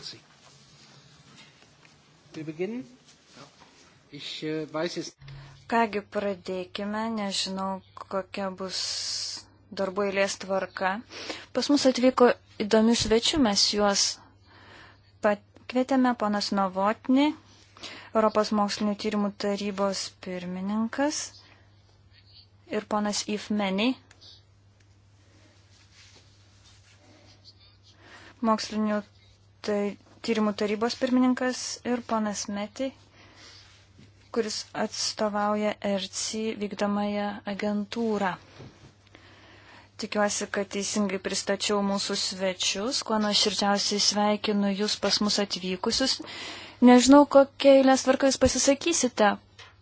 Merci. Wir beginnen. Ich äh, weiß jetzt. Kągi pradėkime, nežinau, kokia bus darbo eilės tvarka. Pas mus atvyko įdomių svečių, mes juos pakvietėme, ponas Novotni, Europos mokslinio tyrimų tarybos pirmininkas ir ponas Ifmeni, mokslinių tai, tyrimų tarybos pirmininkas ir ponas Meti, kuris atstovauja RC vykdomąją agentūrą. Tikiuosi, kad teisingai pristačiau mūsų svečius, kuo nuoširdžiausiai sveikinu jūs pas mus atvykusius. Nežinau, kokia eilės tvarka jūs pasisakysite.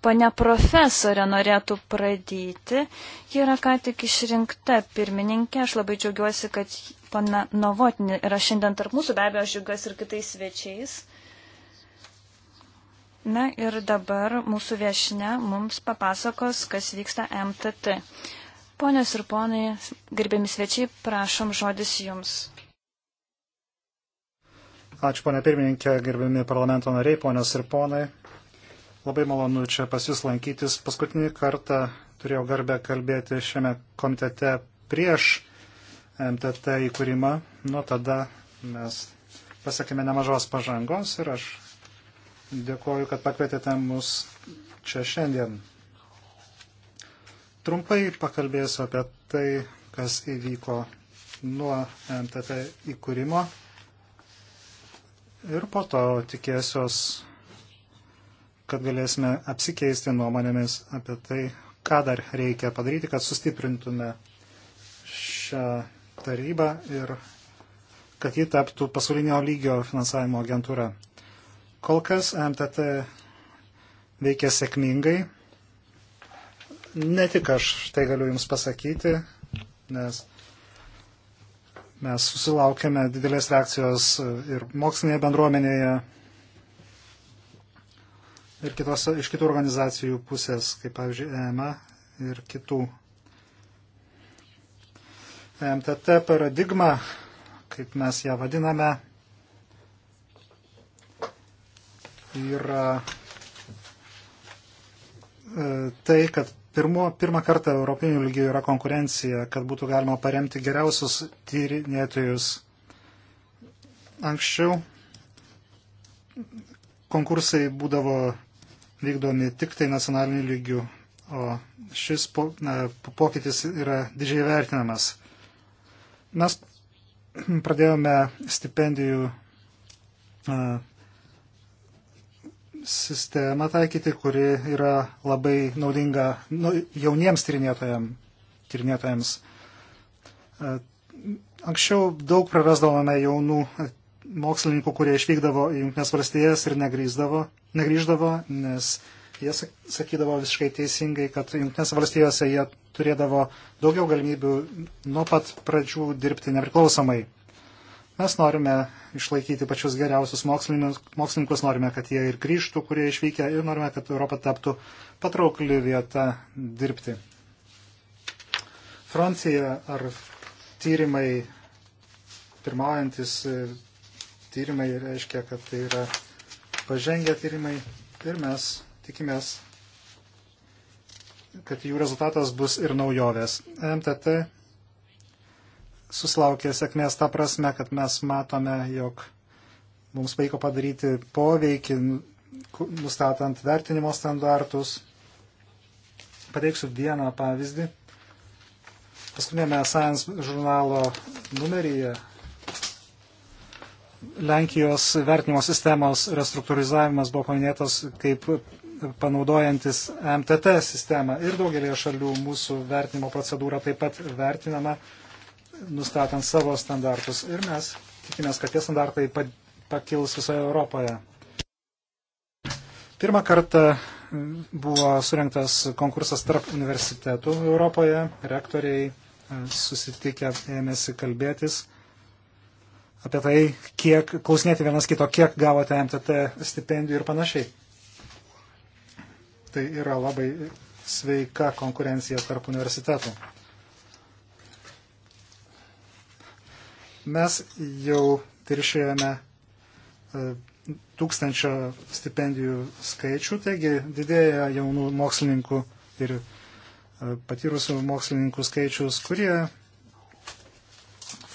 Pane profesorė norėtų pradėti. Ji yra ką tik išrinkta pirmininkė. Aš labai džiaugiuosi, kad Pana Novotni yra šiandien tarp mūsų, be abejo, žiūgas ir kitais svečiais. Na ir dabar mūsų viešinė mums papasakos, kas vyksta MTT. Ponios ir ponai, gerbėmi svečiai, prašom žodis jums. Ačiū, ponė pirmininkė, gerbiami parlamento nariai, ponios ir ponai. Labai malonu čia pas jūs lankytis. Paskutinį kartą turėjau garbę kalbėti šiame komitete prieš MTT įkūrimą, nuo tada mes pasakėme nemažos pažangos ir aš dėkoju, kad pakvietėte mus čia šiandien. Trumpai pakalbėsiu apie tai, kas įvyko nuo MTT įkūrimo ir po to tikėsios, kad galėsime apsikeisti nuomonėmis apie tai, ką dar reikia padaryti, kad sustiprintume šią tarybą ir kad ji taptų pasaulinio lygio finansavimo agentūra. Kol kas MTT veikia sėkmingai. Ne tik aš tai galiu Jums pasakyti, nes mes susilaukėme didelės reakcijos ir mokslinėje bendruomenėje, ir kitos, iš kitų organizacijų pusės, kaip pavyzdžiui EMA ir kitų MTT paradigma, kaip mes ją vadiname, yra e, tai, kad pirmo, pirmą kartą Europinių lygių yra konkurencija, kad būtų galima paremti geriausius tyrinėtojus. Anksčiau konkursai būdavo vykdomi tik tai nacionaliniu lygiu, o šis po, na, pokytis yra didžiai vertinamas. Mes pradėjome stipendijų sistemą taikyti, kuri yra labai naudinga nu, jauniems tyrinėtojams. tyrinėtojams. Anksčiau daug prarasdavome jaunų mokslininkų, kurie išvykdavo į Junktinės valstijas ir negrįždavo, negrįždavo nes jie sakydavo visiškai teisingai, kad Junktinės valstijose jie turėdavo daugiau galimybių nuo pat pradžių dirbti nepriklausomai. Mes norime išlaikyti pačius geriausius mokslininkus, norime, kad jie ir grįžtų, kurie išvykę, ir norime, kad Europa taptų patraukli vieta dirbti. Froncija ar tyrimai, pirmaujantis e, tyrimai reiškia, kad tai yra pažengę tyrimai ir mes tikimės kad jų rezultatas bus ir naujovės. MTT susilaukė sėkmės tą prasme, kad mes matome, jog mums paiko padaryti poveikį, nustatant vertinimo standartus. Pateiksiu vieną pavyzdį. Paskutinėme Science žurnalo numeryje Lenkijos vertinimo sistemos restruktūrizavimas buvo paminėtas kaip panaudojantis MTT sistemą. Ir daugelį šalių mūsų vertinimo procedūra taip pat vertinama, nustatant savo standartus. Ir mes tikimės, kad tie standartai pakils visoje Europoje. Pirmą kartą mm, buvo surinktas konkursas tarp universitetų Europoje. Rektoriai e, susitikę ėmėsi kalbėtis apie tai, kiek klausinėti vienas kito, kiek gavote MTT stipendijų ir panašiai tai yra labai sveika konkurencija tarp universitetų. Mes jau tiršėjome e, tūkstančio stipendijų skaičių, taigi didėja jaunų mokslininkų ir e, patyrusių mokslininkų skaičius, kurie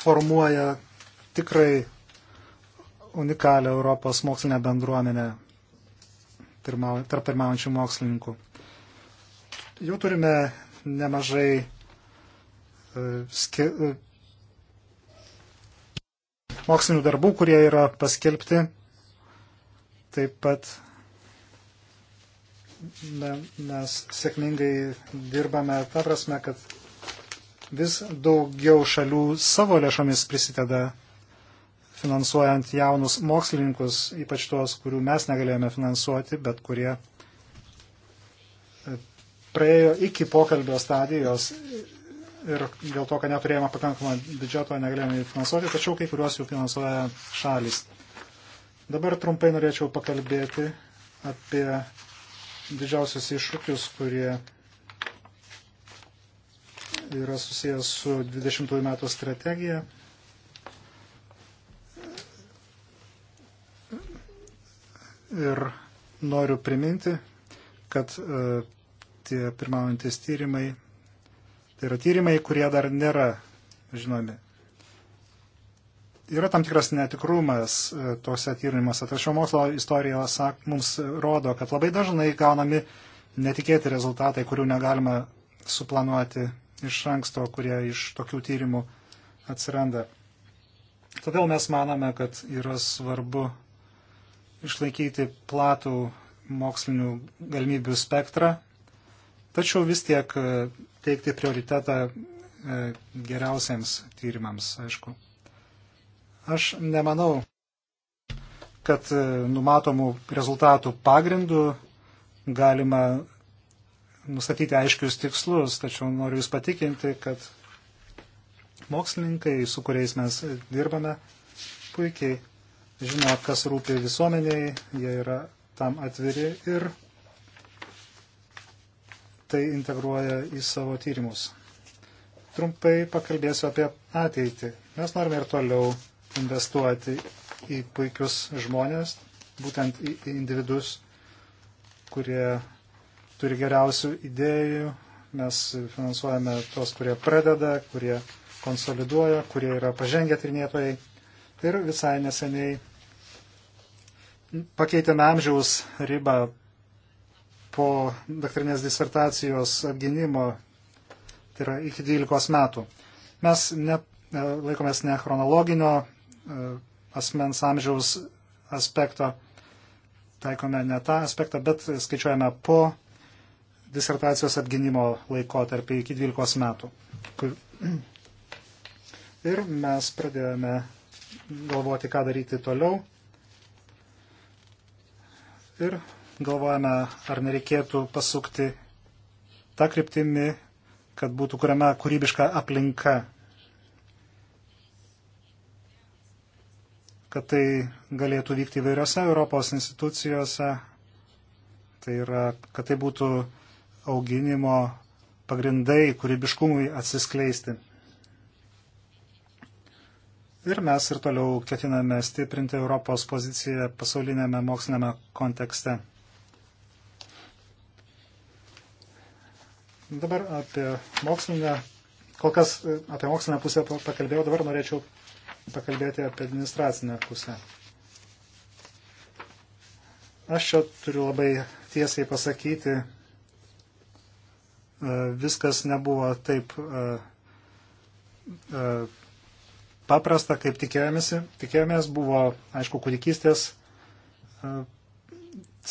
formuoja tikrai unikalią Europos mokslinę bendruomenę tarp pirmaujančių mokslininkų. Jau turime nemažai e, e, mokslinių darbų, kurie yra paskelbti. Taip pat mes sėkmingai dirbame tą prasme, kad vis daugiau šalių savo lėšomis prisideda finansuojant jaunus mokslininkus, ypač tuos, kurių mes negalėjome finansuoti, bet kurie e, praėjo iki pokalbio stadijos ir dėl to, kad neturėjome pakankamą biudžeto, negalėjome jų finansuoti, tačiau kai kuriuos jų finansuoja šalis. Dabar trumpai norėčiau pakalbėti apie didžiausius iššūkius, kurie yra susijęs su 20 metų strategija Ir noriu priminti, kad e, tie pirmaujantis tyrimai, tai yra tyrimai, kurie dar nėra žinomi. Yra tam tikras netikrumas e, tuose tyrimuose, tačiau mokslo istorija sak, mums rodo, kad labai dažnai gaunami netikėti rezultatai, kurių negalima suplanuoti iš anksto, kurie iš tokių tyrimų atsiranda. Todėl mes manome, kad yra svarbu išlaikyti platų mokslinių galimybių spektrą, tačiau vis tiek e, teikti prioritetą e, geriausiams tyrimams, aišku. Aš nemanau, kad e, numatomų rezultatų pagrindų galima nustatyti aiškius tikslus, tačiau noriu Jūs patikinti, kad mokslininkai, su kuriais mes dirbame, puikiai žino, kas rūpi visuomeniai, jie yra tam atviri ir tai integruoja į savo tyrimus. Trumpai pakalbėsiu apie ateitį. Mes norime ir toliau investuoti į puikius žmonės, būtent į individus, kurie turi geriausių idėjų. Mes finansuojame tos, kurie pradeda, kurie konsoliduoja, kurie yra pažengę trinėtojai. Ir visai neseniai pakeitėme amžiaus ribą po daktarinės disertacijos apginimo, tai yra iki 12 metų. Mes ne, e, laikomės ne chronologinio e, asmens amžiaus aspekto, taikome ne tą aspektą, bet skaičiuojame po disertacijos apginimo laikotarpį iki 12 metų. Ir mes pradėjome galvoti, ką daryti toliau ir galvojame, ar nereikėtų pasukti tą kryptimį, kad būtų kuriama kūrybiška aplinka, kad tai galėtų vykti įvairiose Europos institucijose, tai yra, kad tai būtų auginimo pagrindai kūrybiškumui atsiskleisti. Ir mes ir toliau ketiname stiprinti Europos poziciją pasaulinėme mokslinėme kontekste. Dabar apie mokslinę, kol kas e, apie mokslinę pusę pakalbėjau, dabar norėčiau pakalbėti apie administracinę pusę. Aš čia turiu labai tiesiai pasakyti, e, viskas nebuvo taip e, paprasta, kaip tikėjomės. Tikėjomės buvo, aišku, kūdikystės e,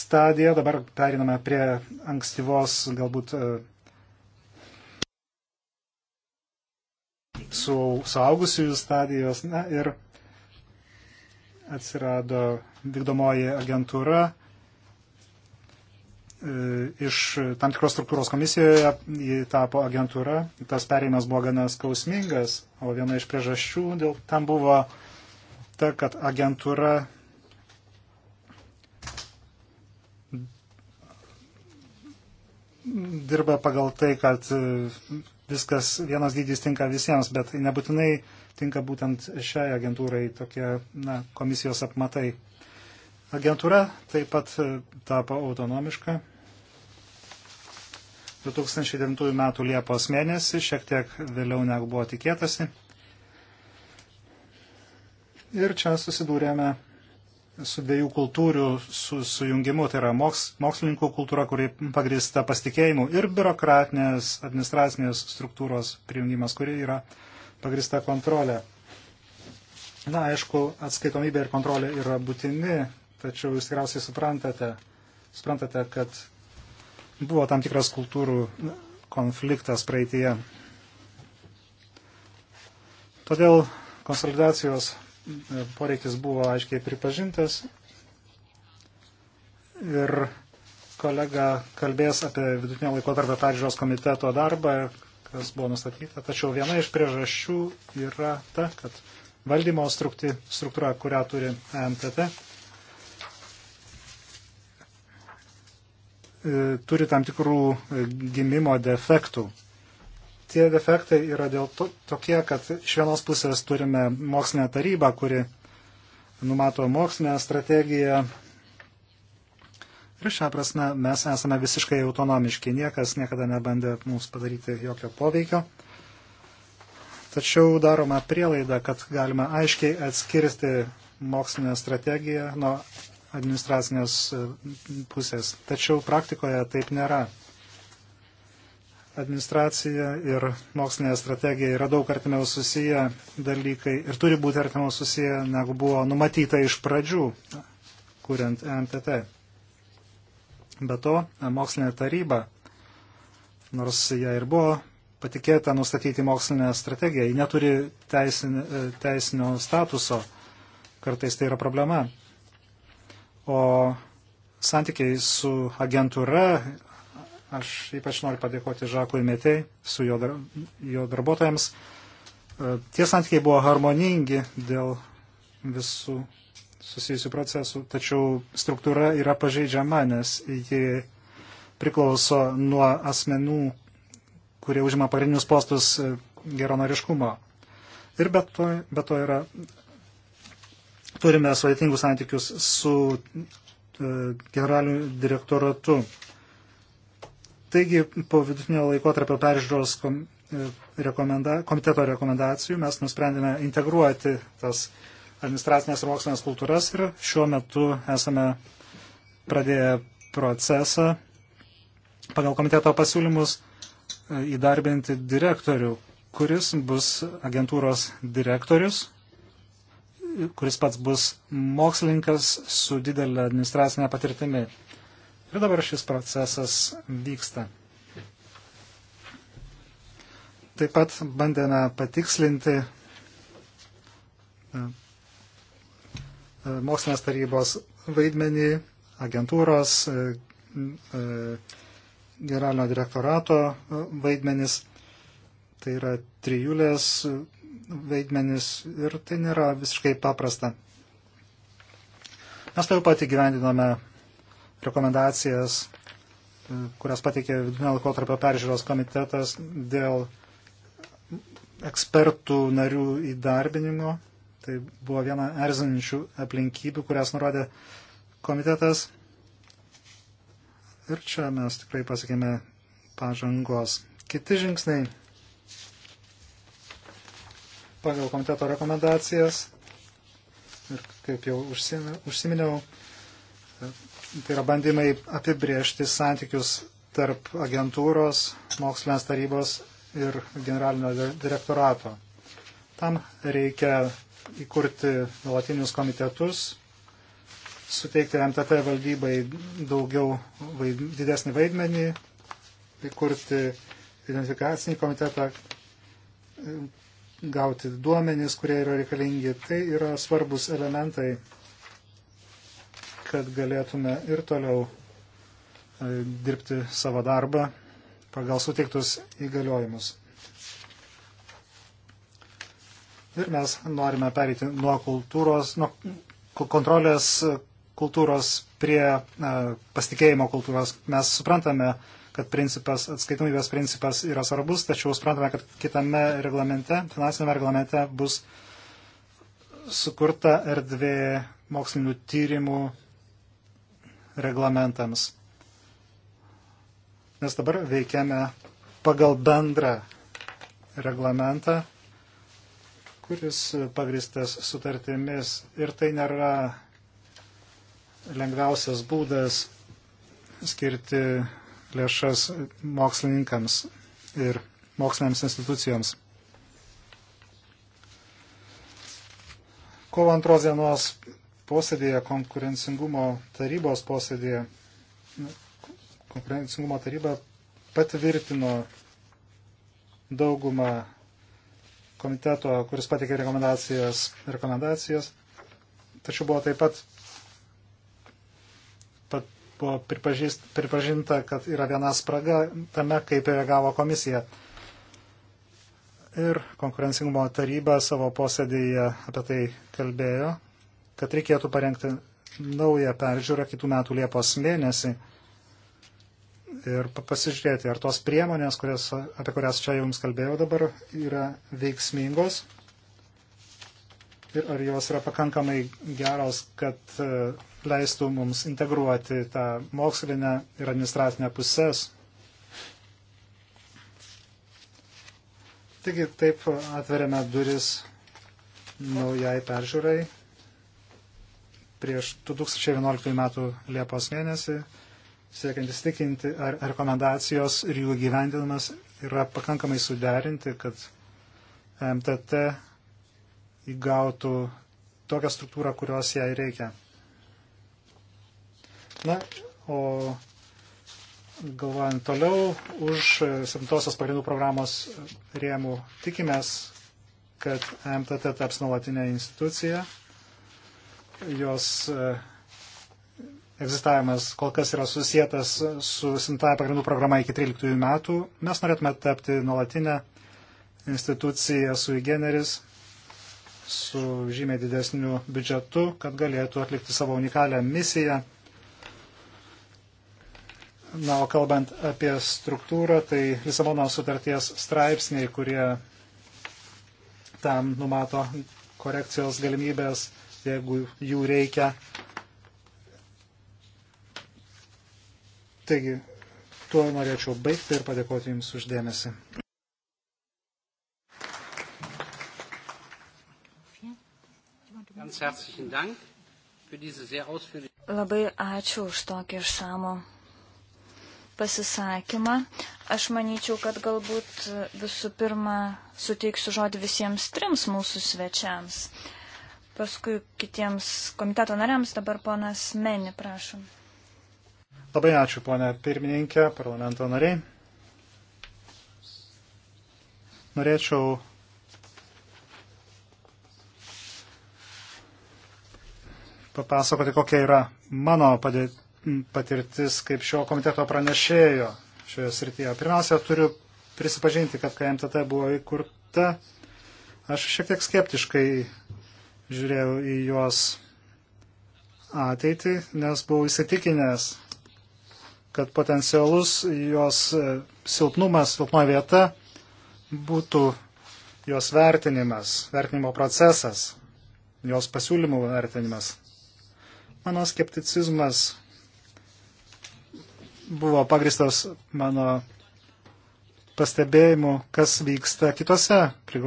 stadija, dabar periname prie ankstyvos, galbūt e, su suaugusiųjų stadijos. Na ir atsirado vykdomoji agentūra, E, iš tam tikros struktūros komisijoje ji tapo agentūra. Tas perėjimas buvo gana skausmingas, o viena iš priežasčių dėl tam buvo ta, kad agentūra dirba pagal tai, kad e, viskas vienas dydis tinka visiems, bet nebūtinai tinka būtent šiai agentūrai tokie na, komisijos apmatai. Agentūra taip pat e, tapo autonomiška 2009 m. Liepos mėnesį, šiek tiek vėliau negu buvo tikėtasi. Ir čia susidūrėme su dviejų kultūrių su, sujungimu, tai yra moks, mokslininkų kultūra, kuri pagrįsta pasitikėjimu ir biurokratinės administracinės struktūros prijungimas, kuri yra pagrįsta kontrolė. Na, aišku, atskaitomybė ir kontrolė yra būtini, tačiau jūs tikriausiai suprantate, suprantate, kad Buvo tam tikras kultūrų konfliktas praeitie. Todėl konsolidacijos e, poreikis buvo aiškiai pripažintas ir kolega kalbės apie vidutinio laiko tarp peržiūros komiteto darbą, kas buvo nustatyta. Tačiau viena iš priežasčių yra ta, kad valdymo struktūra, kurią turi MTT, e E, turi tam tikrų e, gimimo defektų. Tie defektai yra dėl to, tokie, kad iš vienos pusės turime mokslinę tarybą, kuri numato mokslinę strategiją. Ir šią prasme mes esame visiškai autonomiški. Niekas niekada nebandė mums padaryti jokio poveikio. Tačiau daroma prielaida, kad galima aiškiai atskirti mokslinę strategiją nuo administracinės e, pusės. Tačiau praktikoje taip nėra. Administracija ir mokslinė strategija yra daug artimiau susiję dalykai ir turi būti artimiau susiję, negu buvo numatyta iš pradžių, kuriant MTT. Be to, mokslinė taryba, nors ją ir buvo patikėta nustatyti mokslinę strategiją, ji neturi teisinio e, statuso kartais tai yra problema. O santykiai su agentūra, aš ypač noriu padėkoti Žakui Metei su jo, dar, jo darbuotojams. E, tie santykiai buvo harmoningi dėl visų susijusių procesų, tačiau struktūra yra pažeidžiama, nes ji priklauso nuo asmenų, kurie užima parinius postus e, geronoriškumo. Ir be to, be to yra turime svaitingus santykius su e, generaliniu direktoratu. Taigi, po vidutinio laiko tarp peržiūros e, rekomenda, komiteto rekomendacijų mes nusprendėme integruoti tas administracinės ir mokslinės kultūras ir šiuo metu esame pradėję procesą pagal komiteto pasiūlymus e, įdarbinti direktorių, kuris bus agentūros direktorius kuris pats bus mokslininkas su didelė administracinė patirtimi. Ir dabar šis procesas vyksta. Taip pat bandėme patikslinti e, e, mokslinės tarybos vaidmenį, agentūros, e, generalinio direktorato vaidmenis. Tai yra trijulės vaidmenis ir tai nėra visiškai paprasta. Mes taip pat įgyvendinome rekomendacijas, e, kurias pateikė vidutinio laikotarpio peržiūros komitetas dėl ekspertų narių įdarbinimo. Tai buvo viena erzinančių aplinkybių, kurias nurodė komitetas. Ir čia mes tikrai pasiekėme pažangos. Kiti žingsniai pagal komiteto rekomendacijas. Ir kaip jau užsiminiau, tai yra bandymai apibriežti santykius tarp agentūros, mokslinės tarybos ir generalinio direktorato. Tam reikia įkurti nuolatinius komitetus, suteikti MTP valdybai daugiau vaid, didesnį vaidmenį, įkurti identifikacinį komitetą, gauti duomenys, kurie yra reikalingi. Tai yra svarbus elementai, kad galėtume ir toliau e, dirbti savo darbą pagal sutiktus įgaliojimus. Ir mes norime pereiti nuo kultūros, nuo kontrolės kultūros prie e, pasitikėjimo kultūros. Mes suprantame, kad principas, atskaitomybės principas yra svarbus, tačiau suprantame, kad kitame reglamente, finansinėme reglamente bus sukurta erdvė mokslinių tyrimų reglamentams. Nes dabar veikiame pagal bendrą reglamentą, kuris pagristas sutartimis ir tai nėra lengviausias būdas skirti lėšas mokslininkams ir moksliniams institucijoms. Kovo antros dienos posėdėje, konkurencingumo tarybos posėdėje, konkurencingumo taryba patvirtino daugumą komiteto, kuris patikė rekomendacijas, rekomendacijas. Tačiau buvo taip pat buvo pripažinta, kad yra viena spraga tame, kaip reagavo komisija. Ir konkurencingumo taryba savo posėdėje apie tai kalbėjo, kad reikėtų parengti naują peržiūrą kitų metų Liepos mėnesį ir pasižiūrėti, ar tos priemonės, kurias, apie kurias čia jums kalbėjau dabar, yra veiksmingos ir ar jos yra pakankamai geros, kad e, leistų mums integruoti tą mokslinę ir administracinę pusės. Taigi taip atveriame duris naujai peržiūrai prieš 2011 metų Liepos mėnesį, siekiant įstikinti, ar rekomendacijos ir jų gyvendinimas yra pakankamai suderinti, kad MTT įgautų tokią struktūrą, kurios jai reikia. Na, o galvojant toliau, už 7 pagrindų programos rėmų tikimės, kad MTT taps nuolatinė institucija. Jos e, egzistavimas kol kas yra susijęs su 7 pagrindų programa iki 13 metų. Mes norėtume tapti nuolatinę instituciją su įgeneris su žymiai didesniu biudžetu, kad galėtų atlikti savo unikalią misiją. Na, o kalbant apie struktūrą, tai Lisabono sutarties straipsniai, kurie tam numato korekcijos galimybės, jeigu jų reikia. Taigi, tuo norėčiau baigti ir padėkoti Jums uždėmesi. Labai ačiū už tokį išsamų pasisakymą. Aš manyčiau, kad galbūt visų pirma suteiksiu žodį visiems trims mūsų svečiams. Paskui kitiems komiteto nariams dabar ponas Meni, prašom. Labai ačiū, ponė pirmininkė, parlamento nariai. Norėčiau papasakoti, kokia yra mano patirtis kaip šio komiteto pranešėjo šioje srityje. Pirmiausia, turiu prisipažinti, kad kai MTT buvo įkurta, aš šiek tiek skeptiškai žiūrėjau į jos ateitį, nes buvau įsitikinęs, kad potencialus jos e, silpnumas, silpnoji vieta būtų jos vertinimas, vertinimo procesas, jos pasiūlymų vertinimas. Mano skepticizmas buvo pagristas mano pastebėjimu, kas vyksta kitose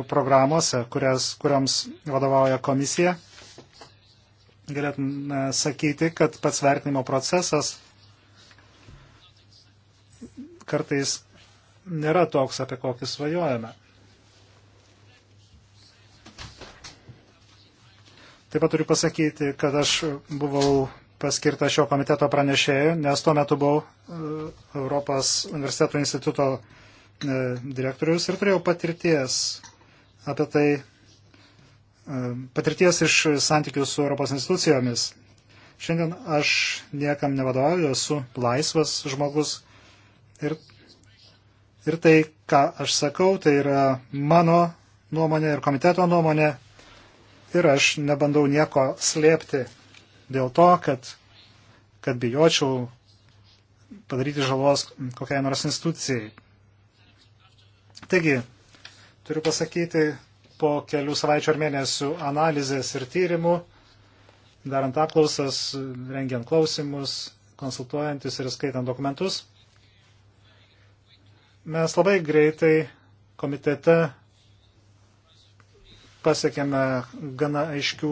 programuose, kurias, kuriams vadovauja komisija. Galėtume sakyti, kad pats vertinimo procesas kartais nėra toks, apie kokį svajojame. Taip pat turiu pasakyti, kad aš buvau paskirtas šio komiteto pranešėjų, nes tuo metu buvau e, Europos universiteto instituto e, direktorius ir turėjau patirties apie tai, e, patirties iš santykių su Europos institucijomis. Šiandien aš niekam nevadovauju, esu laisvas žmogus ir, ir tai, ką aš sakau, tai yra mano nuomonė ir komiteto nuomonė ir aš nebandau nieko slėpti dėl to, kad, kad bijočiau padaryti žalos kokiai nors institucijai. Taigi, turiu pasakyti, po kelių savaičių ar mėnesių analizės ir tyrimų, darant apklausas, rengiant klausimus, konsultuojantis ir skaitant dokumentus, mes labai greitai komitete pasiekėme gana aiškių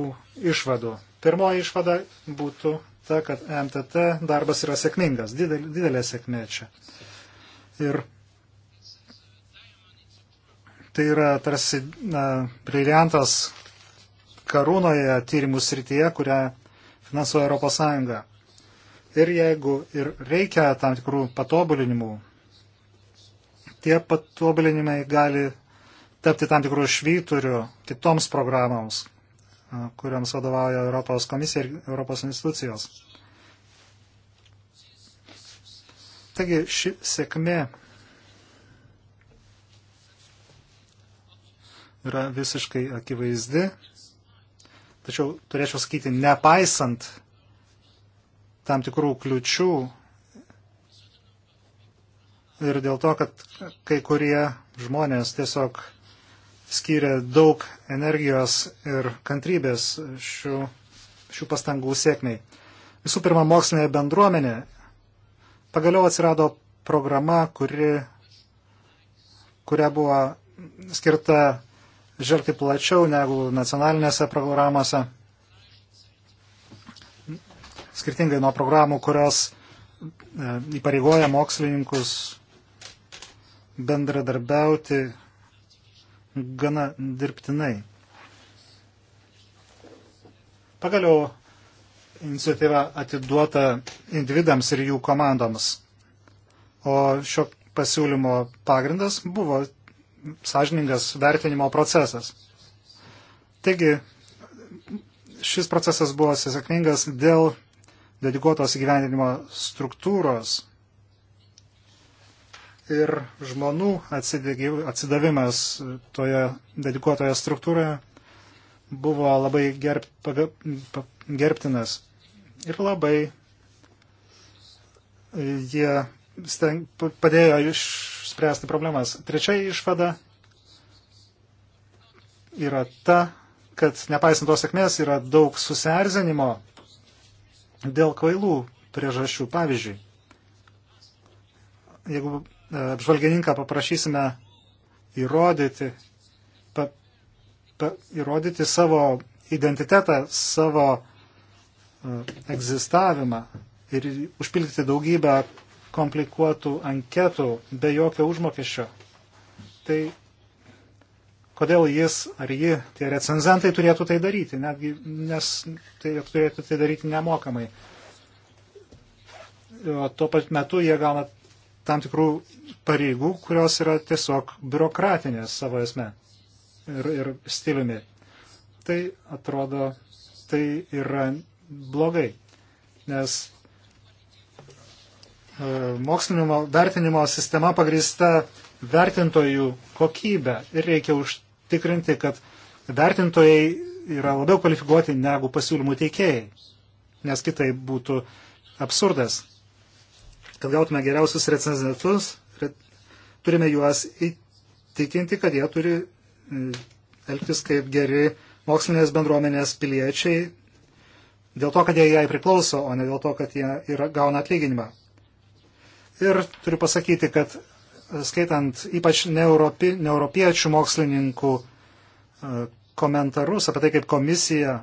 išvadų. Pirmoji išvada būtų ta, kad MTT darbas yra sėkmingas, didelė, didelė sėkmė čia. Ir tai yra tarsi na, briliantas karūnoje tyrimų srityje, kurią finansuoja Europos Sąjunga. Ir jeigu ir reikia tam tikrų patobulinimų, tie patobulinimai gali tapti tam tikrų švyturių kitoms programoms, kuriams vadovauja Europos komisija ir Europos institucijos. Taigi ši sėkmė yra visiškai akivaizdi, tačiau turėčiau sakyti, nepaisant tam tikrų kliučių ir dėl to, kad kai kurie žmonės tiesiog skyrė daug energijos ir kantrybės šių, šių pastangų sėkmiai. Visų pirma, mokslinė bendruomenė. Pagaliau atsirado programa, kuri, kuria buvo skirta žvelgti plačiau negu nacionalinėse programuose. Skirtingai nuo programų, kurios e, įpareigoja mokslininkus bendradarbiauti gana dirbtinai. Pagaliau iniciatyva atiduota individams ir jų komandoms. O šio pasiūlymo pagrindas buvo sąžiningas vertinimo procesas. Taigi, šis procesas buvo sėkmingas dėl dedikuotos įgyvendinimo struktūros ir žmonių atsidavimas toje dedikuotoje struktūroje buvo labai gerb, paga, gerbtinas. Ir labai e, jie steng, padėjo išspręsti problemas. Trečia išvada yra ta, kad nepaisant tos sėkmės yra daug susierzinimo dėl kvailų priežasčių. Pavyzdžiui, jeigu E, apžvalgininką paprašysime įrodyti, pa, pa, įrodyti savo identitetą, savo uh, egzistavimą ir užpildyti daugybę komplikuotų anketų be jokio užmokesčio. Tai kodėl jis ar ji, tie recenzentai turėtų tai daryti, netgi, nes tai turėtų tai daryti nemokamai. O tuo pat metu jie gauna tam tikrų pareigų, kurios yra tiesiog biurokratinės savo esme ir, ir stiliumi. Tai atrodo, tai yra blogai, nes e, mokslinio vertinimo sistema pagrįsta vertintojų kokybę ir reikia užtikrinti, kad vertintojai yra labiau kvalifikuoti negu pasiūlymų teikėjai, nes kitai būtų absurdas kad gautume geriausius recenzentus, turime juos įtikinti, kad jie turi e, elgtis kaip geri mokslinės bendruomenės piliečiai, dėl to, kad jie jai priklauso, o ne dėl to, kad jie yra, gauna atlyginimą. Ir turiu pasakyti, kad e, skaitant ypač neuropi, neuropiečių mokslininkų e, komentarus apie tai, kaip komisija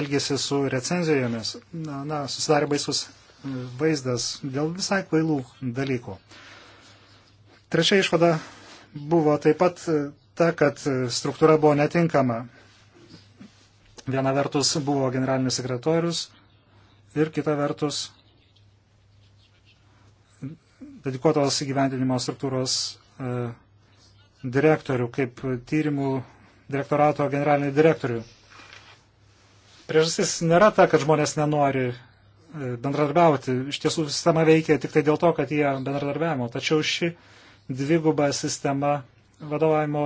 elgėsi su recenzijomis, na, na susidarė baisus vaizdas dėl visai kvailų dalykų. Trečia išvada buvo taip pat e, ta, kad e, struktūra buvo netinkama. Viena vertus buvo generalinis sekretorius ir kita vertus dedikuotos įgyvendinimo struktūros e, direktorių, kaip tyrimų direktorato generalinį direktorių. Priežastis nėra ta, kad žmonės nenori bendradarbiauti. Iš tiesų sistema veikia tik tai dėl to, kad jie bendradarbiavimo. Tačiau ši dviguba sistema vadovavimo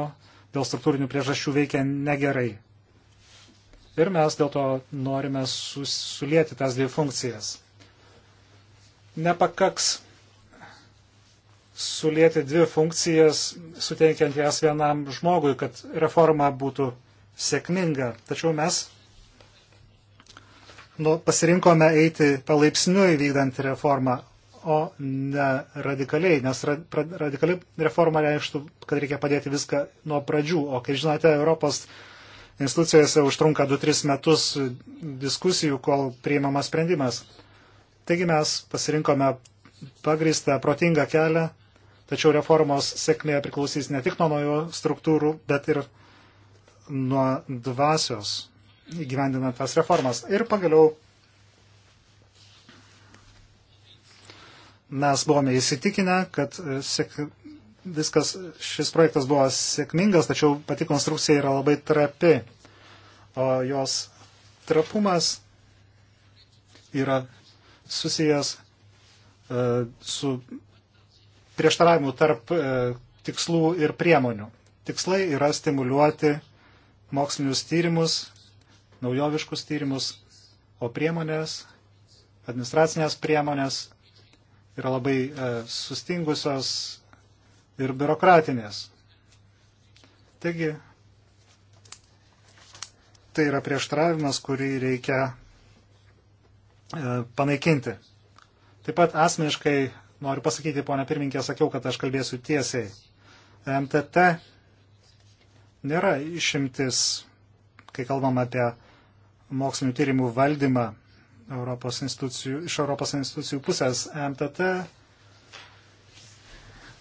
dėl struktūrinių priežasčių veikia negerai. Ir mes dėl to norime sulieti tas dvi funkcijas. Nepakaks sulieti dvi funkcijas, suteikiant jas vienam žmogui, kad reforma būtų sėkminga. Tačiau mes Nu, pasirinkome eiti palaipsniui vykdant reformą, o ne radikaliai, nes radikali reforma reikštų, kad reikia padėti viską nuo pradžių. O kaip žinote, Europos institucijose užtrunka 2-3 metus diskusijų, kol priimamas sprendimas. Taigi mes pasirinkome pagrįstą, protingą kelią, tačiau reformos sėkmė priklausys ne tik nuo naujų struktūrų, bet ir nuo dvasios, įgyvendinant tas reformas. Ir pagaliau mes buvome įsitikinę, kad e, sėk, viskas, šis projektas buvo sėkmingas, tačiau pati konstrukcija yra labai trapi, o jos trapumas yra susijęs e, su prieštaravimu tarp e, tikslų ir priemonių. Tikslai yra stimuliuoti mokslinius tyrimus naujoviškus tyrimus, o priemonės, administracinės priemonės yra labai e, sustingusios ir biurokratinės. Taigi, tai yra prieštravimas, kurį reikia e, panaikinti. Taip pat asmeniškai noriu pasakyti, ponia pirminkė, sakiau, kad aš kalbėsiu tiesiai. MTT nėra išimtis, kai kalbam apie mokslinių tyrimų valdymą Europos iš Europos institucijų pusės. MTT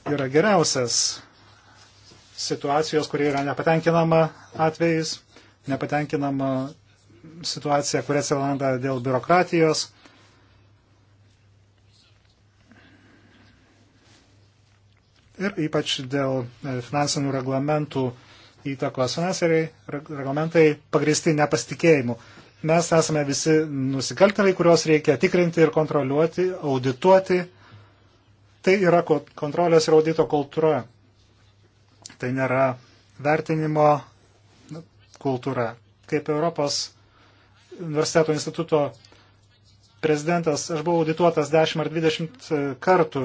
yra geriausias situacijos, kurie yra nepatenkinama atvejais, nepatenkinama situacija, kuria atsiranda dėl biurokratijos. Ir ypač dėl e, finansinių reglamentų įtakos finansiniai reglamentai pagristi nepasitikėjimu mes esame visi nusikaltėliai, kuriuos reikia tikrinti ir kontroliuoti, audituoti. Tai yra kontrolės ir audito kultūra. Tai nėra vertinimo kultūra. Kaip Europos universiteto instituto prezidentas, aš buvau audituotas 10 ar 20 e, kartų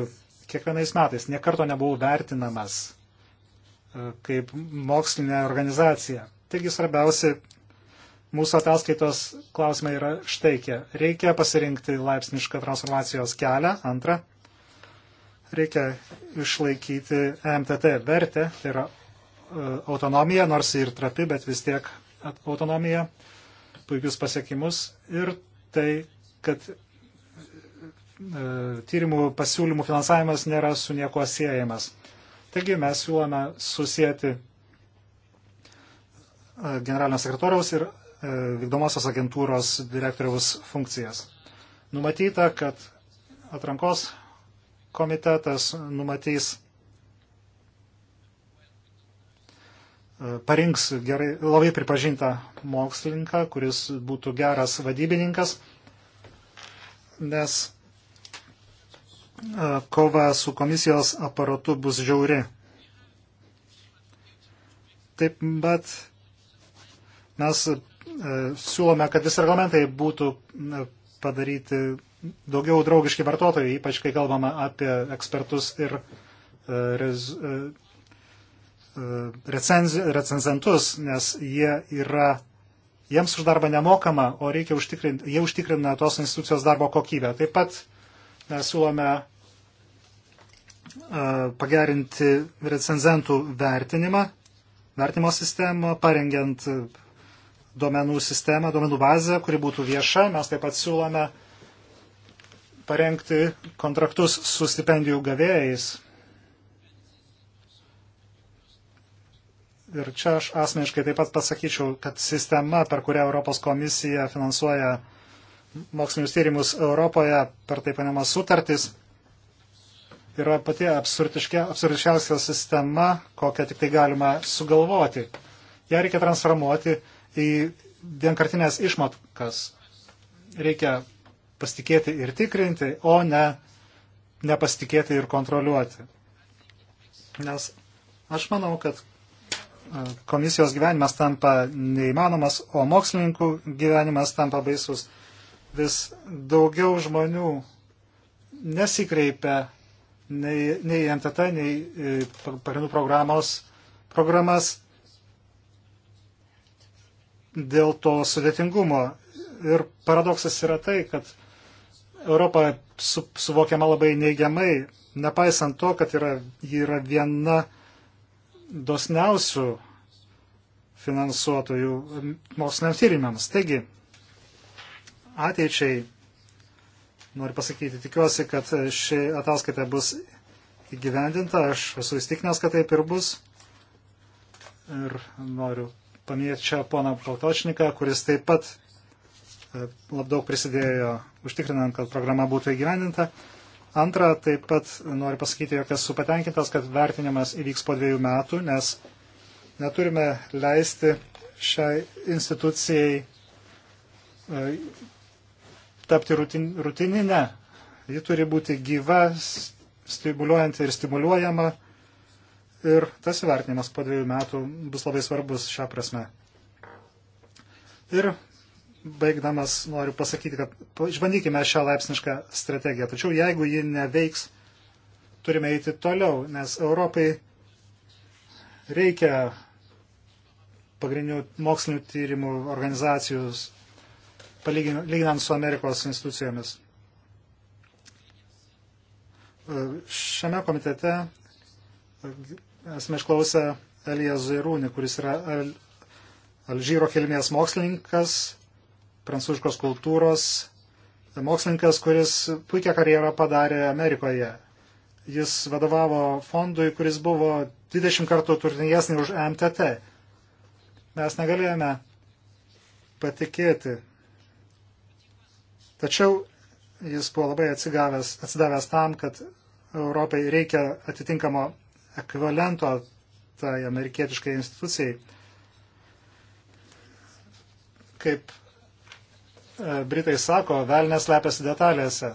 kiekvienais metais. Niekarto nebuvau vertinamas e, kaip mokslinė organizacija. Taigi svarbiausia Mūsų ataskaitos klausimai yra štaikia. Reikia pasirinkti laipsnišką transformacijos kelią. Antra, reikia išlaikyti MTT vertę, tai yra e, autonomiją, nors ir trapi, bet vis tiek autonomiją, puikius pasiekimus ir tai, kad e, tyrimų pasiūlymų finansavimas nėra su nieko siejamas. Taigi mes siūlome susijęti e, generalinio sekretoriaus ir E, vykdomosios agentūros direktoriaus funkcijas. Numatyta, kad atrankos komitetas numatys, e, parinks gerai, labai pripažintą mokslininką, kuris būtų geras vadybininkas, nes e, kova su komisijos aparatu bus žiauri. Taip pat mes E, siūlome, kad visi reglamentai būtų padaryti daugiau draugiški vartotojai, ypač kai kalbama apie ekspertus ir e, rez, e, recenz, recenzentus, nes jie yra, jiems už darbą nemokama, o reikia užtikrinti, jie užtikrina tos institucijos darbo kokybę. Taip pat mes siūlome pagerinti recenzentų vertinimą, vertimo sistemą, parengiant duomenų sistemą, duomenų bazę, kuri būtų vieša. Mes taip pat siūlome parengti kontraktus su stipendijų gavėjais. Ir čia aš asmeniškai taip pat pasakyčiau, kad sistema, per kurią Europos komisija finansuoja mokslinius tyrimus Europoje per taip vadinamas sutartis, yra pati absurdiškiausia sistema, kokią tik tai galima sugalvoti. Ja reikia transformuoti į vienkartinės išmatkas. Reikia pasitikėti ir tikrinti, o ne nepasitikėti ir kontroliuoti. Nes aš manau, kad e, komisijos gyvenimas tampa neįmanomas, o mokslininkų gyvenimas tampa baisus. Vis daugiau žmonių nesikreipia nei, nei NTT, nei e, pagrindų programos programas dėl to sudėtingumo. Ir paradoksas yra tai, kad Europa su, suvokiama labai neigiamai, nepaisant to, kad yra, yra viena dosniausių finansuotojų moksliniams tyrimams. Taigi, ateičiai, noriu pasakyti, tikiuosi, kad ši ataskaita bus įgyvendinta, aš esu įstikinęs, kad taip ir bus. Ir noriu pamiečia poną Paltočniką, kuris taip pat e, labdaug prisidėjo užtikrinant, kad programa būtų įgyvendinta. Antra, taip pat noriu pasakyti, jog esu patenkintas, kad vertinimas įvyks po dviejų metų, nes neturime leisti šiai institucijai e, tapti rutin, rutininę. Ji turi būti gyva, stimuliuojanti ir stimuliuojama. Ir tas vertinimas po dviejų metų bus labai svarbus šią prasme. Ir baigdamas noriu pasakyti, kad išbandykime šią laipsnišką strategiją. Tačiau jeigu ji neveiks, turime eiti toliau, nes Europai reikia pagrindinių mokslinių tyrimų organizacijų palyginant su Amerikos institucijomis. E, šiame komitete esame išklausę Eliją Zairūnį, kuris yra Al Alžyro kilmės mokslininkas, prancūziškos kultūros mokslininkas, kuris puikią karjerą padarė Amerikoje. Jis vadovavo fondui, kuris buvo 20 kartų turtingesnį už MTT. Mes negalėjome patikėti. Tačiau jis buvo labai atsigavęs, atsidavęs tam, kad Europai reikia atitinkamo ekvivalento tai amerikietiškai institucijai, kaip e, Britai sako, velnės lepiasi detalėse.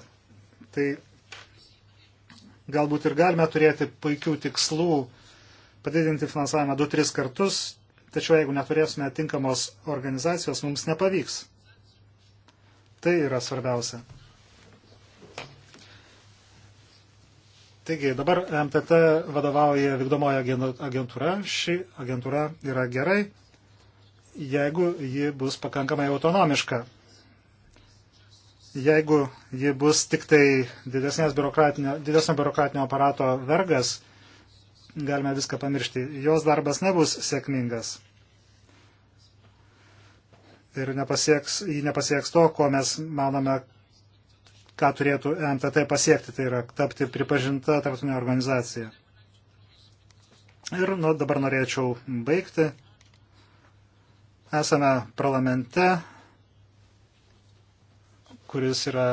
Tai galbūt ir galime turėti puikių tikslų padidinti finansavimą 2-3 kartus, tačiau jeigu neturėsime tinkamos organizacijos, mums nepavyks. Tai yra svarbiausia. Taigi, dabar MTT vadovauja vykdomoja agentūra. Ši agentūra yra gerai, jeigu ji bus pakankamai autonomiška. Jeigu ji bus tik tai biurokratinio, didesnio biurokratinio aparato vergas, galime viską pamiršti. Jos darbas nebus sėkmingas. Ir nepasieks, ji nepasieks to, ko mes manome, ką turėtų MTT pasiekti, tai yra tapti pripažinta tarptautinė organizacija. Ir nu, dabar norėčiau baigti. Esame parlamente, kuris yra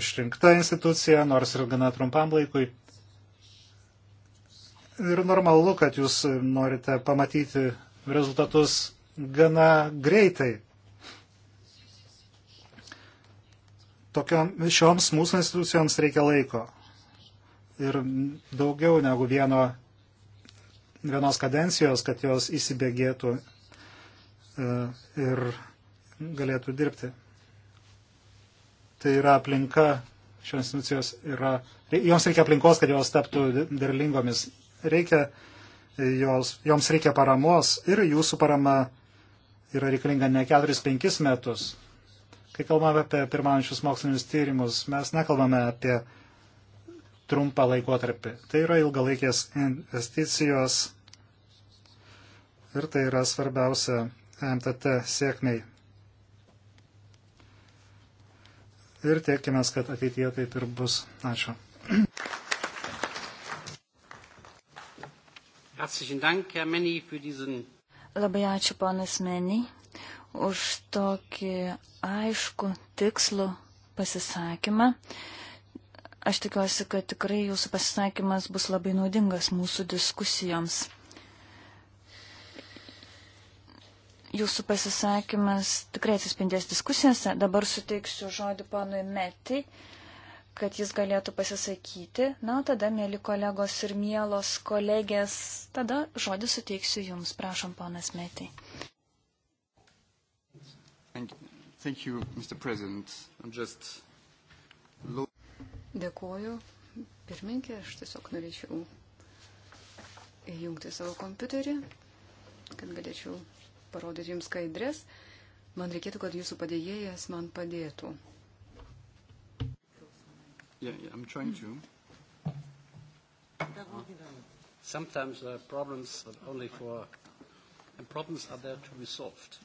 išrinkta institucija, nors ir gana trumpam laikui. Ir normalu, kad jūs norite pamatyti rezultatus gana greitai. tokiom, šioms mūsų institucijoms reikia laiko. Ir daugiau negu vieno, vienos kadencijos, kad jos įsibėgėtų e, ir galėtų dirbti. Tai yra aplinka, šios institucijos yra, joms reikia aplinkos, kad jos taptų derlingomis. Reikia, jos, joms reikia paramos ir jūsų parama yra reikalinga ne 4-5 metus Kai kalbame apie pirmaujančius mokslinius tyrimus, mes nekalbame apie trumpą laikotarpį. Tai yra ilgalaikės investicijos ir tai yra svarbiausia MTT sėkmiai. Ir tiekime, kad ateityje taip ir bus. Ačiū. Labai ačiū ponas Meni už tokį aišku, tikslų pasisakymą. Aš tikiuosi, kad tikrai jūsų pasisakymas bus labai naudingas mūsų diskusijoms. Jūsų pasisakymas tikrai atsispindės diskusijose. Dabar suteiksiu žodį ponui Metai, kad jis galėtų pasisakyti. Na, tada, mėly kolegos ir mielos kolegės, tada žodį suteiksiu jums. Prašom, ponas Metai. Thank you, Mr. President. I'm just... Dėkuoju. Pirminkė, aš tiesiog norėčiau įjungti savo kompiuterį, kad galėčiau parodyti jums skaidrės. Man reikėtų, kad jūsų padėjėjas man padėtų. Yeah, yeah, I'm trying to. Sometimes there are problems that only for, and problems are there to be solved.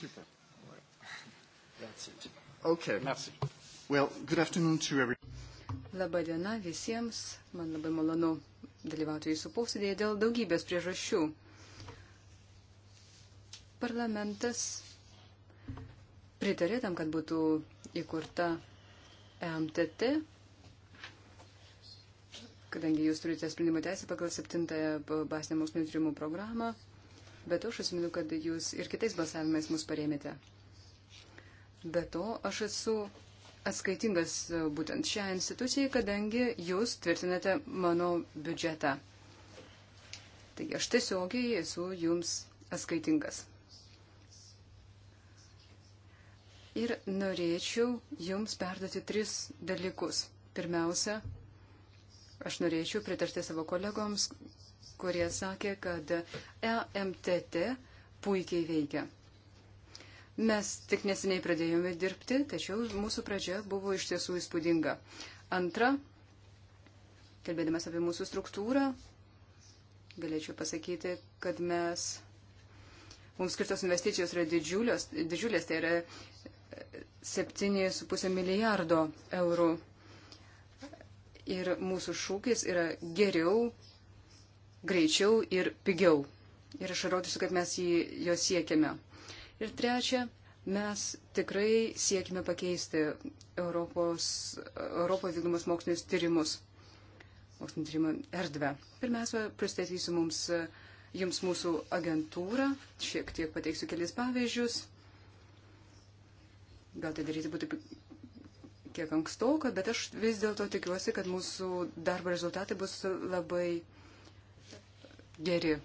Super. That's it. Okay. Merci. Well, good afternoon to everyone. Labą dieną visiems. Man labai malonu dalyvauti jūsų posėdėje dėl daugybės priežasčių. Parlamentas pritarė tam, kad būtų įkurta MTT, kadangi jūs turite sprendimo teisę pagal 7 bazinę mokslinio tyrimų programą. Bet aš atsimenu, kad jūs ir kitais balsavimais mus parėmėte. Be to, aš esu atskaitingas e, būtent šią instituciją, kadangi jūs tvirtinate mano biudžetą. Taigi aš tiesiogiai esu jums atskaitingas. Ir norėčiau jums perduoti tris dalykus. Pirmiausia, aš norėčiau pritarti savo kolegoms, kurie sakė, kad EMTT puikiai veikia. Mes tik neseniai pradėjome dirbti, tačiau mūsų pradžia buvo iš tiesų įspūdinga. Antra, kalbėdamas apie mūsų struktūrą, galėčiau pasakyti, kad mes, mums skirtos investicijos yra didžiulės, didžiulės tai yra 7,5 milijardo eurų. Ir mūsų šūkis yra geriau greičiau ir pigiau. Ir aš rodysiu, kad mes jį, jo siekiame. Ir trečia, mes tikrai siekime pakeisti Europos, Europoje vykdomus mokslinius tyrimus, mokslinio tyrimo erdvę. Pirmiausia, pristatysiu mums, jums mūsų agentūrą, šiek tiek pateiksiu kelis pavyzdžius. Gal tai daryti būtų kiek ankstoka, bet aš vis dėlto tikiuosi, kad mūsų darbo rezultatai bus labai geri.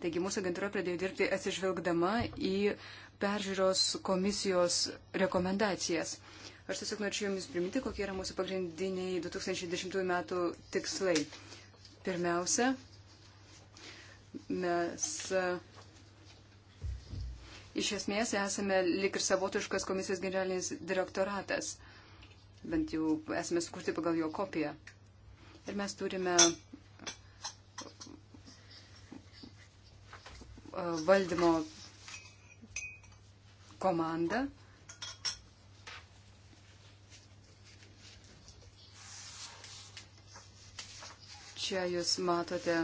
Taigi mūsų agentūra pradėjo dirbti atsižvelgdama į peržiūros komisijos rekomendacijas. Aš tiesiog norėčiau Jums priminti, kokie yra mūsų pagrindiniai 2010 metų tikslai. Pirmiausia, mes e, iš esmės esame lik ir savotiškas komisijos generalinis direktoratas. Bent jau esame sukurti pagal jo kopiją. Ir mes turime E, valdymo komandą. Čia jūs matote,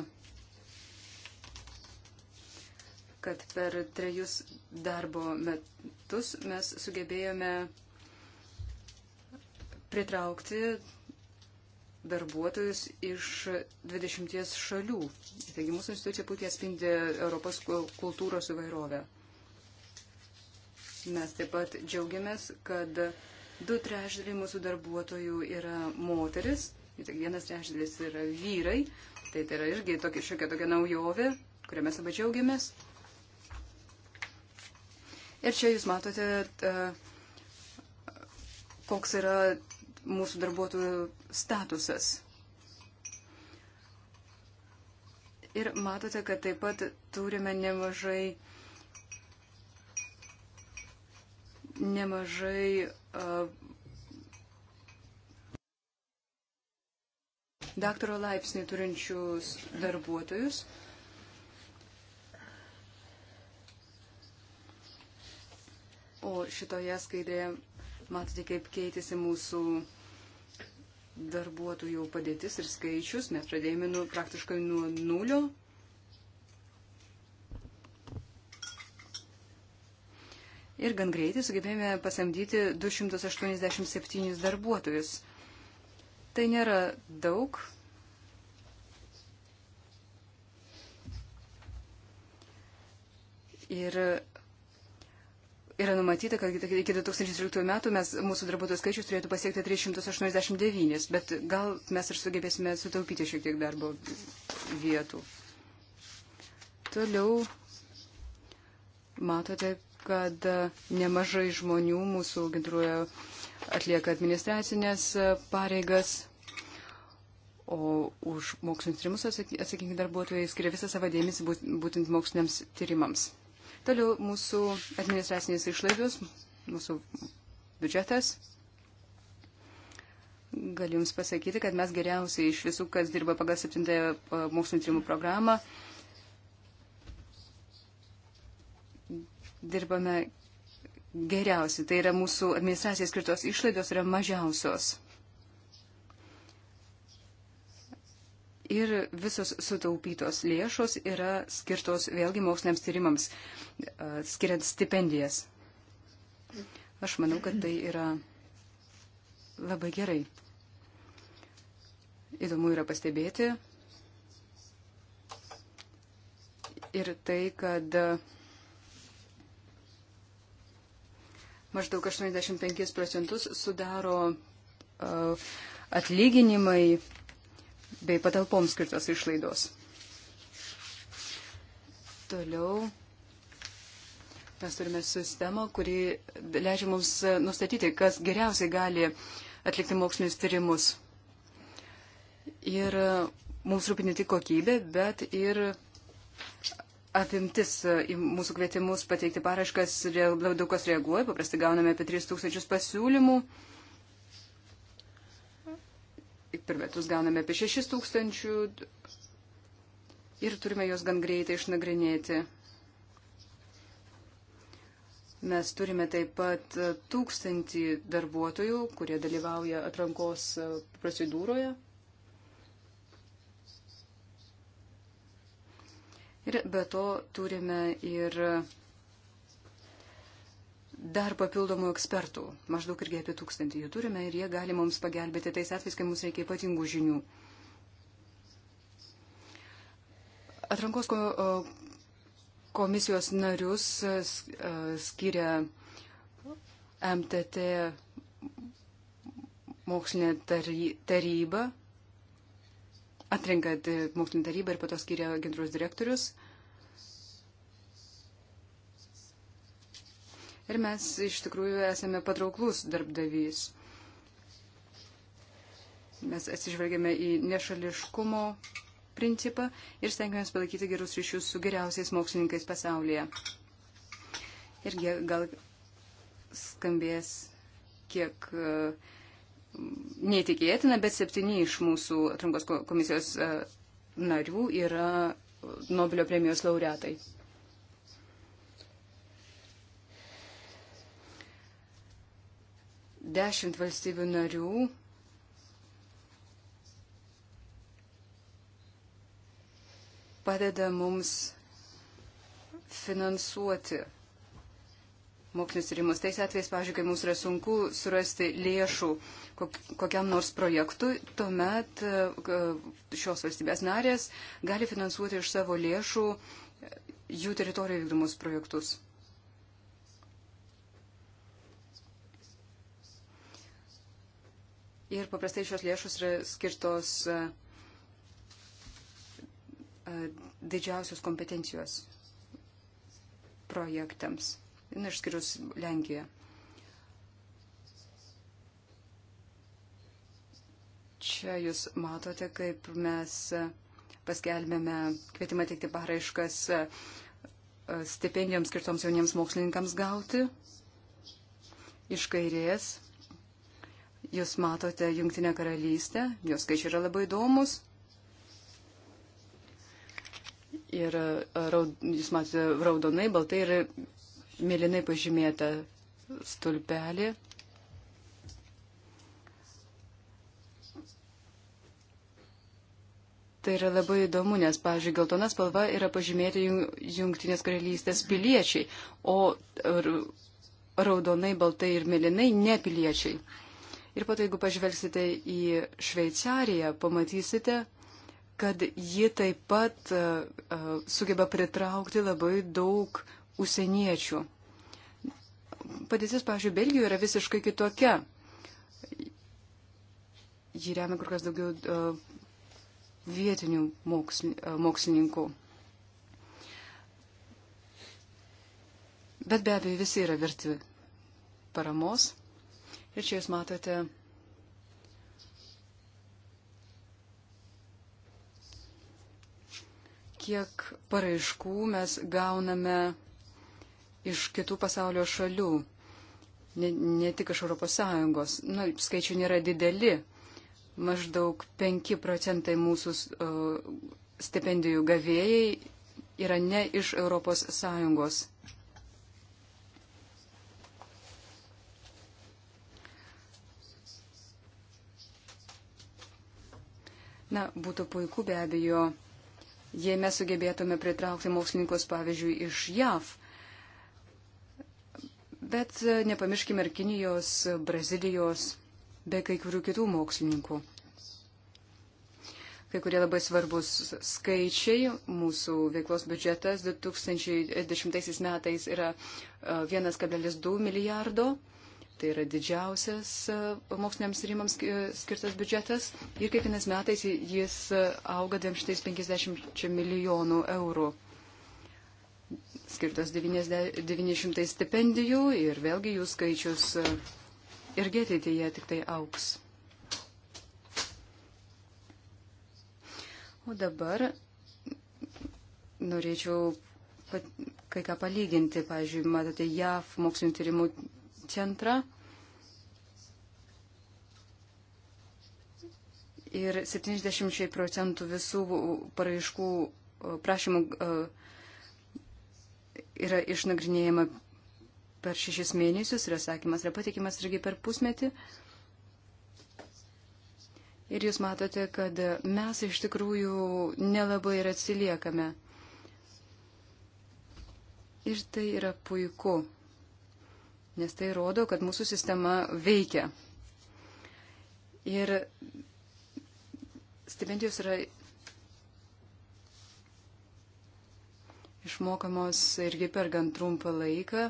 kad per trejus darbo metus mes sugebėjome pritraukti darbuotojus iš 20 šalių. Taigi mūsų institucija puikiai atspindi Europos kultūros įvairovę. Mes taip pat džiaugiamės, kad du trešdėliai mūsų darbuotojų yra moteris, tai vienas trešdėlis yra vyrai. Tai tai yra irgi tokia, šiokia tokia naujovė, kurią mes labai džiaugiamės. Ir čia jūs matote, koks yra mūsų darbuotojų statusas. Ir matote, kad taip pat turime nemažai, nemažai uh, daktaro laipsnį turinčius darbuotojus. O šitoje skaidrėje matote, kaip keitėsi mūsų darbuotojų padėtis ir skaičius. Mes pradėjome nu, praktiškai nuo nulio. Ir gan greitai sugebėjome pasamdyti 287 darbuotojus. Tai nėra daug. Ir yra numatyta, kad iki 2013 metų mes, mūsų darbuotojų skaičius turėtų pasiekti 389, bet gal mes ir sugebėsime sutaupyti šiek tiek darbo vietų. Toliau matote, kad e, nemažai žmonių mūsų agentūroje atlieka administracinės e, pareigas, o už mokslinius tyrimus atsakingi darbuotojai skiria visą savo dėmesį būtent moksliniams tyrimams. Toliau mūsų administracinės išlaidos, mūsų biudžetas. Galiu Jums pasakyti, kad mes geriausiai iš visų, kas dirba pagal 7 e, mokslinio tyrimų programą, dirbame geriausiai. Tai yra mūsų administracijai skirtos išlaidos yra mažiausios. ir visos sutaupytos lėšos yra skirtos vėlgi moksliniams tyrimams, skiriant stipendijas. Aš manau, kad tai yra labai gerai. Įdomu yra pastebėti ir tai, kad maždaug 85 procentus sudaro atlyginimai bei patalpoms skirtos išlaidos. Toliau mes turime sistemą, kuri leidžia mums nustatyti, kas geriausiai gali atlikti mokslinius tyrimus. Ir mums rūpini tik kokybė, bet ir apimtis į mūsų kvietimus pateikti paraškas, daug kas reaguoja, paprastai gauname apie 3000 pasiūlymų per metus gauname apie 6 tūkstančių ir turime juos gan greitai išnagrinėti. Mes turime taip pat tūkstantį darbuotojų, kurie dalyvauja atrankos procedūroje. Ir be to turime ir dar papildomų ekspertų. Maždaug irgi apie tūkstantį jų turime ir jie gali mums pagelbėti tais atvejais, kai mums reikia ypatingų žinių. Atrankos komisijos narius e, e, skiria MTT mokslinė taryba, atrenka e, mokslinė taryba ir pato skiria agentūros direktorius. ir mes iš tikrųjų esame patrauklus darbdavys. Mes atsižvelgiame į nešališkumo principą ir stengiamės palaikyti gerus ryšius su geriausiais mokslininkais pasaulyje. Irgi gal skambės kiek e, neįtikėtina, bet septyni iš mūsų atrankos komisijos e, narių yra Nobelio premijos laureatai. dešimt valstybių narių padeda mums finansuoti mokslinis tyrimus. Tais atvejais, pažiūrėk, kai mums yra sunku surasti lėšų kokiam nors projektui, tuomet e, šios valstybės narės gali finansuoti iš savo lėšų jų teritorijoje vykdomus projektus. Ir paprastai šios lėšos yra skirtos e, e, didžiausios kompetencijos projektams, nu, išskyrus Lenkiją. Čia jūs matote, kaip mes paskelbėme kvietimą teikti paraiškas e, stipendijoms skirtoms jauniems mokslininkams gauti iš kairės Jūs matote Junktinę karalystę, jos skaičiai yra labai įdomus. Ir e, raud, jūs matote raudonai, baltai ir mėlynai pažymėta stulpelį. Tai yra labai įdomu, nes, pavyzdžiui, geltona spalva yra pažymėti Junktinės karalystės piliečiai, o raudonai, baltai ir mėlynai nepiliečiai. piliečiai. Ir pat jeigu pažvelgsite į Šveicariją, pamatysite, kad ji taip pat uh, sugeba pritraukti labai daug užsieniečių. Padėtis, pažiūrėjau, Belgijoje yra visiškai kitokia. Ji remia kur kas daugiau uh, vietinių moksl, uh, mokslininkų. Bet be abejo, visi yra verti paramos. Ir čia jūs matote kiek paraiškų mes gauname iš kitų pasaulio šalių, ne, ne tik iš ES. Na, skaičių nėra dideli, maždaug 5 procentai mūsų uh, stipendijų gavėjai yra ne iš ES. Na, būtų puiku be abejo, jei mes sugebėtume pritraukti mokslininkus, pavyzdžiui, iš JAV. Bet e, nepamirškime ir Kinijos, Brazilijos, be kai kurių kitų mokslininkų. Kai kurie labai svarbus skaičiai, mūsų veiklos biudžetas 2010 metais yra 1,2 e, milijardo Tai yra didžiausias e, moksliniams tyrimams skirtas biudžetas ir kiekvienais metais jis e, auga 250 milijonų eurų. Skirtas 900 stipendijų ir vėlgi jų skaičius e, irgi ateityje tik tai auks. O dabar norėčiau pat, kai ką palyginti. Pavyzdžiui, matote, JAV mokslinio tyrimų centrą. Ir 70 procentų visų paraiškų prašymų yra išnagrinėjama per šešis mėnesius, yra sakymas, yra patikimas irgi per pusmetį. Ir jūs matote, kad mes iš tikrųjų nelabai ir atsiliekame. Ir tai yra puiku nes tai rodo, kad mūsų sistema veikia. Ir stipendijos yra išmokamos irgi per gan trumpą laiką.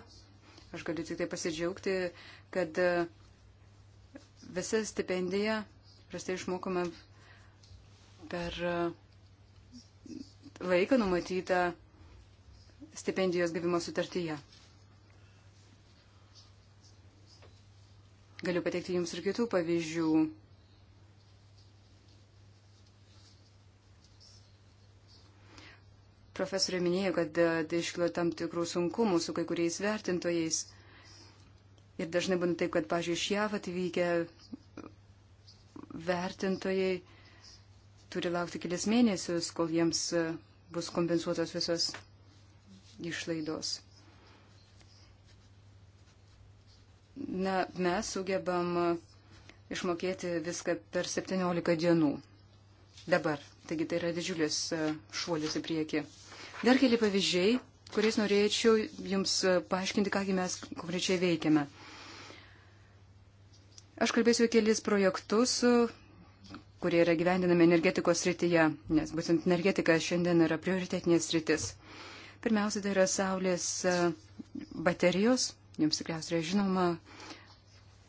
Aš galiu tik tai pasidžiaugti, kad e, visa stipendija prastai išmokama per e, laiką numatytą stipendijos gavimo sutartyje. Galiu pateikti Jums ir kitų pavyzdžių. Profesorė minėjo, kad e, tai iškilo tam tikrų sunkumų su kai kuriais vertintojais. Ir dažnai būna taip, kad, pažiūrėjau, iš JAV atvykę vertintojai turi laukti kelias mėnesius, kol jiems e, bus kompensuotos visos išlaidos. na, mes sugebam išmokėti viską per 17 dienų. Dabar. Taigi tai yra didžiulis e, šuolis į priekį. Dar keli pavyzdžiai, kuriais norėčiau Jums paaiškinti, kągi mes konkrečiai veikiame. Aš kalbėsiu kelis projektus, kurie yra gyvendinami energetikos srityje, nes būtent energetika šiandien yra prioritetinės sritis. Pirmiausia, tai yra saulės e, baterijos, Jums tikriausiai yra žinoma,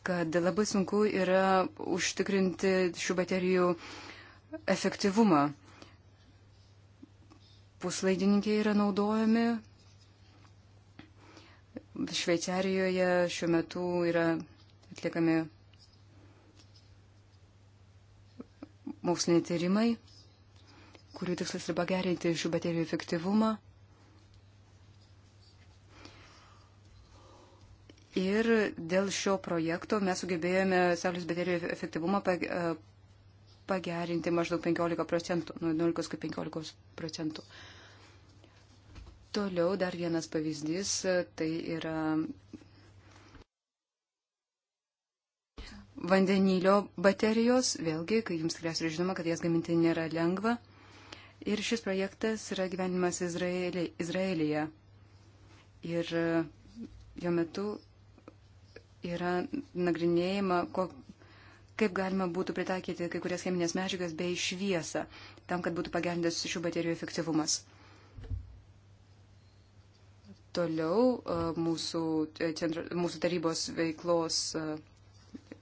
kad labai sunku yra užtikrinti šių baterijų efektyvumą. Puslaidininkiai yra naudojami. Šveicarijoje šiuo metu yra atliekami moksliniai tyrimai, kurių tikslas yra pagerinti šių baterijų efektyvumą. Ir dėl šio projekto mes sugebėjome saulės baterijų efektyvumą e, pagerinti maždaug 15 procentų, nuo 11 iki 15 procentų. Toliau dar vienas pavyzdys, e, tai yra vandenilio baterijos, vėlgi, kai jums tikriausiai žinoma, kad jas gaminti nėra lengva. Ir šis projektas yra gyvenimas Izraelį, Izraelyje. Ir e, jo metu yra nagrinėjama, ko, kaip galima būtų pritaikyti kai kurias cheminės medžiagas bei šviesą, tam, kad būtų pagerintas šių baterijų efektyvumas. Toliau e, mūsų, e, centra, mūsų tarybos veiklos e,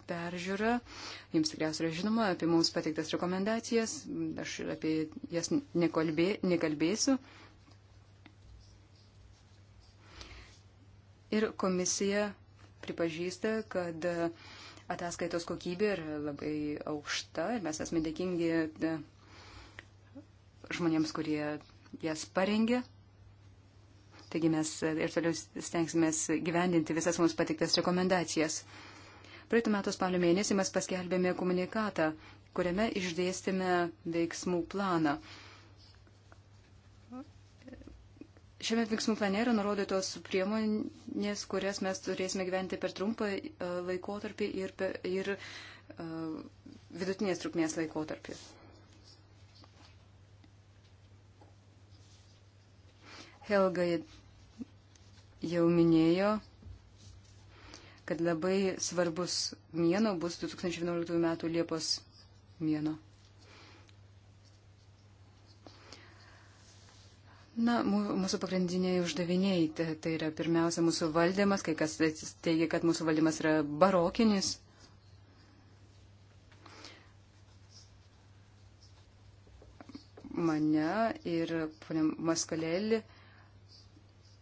peržiūra. Jums tikriausiai yra žinoma apie mums pateiktas rekomendacijas. Aš apie jas nekalbė, nekalbėsiu. Ir komisija pripažįsta, kad e, ataskaitos kokybė yra labai aukšta ir mes esame dėkingi e, žmonėms, kurie jas parengė. Taigi mes e, ir toliau stengsimės gyvendinti visas mums patiktas rekomendacijas. Praeitų metų spalio mėnesį mes paskelbėme komunikatą, kuriame išdėstėme veiksmų planą. Šiame veiksmų plane yra nurodytos priemonės, kurias mes turėsime gyventi per trumpą e, laikotarpį ir, per, ir e, vidutinės trukmės laikotarpį. Helga jau minėjo, kad labai svarbus mėno bus 2011 m. Liepos mėno. Na, mūsų pagrindiniai uždaviniai tai, tai yra pirmiausia mūsų valdymas, kai kas teigia, kad mūsų valdymas yra barokinis. Mane ir ponė Maskalėlį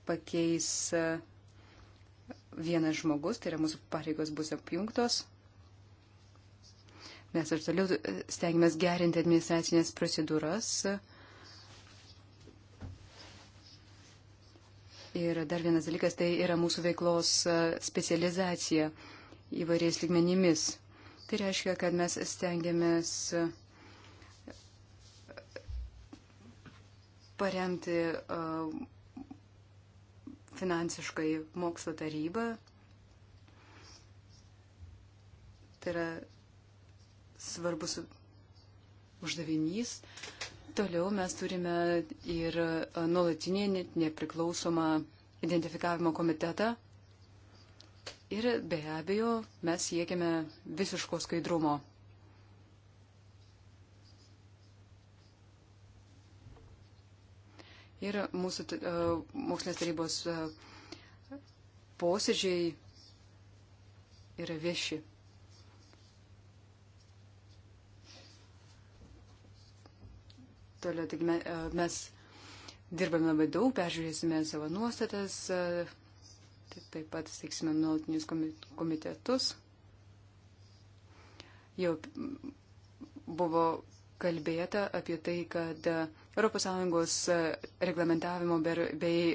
pakeis e, vienas žmogus, tai yra mūsų pareigos bus apjungtos. Mes ir toliau e, stengiamės gerinti administracinės procedūras. Uh, Ir dar vienas dalykas tai yra mūsų veiklos e, specializacija įvairiais lygmenimis. Tai reiškia, kad mes stengiamės e, paremti e, finansiškai mokslo tarybą. Tai yra svarbus uždavinys. Toliau mes turime ir e, nuolatinį nepriklausomą identifikavimo komitetą. Ir be abejo, mes siekiame visiško skaidrumo. Ir mūsų uh, mokslinės tarybos uh, posėdžiai yra vieši. toliau. Taigi e, mes dirbame labai daug, peržiūrėsime savo nuostatas, e, tai taip pat steiksime nuolatinius komitetus. Jau buvo kalbėta apie tai, kad ES e, reglamentavimo bei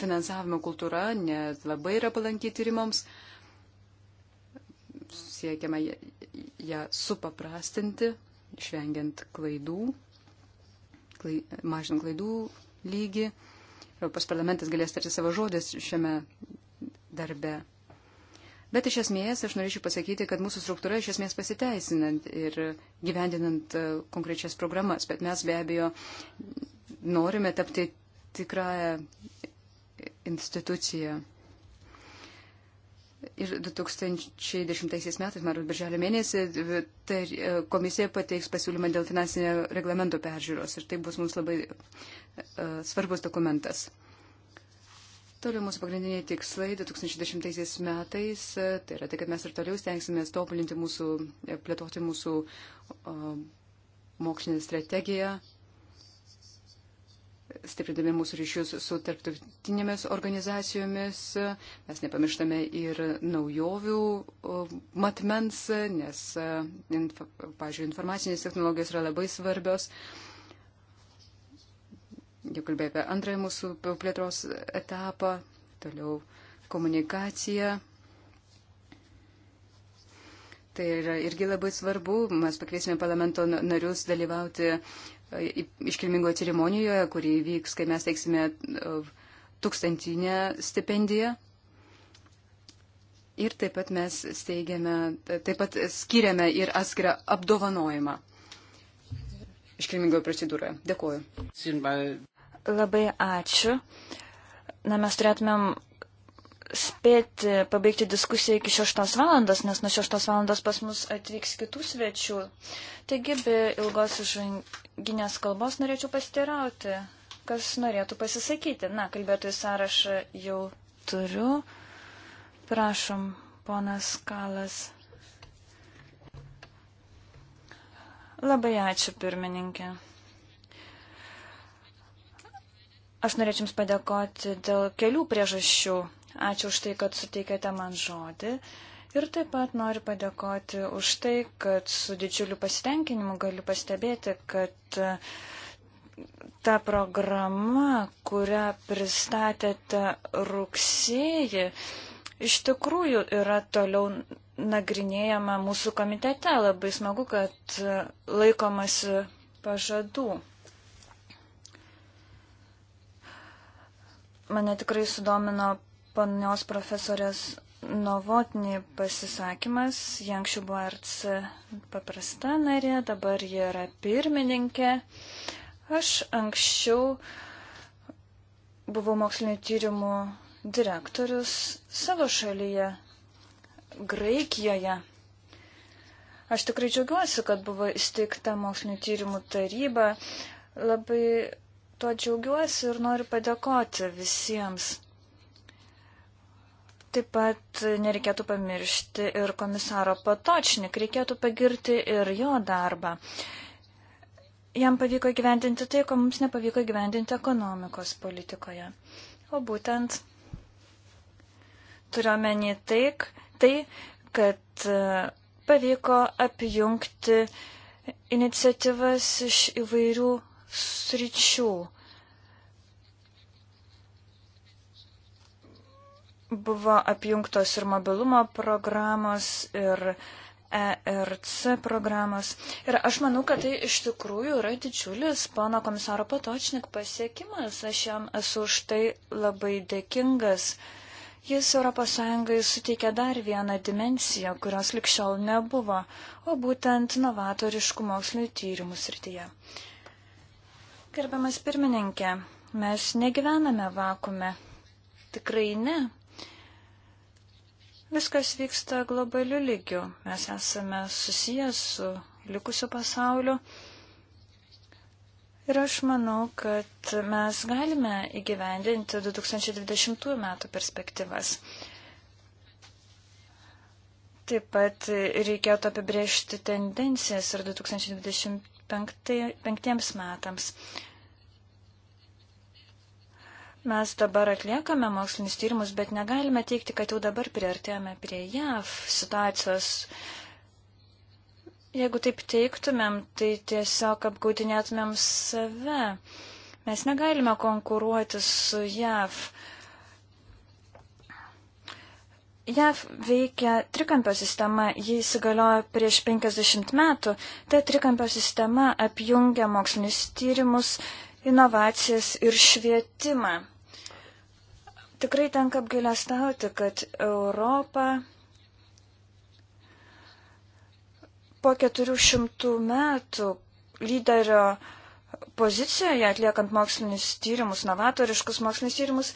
finansavimo kultūra net labai yra palankiai tyrimams. Siekiama ją supaprastinti, išvengiant klaidų mažinant klaidų lygį. Europos parlamentas galės tarti savo žodės šiame darbe. Bet iš esmės aš norėčiau pasakyti, kad mūsų struktūra iš esmės pasiteisinant ir gyvendinant e, konkrečias programas, bet mes be abejo norime tapti tikrąją instituciją. Ir 2010 metais, maros birželio mėnesį, tai komisija pateiks pasiūlymą dėl finansinio reglamento peržiūros ir tai bus mums labai uh, svarbus dokumentas. Toliau mūsų pagrindiniai tikslai 2010 metais, tai yra tai, kad mes ir toliau stengsime tobulinti mūsų, e, plėtoti mūsų uh, mokslinę strategiją, stiprindami mūsų ryšius su tarptautinėmis organizacijomis. Mes nepamirštame ir naujovių matmens, nes, pažiūrėjau, informacinės technologijos yra labai svarbios. Jau kalbėjau apie antrąjį mūsų plėtros etapą, toliau komunikacija. Tai yra irgi labai svarbu. Mes pakviesime parlamento narius dalyvauti uh, iškilmingoje ceremonijoje, kuri vyks, kai mes teiksime e, tūkstantinę stipendiją. Ir taip pat mes steigiame, taip pat skiriame ir atskirą apdovanojimą iškilmingoje procedūroje. Dėkuoju. Labai ačiū. Na, mes turėtumėm spėti e, pabaigti diskusiją iki 6 valandos, nes nuo 6 valandos pas mus atvyks kitų svečių. Taigi, be ilgos žanginės kalbos norėčiau pasiteirauti, kas norėtų pasisakyti. Na, kalbėtojų sąrašą jau turiu. Prašom, ponas Kalas. Labai ačiū, pirmininkė. Aš norėčiau Jums padėkoti dėl kelių priežasčių. Ačiū už tai, kad suteikėte man žodį. Ir taip pat noriu padėkoti už tai, kad su didžiuliu pasitenkinimu galiu pastebėti, kad e, ta programa, kurią pristatėte rugsėjį, iš tikrųjų yra toliau nagrinėjama mūsų komitete. Labai smagu, kad e, laikomasi pažadų. Mane tikrai sudomino panios profesorės Novotni pasisakymas. Jie anksčiau buvo RC paprasta narė, dabar jie yra pirmininkė. Aš anksčiau buvau mokslinio tyrimų direktorius savo šalyje, Graikijoje. Aš tikrai džiaugiuosi, kad buvo įsteigta mokslinio tyrimų taryba. Labai tuo džiaugiuosi ir noriu padėkoti visiems. Taip pat nereikėtų pamiršti ir komisaro Patočnik, reikėtų pagirti ir jo darbą. Jam pavyko gyventinti tai, ko mums nepavyko gyventinti ekonomikos politikoje. O būtent turiuomenį tai, tai, kad e, pavyko apjungti iniciatyvas iš įvairių sričių. buvo apjungtos ir mobilumo programos, ir ERC programos. Ir aš manau, kad tai iš tikrųjų yra didžiulis pono komisaro Patočnik pasiekimas. Aš jam esu už tai labai dėkingas. Jis ES suteikė dar vieną dimensiją, kurios likščiol nebuvo, o būtent novatoriškų mokslinio tyrimų srityje. Gerbiamas pirmininkė, mes negyvename vakume. Tikrai ne. Viskas vyksta globaliu lygiu. Mes esame susijęs su likusiu pasauliu. Ir aš manau, kad mes galime įgyvendinti 2020 metų perspektyvas. Taip pat reikėtų apibriežti tendencijas ir 2025 metams. Mes dabar atliekame mokslinis tyrimus, bet negalime teikti, kad jau dabar priartėjome prie JAV situacijos. Jeigu taip teiktumėm, tai tiesiog apgaudinėtumėm save. Mes negalime konkuruoti su JAV. JAV veikia trikampio sistema, jį įsigaliojo prieš 50 metų. Ta trikampio sistema apjungia mokslinius tyrimus, inovacijas ir švietimą. Tikrai tenka apgailestauti, kad Europa po 400 metų lyderio pozicijoje, atliekant mokslinius tyrimus, novatoriškus mokslinius tyrimus,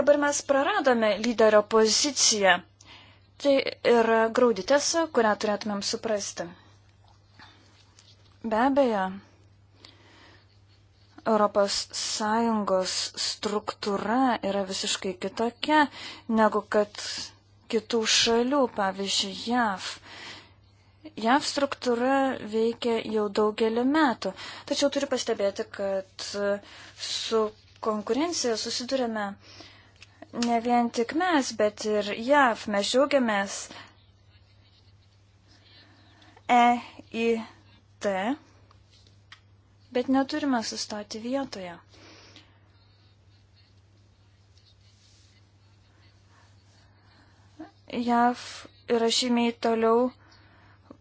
dabar mes praradome lyderio poziciją. Tai yra graudi tiesa, kurią turėtumėm suprasti. Be abejo, ES struktūra yra visiškai kitokia negu kad kitų šalių, pavyzdžiui, JAV. JAV struktūra veikia jau daugelį metų, tačiau turiu pastebėti, kad su konkurencija susidurėme ne vien tik mes, bet ir JAV. Mes džiaugiamės EIT Bet neturime sustoti vietoje. JAV yra šimiai toliau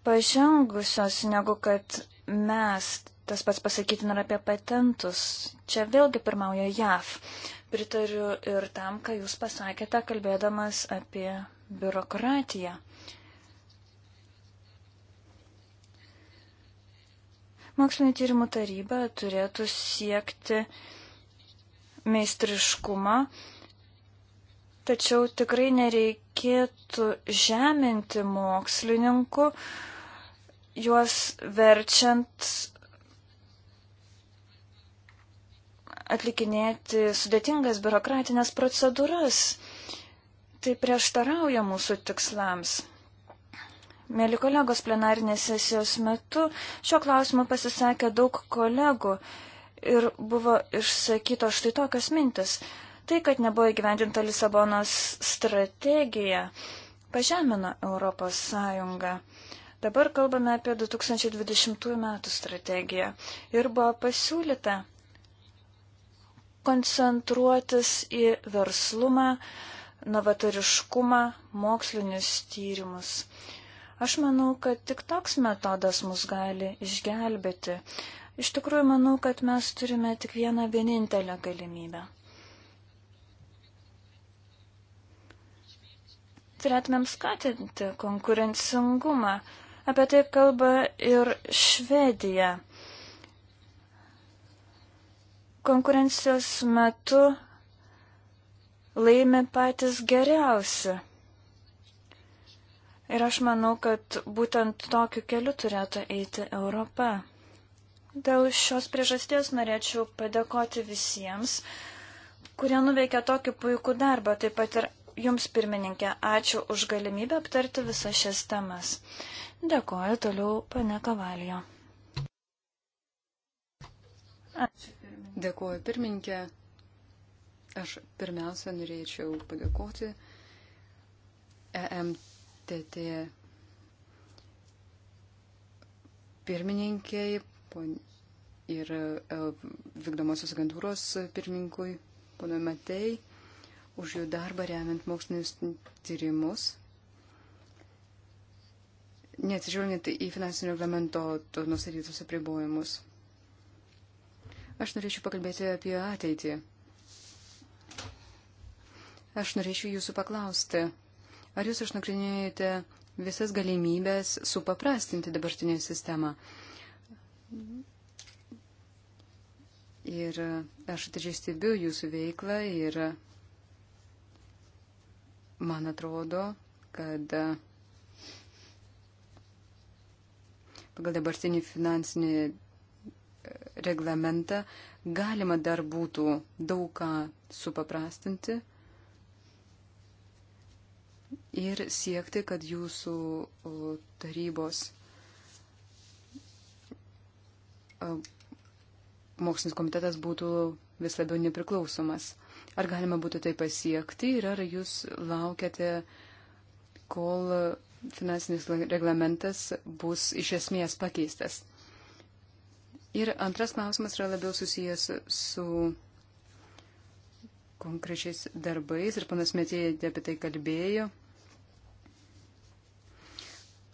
pažengusios negu kad mes. Tas pats pasakytina ir apie patentus. Čia vėlgi pirmauja JAV. Pritariu ir tam, ką jūs pasakėte, kalbėdamas apie biurokratiją. Mokslinio tyrimų taryba turėtų siekti meistriškumą, tačiau tikrai nereikėtų žeminti mokslininkų, juos verčiant atlikinėti sudėtingas biurokratinės procedūras. Tai prieštarauja mūsų tikslams. Mėly kolegos, plenarinės sesijos metu šio klausimo pasisakė daug kolegų ir buvo išsakyto štai tokios mintis. Tai, kad nebuvo įgyvendinta Lisabonos strategija, pažemino Europos Sąjungą. Dabar kalbame apie 2020 metų strategiją ir buvo pasiūlyta koncentruotis į verslumą, novatoriškumą, mokslinius tyrimus. Aš manau, kad tik toks metodas mus gali išgelbėti. Iš tikrųjų, manau, kad mes turime tik vieną vienintelę galimybę. Turėtumėm skatinti konkurencingumą. Apie tai kalba ir Švedija. Konkurencijos metu laimi patys geriausi. Ir aš manau, kad būtent tokiu keliu turėtų eiti Europa. Dėl šios priežasties norėčiau padėkoti visiems, kurie nuveikė tokį puikų darbą, taip pat ir Jums, pirmininkė, ačiū už galimybę aptarti visas šias temas. Dėkoju toliau, pane Kavalijo. Ačiū. Pirmininkė. Dėkoju, pirmininkė. Aš pirmiausia norėčiau padėkoti EMT komitete pirmininkiai ir e, vykdomosios agentūros pirmininkui ponui Matei už jų darbą remiant mokslinius tyrimus. Neatsižvelgiant į finansinio reglamento nusatytus apribojimus. Aš norėčiau pakalbėti apie ateitį. Aš norėčiau jūsų paklausti, Ar jūs išnagrinėjote visas galimybės supaprastinti dabartinę sistemą? Ir aš atidžiai stebiu jūsų veiklą ir man atrodo, kad pagal dabartinį finansinį e, reglamentą galima dar būtų daug ką supaprastinti ir siekti, kad jūsų tarybos mokslinis komitetas būtų vis labiau nepriklausomas. Ar galima būtų tai pasiekti ir ar jūs laukiate, kol finansinis reglamentas bus iš esmės pakeistas? Ir antras klausimas yra labiau susijęs su konkrečiais darbais ir panas Metėjai apie tai kalbėjo.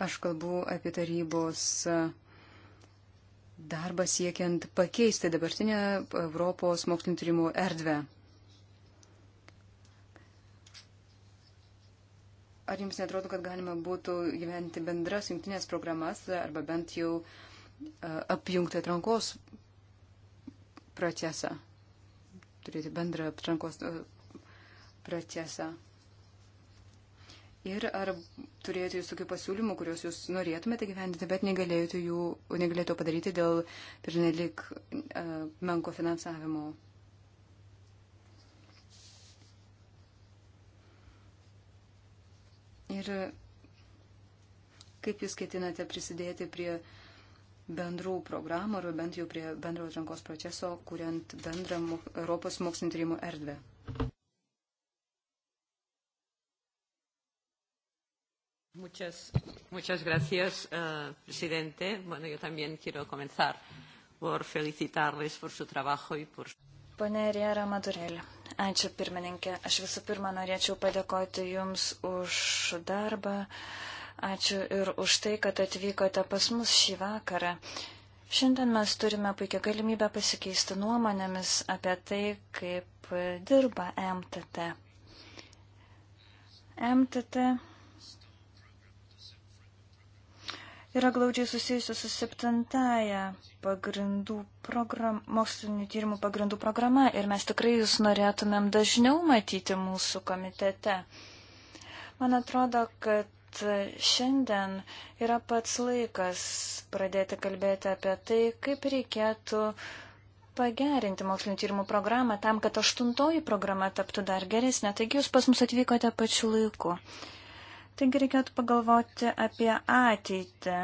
Aš kalbu apie tarybos darbą siekiant pakeisti dabartinę Europos mokslinio tyrimų erdvę. Ar jums netrodo, kad galima būtų gyventi bendras jungtinės programas arba bent jau e, apjungti atrankos procesą, turėti bendrą atrankos e, procesą? Ir ar turėjote jūs tokių pasiūlymų, kuriuos jūs norėtumėte gyvendinti, bet negalėjote jų, negalėjote padaryti dėl pernelik uh, e, menko finansavimo? Ir kaip jūs ketinate prisidėti prie bendrų programų arba bent jau prie bendro atrankos proceso, kuriant bendrą Europos mokslinio tyrimų erdvę? Muchas, muchas gracias, uh, presidente. Bueno, yo también quiero comenzar por felicitarles por su trabajo y por. Pane Riera Madurelė, ačiū pirmininkė. Aš visų pirma norėčiau padėkoti Jums už darbą. Ačiū ir už tai, kad atvykote pas mus šį vakarą. Šiandien mes turime puikia galimybę pasikeisti nuomonėmis apie tai, kaip dirba MTT. MTT yra glaudžiai susijusi su septintaja pagrindų program, mokslinių tyrimų pagrindų programa ir mes tikrai jūs norėtumėm dažniau matyti mūsų komitete. Man atrodo, kad šiandien yra pats laikas pradėti kalbėti apie tai, kaip reikėtų pagerinti mokslinio tyrimų programą tam, kad aštuntoji programa taptų dar geresnė. Taigi jūs pas mus atvykote pačiu laiku. Taigi reikėtų pagalvoti apie ateitį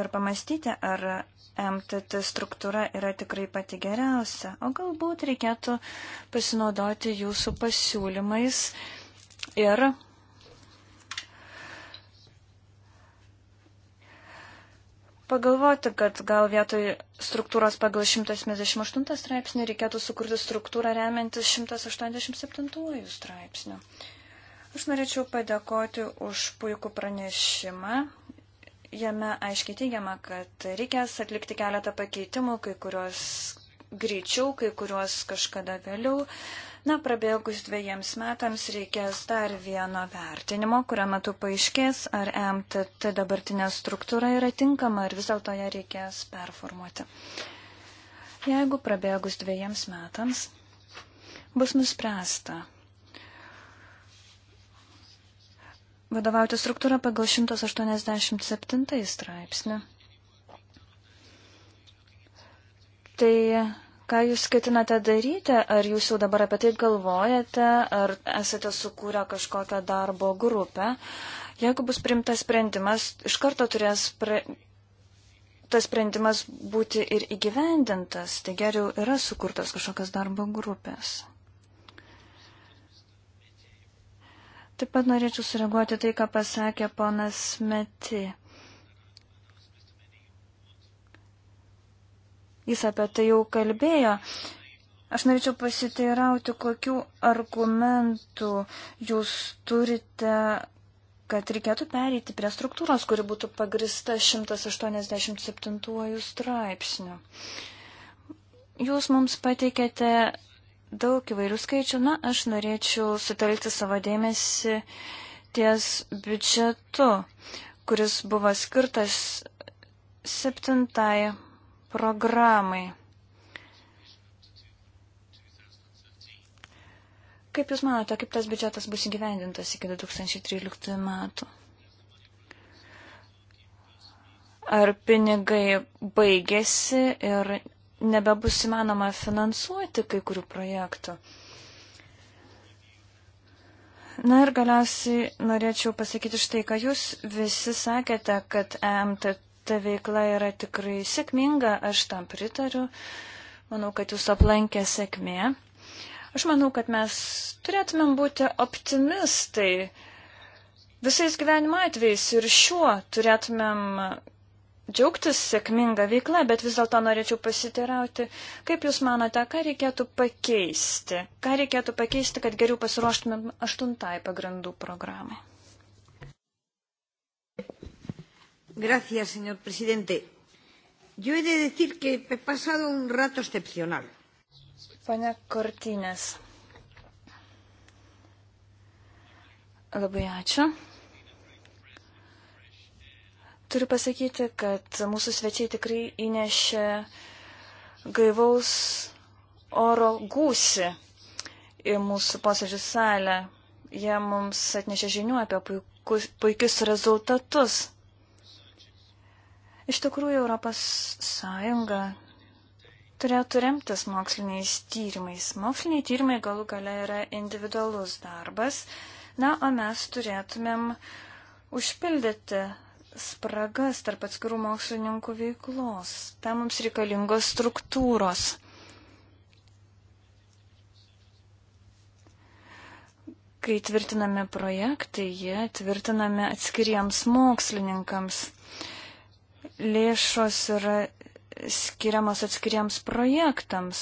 ir pamastyti, ar MTT struktūra yra tikrai pati geriausia, o galbūt reikėtų pasinaudoti jūsų pasiūlymais ir pagalvoti, kad gal vietoj struktūros pagal 178 straipsnį reikėtų sukurti struktūrą remiantis 187 straipsniu. Aš norėčiau padėkoti už puikų pranešimą. Jame aiškiai teigiama, kad reikės atlikti keletą pakeitimų, kai kuriuos greičiau, kai kuriuos kažkada vėliau. Na, prabėgus dviejiems metams reikės dar vieno vertinimo, kurio metu paaiškės, ar MTT dabartinė struktūra yra tinkama, ar vis dėlto ją reikės performuoti. Jeigu prabėgus dviejiems metams bus nuspręsta, vadovauti struktūrą pagal 187 straipsnį. Tai ką jūs ketinate daryti? Ar jūs jau dabar apie tai galvojate? Ar esate sukūrę kažkokią darbo grupę? Jeigu bus primtas sprendimas, iš karto turės pre... tas sprendimas būti ir įgyvendintas. Tai geriau yra sukurtas kažkokios darbo grupės. Taip pat norėčiau sureaguoti tai, ką pasakė ponas Meti. Jis apie tai jau kalbėjo. Aš norėčiau pasiteirauti, kokių argumentų jūs turite, kad reikėtų pereiti prie struktūros, kuri būtų pagrista 187 straipsniu. Jūs mums pateikėte daug įvairių skaičių. Na, aš norėčiau sutelkti savo dėmesį ties biudžetu, kuris buvo skirtas septintai programai. Kaip Jūs manote, kaip tas biudžetas bus įgyvendintas iki 2013 metų? Ar pinigai baigėsi ir nebebus įmanoma finansuoti kai kurių projektų. Na ir galiausiai norėčiau pasakyti štai, ką jūs visi sakėte, kad e MTT veikla yra tikrai sėkminga, aš tam pritariu. Manau, kad jūs aplankė sėkmė. Aš manau, kad mes turėtumėm būti optimistai visais gyvenimo atvejais ir šiuo turėtumėm džiaugtis sėkminga veikla, bet vis dėlto norėčiau pasiteirauti, kaip Jūs manote, ką reikėtų pakeisti, ką reikėtų pakeisti, kad geriau pasiruoštumėm aštuntai pagrindų programai. Gracias, señor presidente. Yo he de decir que he pasado un rato excepcional. Pane Kortinės. Labai ačiū. Turiu pasakyti, kad mūsų svečiai tikrai įnešė gaivaus oro gūsi į mūsų posėdžių salę. Jie mums atnešė žinių apie puikus, puikius rezultatus. Iš tikrųjų, Europos Sąjunga turėtų remtis moksliniais tyrimais. Moksliniai tyrimai galų gale yra individualus darbas, na, o mes turėtumėm užpildyti spragas tarp atskirų mokslininkų veiklos. Tam mums reikalingos struktūros. Kai tvirtinami projektai, jie tvirtinami atskiriems mokslininkams. Lėšos yra skiriamos atskiriems projektams,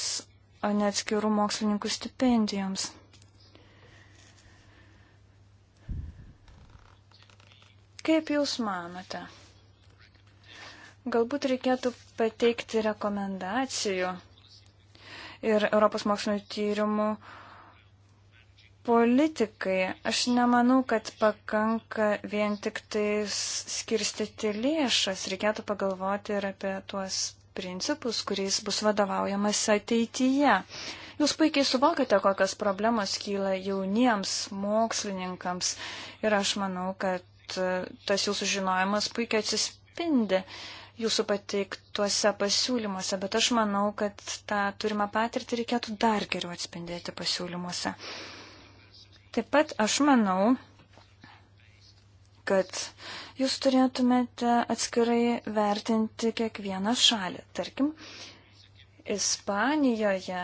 o ne atskirų mokslininkų stipendijoms. Kaip Jūs manote? Galbūt reikėtų pateikti rekomendacijų ir Europos mokslinio tyrimų politikai. Aš nemanau, kad pakanka vien tik tais skirstyti lėšas. Reikėtų pagalvoti ir apie tuos principus, kuriais bus vadovaujamas ateityje. Jūs puikiai suvokite, kokios problemos kyla jauniems mokslininkams ir aš manau, kad E, tas jūsų žinojimas puikiai atsispindi jūsų pateiktuose pasiūlymuose, bet aš manau, kad tą turimą patirtį reikėtų dar geriau atspindėti pasiūlymuose. Taip pat aš manau, kad jūs turėtumėte atskirai vertinti kiekvieną šalį. Tarkim, Ispanijoje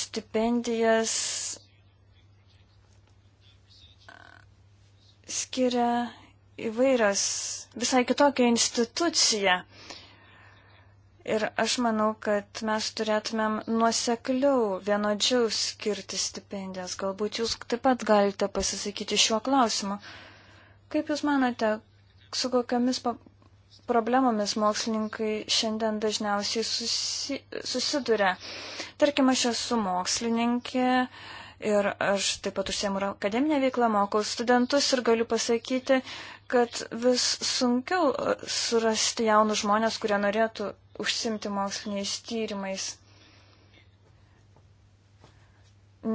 stipendijas skiria įvairias, visai kitokią instituciją. Ir aš manau, kad mes turėtumėm nuosekliau, vienodžiau skirti stipendijas. Galbūt jūs taip pat galite pasisakyti šiuo klausimu. Kaip jūs manote, su kokiamis problemomis mokslininkai šiandien dažniausiai susi, susiduria? Tarkim, aš esu mokslininkė, uh, Ir aš taip pat užsiemu akademinę veiklą, mokau studentus ir galiu pasakyti, kad vis sunkiau uh, surasti jaunus žmonės, kurie norėtų užsimti moksliniais tyrimais.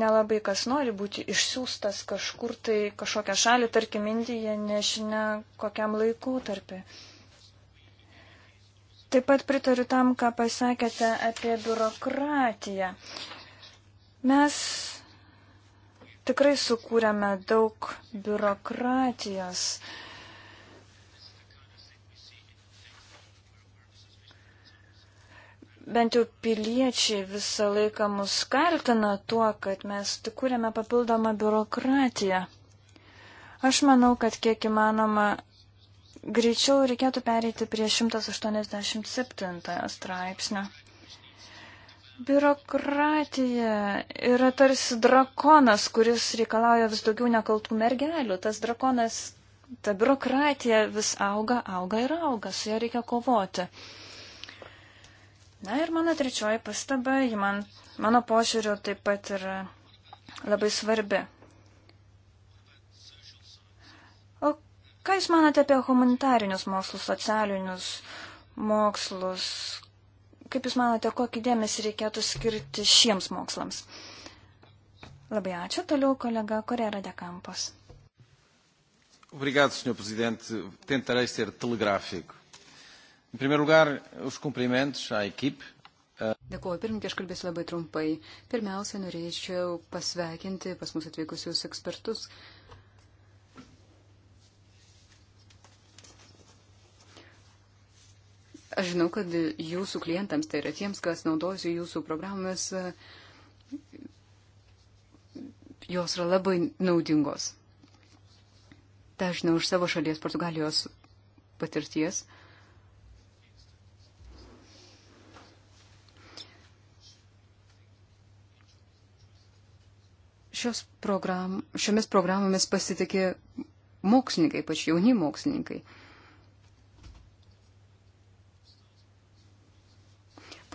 Nelabai kas nori būti išsiųstas kažkur tai kažkokią šalį, tarkim Indiją, nežinia kokiam laikų tarpi. Taip pat pritariu tam, ką pasakėte apie biurokratiją. Mes tikrai sukūrėme daug biurokratijos. Bent jau piliečiai visą laiką mus kaltina tuo, kad mes tik kūrėme papildomą biurokratiją. Aš manau, kad kiek įmanoma greičiau reikėtų pereiti prie 187 straipsnio. Biurokratija yra tarsi drakonas, kuris reikalauja vis daugiau nekaltų mergelių. Tas drakonas, ta biurokratija vis auga, auga ir auga, su ja reikia kovoti. Na ir mano trečioji pastaba, ji man, mano požiūriu taip pat yra labai svarbi. O ką Jūs manate apie humanitarinius mokslus, socialinius mokslus? Kaip Jūs manote, kokį dėmesį reikėtų skirti šiems mokslams? Labai ačiū. Toliau kolega Korera de Campos. Obrigado, Sr. Presidente. Tentarei ser telegráfico. Em primeiro lugar, os cumprimentos à equipe. Dėkuoju, pirmininkė, aš kalbėsiu labai trumpai. Pirmiausia, norėčiau pasveikinti pas mus atvykusius ekspertus. Uh, Aš žinau, kad jūsų klientams, tai yra tiems, kas naudojasi jūsų programomis, jos yra labai naudingos. Ta žinau iš savo šalies Portugalijos patirties. Šios program, šiomis programomis pasitikė mokslininkai, ypač jauni mokslininkai.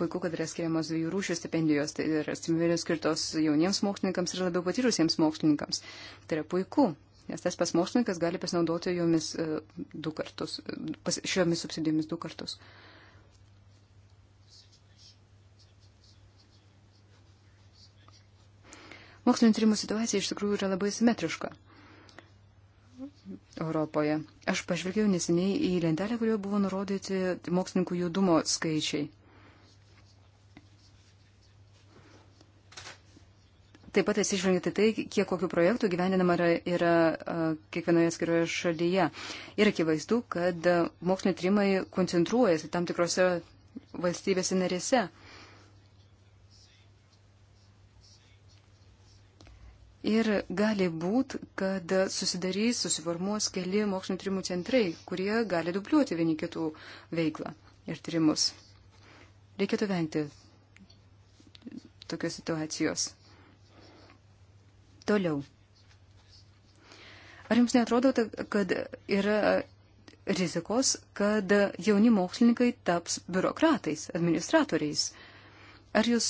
puiku, kad yra skiriamos dviejų rūšių stipendijos. Tai yra stipendijos skirtos jauniems mokslininkams ir labiau patyrusiems mokslininkams. Tai yra puiku, nes tas pas mokslininkas gali pasinaudoti jomis e, du kartus, e, šiomis subsidijomis du kartus. Mokslinio tyrimų situacija iš tikrųjų yra labai simetriška. Europoje. Aš pažvelgiau neseniai į lentelę, kurioje buvo nurodyti mokslininkų judumo skaičiai. taip pat atsižvelgiant į tai, kiek kokių projektų gyveninama yra, yra kiekvienoje skirioje šalyje. Ir akivaizdu, kad moksliniai tyrimai koncentruojasi tam tikrose valstybėse narėse. Ir gali būt, kad susidarys, susiformuos keli mokslinio tyrimų centrai, kurie gali dubliuoti vieni kitų veiklą ir tyrimus. Reikėtų vengti tokios situacijos. Toliau. Ar jums netrodo, kad yra rizikos, kad jauni mokslininkai taps biurokratais, administratoriais? Ar jūs,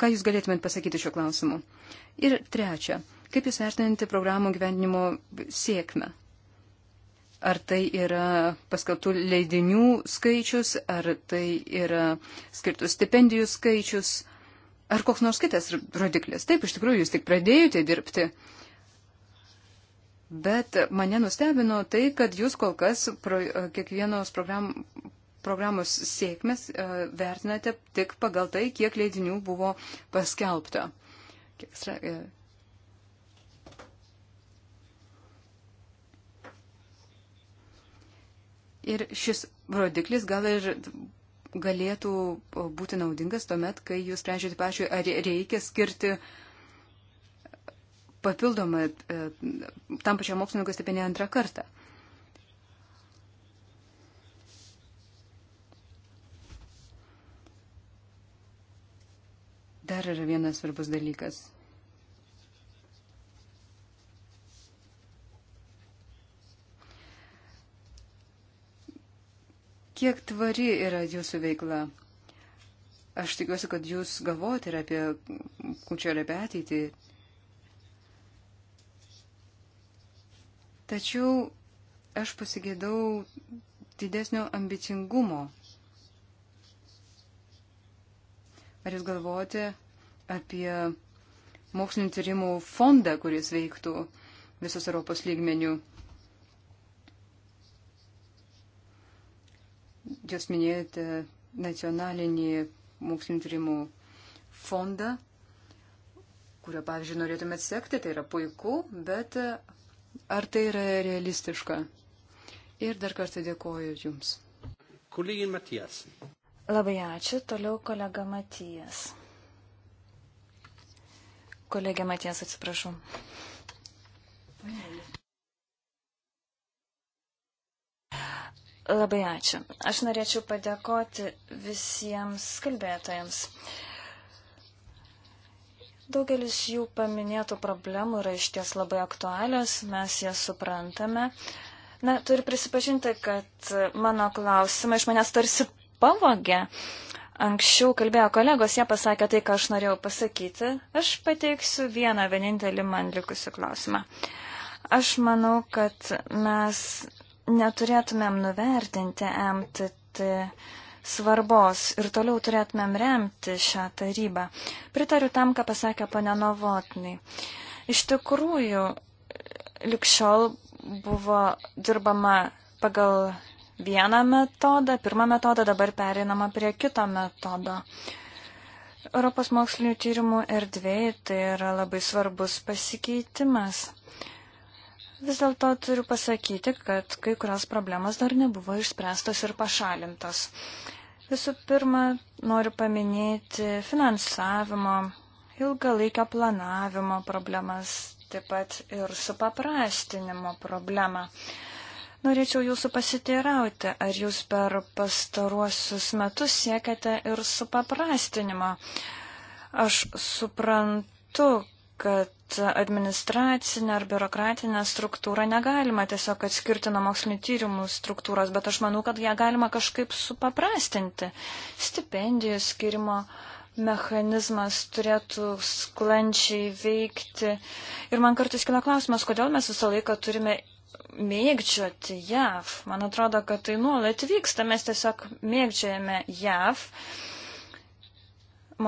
ką jūs galėtumėt pasakyti šiuo klausimu? Ir trečia, kaip jūs vertinate programų gyvenimo sėkmę? Ar tai yra paskaltų leidinių skaičius, ar tai yra skirtų stipendijų skaičius? ar koks nors kitas rodiklis. Taip, iš tikrųjų, jūs tik pradėjote dirbti. Bet mane nustebino tai, kad jūs kol kas pro, kiekvienos program, programos sėkmės e, vertinate tik pagal tai, kiek leidinių buvo paskelbta. Kiek, e. Ir šis rodiklis gal ir galėtų būti naudingas tuomet, kai jūs sprendžiate pačiu, ar reikia skirti papildomą e, tam pačiam mokslininkui stipendiją antrą kartą. Dar yra vienas svarbus dalykas. Kiek tvari yra jūsų veikla? Aš tikiuosi, kad jūs galvojate ir apie kučio ir apie ateitį. Tačiau aš pasigėdau didesnio ambicingumo. Ar jūs galvojate apie mokslinio tyrimų fondą, kuris veiktų visos Europos lygmenių? Jūs minėjote nacionalinį mokslinio tyrimų fondą, kurio, pavyzdžiui, norėtumėt sekti, tai yra puiku, bet e, ar tai yra realistiška? Ir dar kartą dėkoju Jums. Kolegin Matijas. Labai ačiū. Toliau kolega Matijas. Kolegė Matijas, atsiprašau. Labai ačiū. Aš norėčiau padėkoti visiems kalbėtojams. Daugelis jų paminėtų problemų yra iš ties labai aktualios, mes jas suprantame. Na, turiu prisipažinti, kad mano klausimą iš manęs tarsi pavogė. Anksčiau kalbėjo kolegos, jie pasakė tai, ką aš norėjau pasakyti. Aš pateiksiu vieną vienintelį man likusių klausimą. Aš manau, kad mes neturėtumėm nuvertinti MTT svarbos ir toliau turėtumėm remti šią tarybą. Pritariu tam, ką pasakė pane Novotnai. Iš tikrųjų, likščiol buvo dirbama pagal vieną metodą, pirmą metodą, dabar pereinama prie kito metodo. Europos mokslinių tyrimų erdvėjai tai yra labai svarbus pasikeitimas. Vis dėlto turiu pasakyti, kad kai kurios problemos dar nebuvo išspręstos ir pašalintos. Visų pirma, noriu paminėti finansavimo, ilgalaikio planavimo problemas, taip pat ir supaprastinimo problemą. Norėčiau jūsų pasiteirauti, ar jūs per pastaruosius metus siekiate ir supaprastinimo. Aš suprantu, kad administracinę ar biurokratinę struktūrą negalima tiesiog atskirti nuo mokslinio tyrimų struktūros, bet aš manau, kad ją galima kažkaip supaprastinti. Stipendijų skirimo mechanizmas turėtų sklančiai veikti. Ir man kartais kila klausimas, kodėl mes visą laiką turime mėgdžioti JAV. Man atrodo, kad tai nuolat vyksta, mes tiesiog mėgdžiojame JAV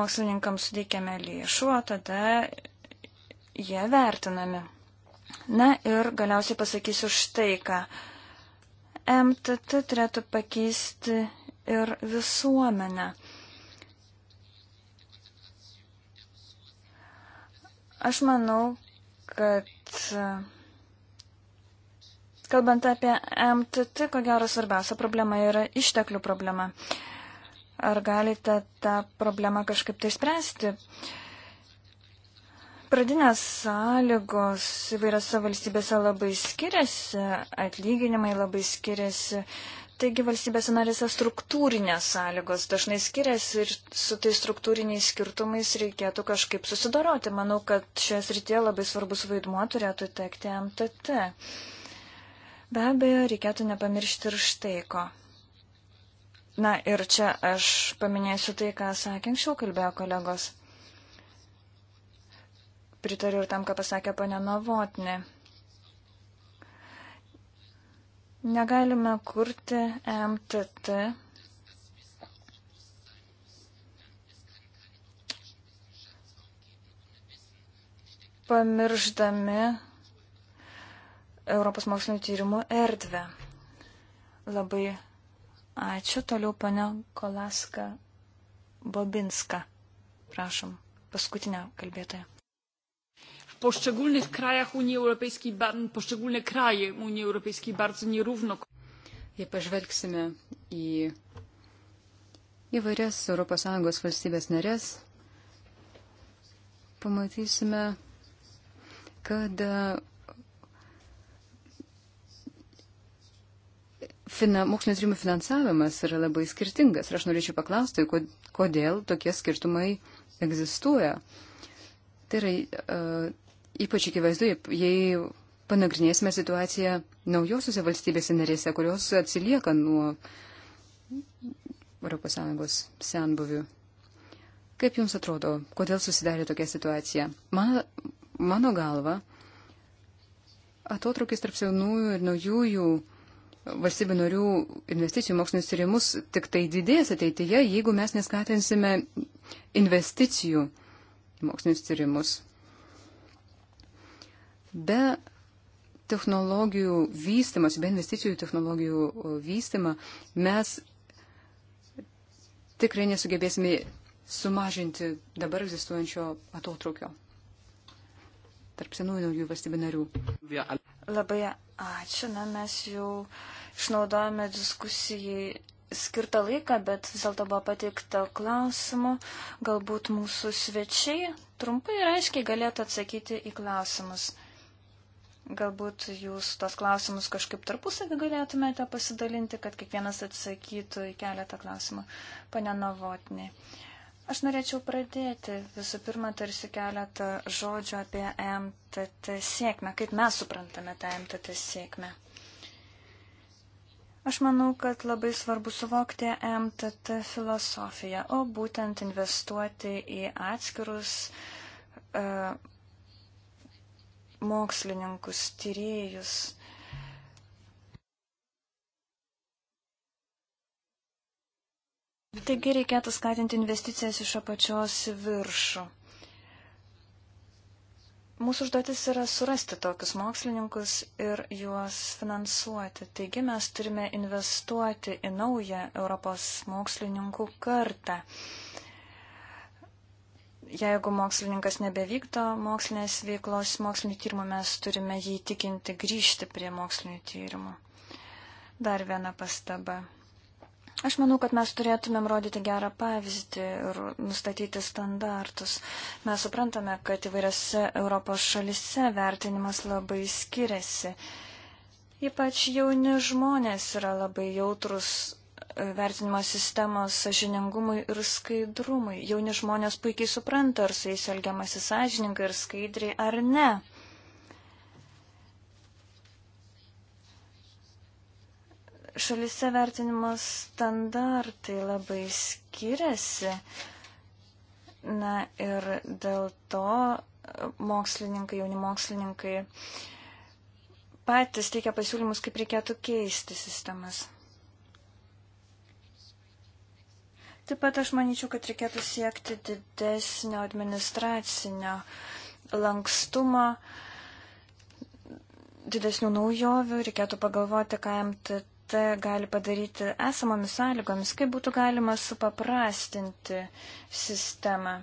mokslininkams suteikiame lėšų, o tada jie vertinami. Na ir galiausiai pasakysiu štai ką. MTT turėtų pakeisti ir visuomenę. Aš manau, kad kalbant apie MTT, ko gero svarbiausia problema yra išteklių problema. Ar galite tą problemą kažkaip tai spręsti? Uh, Pradinės sąlygos įvairiose valstybėse labai skiriasi, atlyginimai labai skiriasi, taigi valstybėse narėse struktūrinės sąlygos dažnai skiriasi ir su tais struktūriniais skirtumais reikėtų kažkaip susidoroti. Manau, kad šioje srityje labai svarbus vaidmuo turėtų tekti MTT. Be abejo, reikėtų nepamiršti ir štai ko. Na ir čia aš paminėsiu tai, ką sakė anksčiau kalbėjo kolegos pritariu ir tam, ką pasakė ponė Novotnė. Negalime kurti MTT pamirždami Europos mokslinio tyrimų erdvę. Labai ačiū. Toliau pane Kolaska Bobinska. Prašom, paskutinę kalbėtoją poszczególnych krajach Unii Europejskiej, poszczególne kraje Unii Europejskiej bardzo nierówno. Jei pažvelgsime į įvairias ES valstybės narės, pamatysime, kad uh, fina, mokslinio tyrimų finansavimas yra labai skirtingas. Ir aš norėčiau paklausti, kodėl tokie skirtumai egzistuoja. Tai yra uh, ypač akivaizdu, jei panagrinėsime situaciją naujosiuose valstybėse narėse, kurios atsilieka nuo ES senbuvių. Kaip Jums atrodo, kodėl susidarė tokia situacija? Man, mano galva, atotrukis tarp jaunųjų ir naujųjų valstybių narių investicijų mokslinius tyrimus tik tai didės ateityje, jeigu mes neskatinsime investicijų mokslinius tyrimus. Be technologijų vystimas, be investicijų technologijų vystimą mes tikrai nesugebėsime sumažinti dabar egzistuojančio atotrukio tarp senų ir naujų valstybių narių. Labai ačiū, na mes jau išnaudojame diskusijai skirtą laiką, bet vis dėlto buvo pateikta klausimų. Galbūt mūsų svečiai trumpai ir aiškiai galėtų atsakyti į klausimus. Galbūt jūs tos klausimus kažkaip tarpusavį galėtumėte pasidalinti, kad kiekvienas atsakytų į keletą klausimų. Pane Novotnė, aš norėčiau pradėti visų pirma tarsi keletą žodžių apie MTT sėkmę, kaip mes suprantame tą MTT sėkmę. Aš manau, kad labai svarbu suvokti MTT filosofiją, o būtent investuoti į atskirus uh, mokslininkus, tyriejus. Taigi reikėtų skatinti investicijas iš apačios į viršų. Mūsų užduotis yra surasti tokius mokslininkus ir juos finansuoti. Taigi mes turime investuoti į naują Europos mokslininkų kartą jeigu mokslininkas nebevykdo mokslinės veiklos, mokslinio tyrimo, mes turime jį įtikinti grįžti prie mokslinio tyrimo. Dar viena pastaba. Aš manau, kad mes turėtumėm rodyti gerą pavyzdį ir nustatyti standartus. Mes suprantame, kad įvairiose Europos šalise vertinimas labai skiriasi. Ypač jauni žmonės yra labai jautrus vertinimo sistemos sažiningumui ir skaidrumui. Jauni žmonės puikiai supranta, ar su jais elgiamasi sažininkai ir skaidriai ar ne. Šalise vertinimo standartai labai skiriasi. Na ir dėl to mokslininkai, jauni mokslininkai patys teikia pasiūlymus, kaip reikėtų keisti sistemas. Taip pat aš manyčiau, kad reikėtų siekti didesnio administracinio lankstumo, didesnių naujovių, reikėtų pagalvoti, ką MTT gali padaryti esamomis sąlygomis, kaip būtų galima supaprastinti sistemą.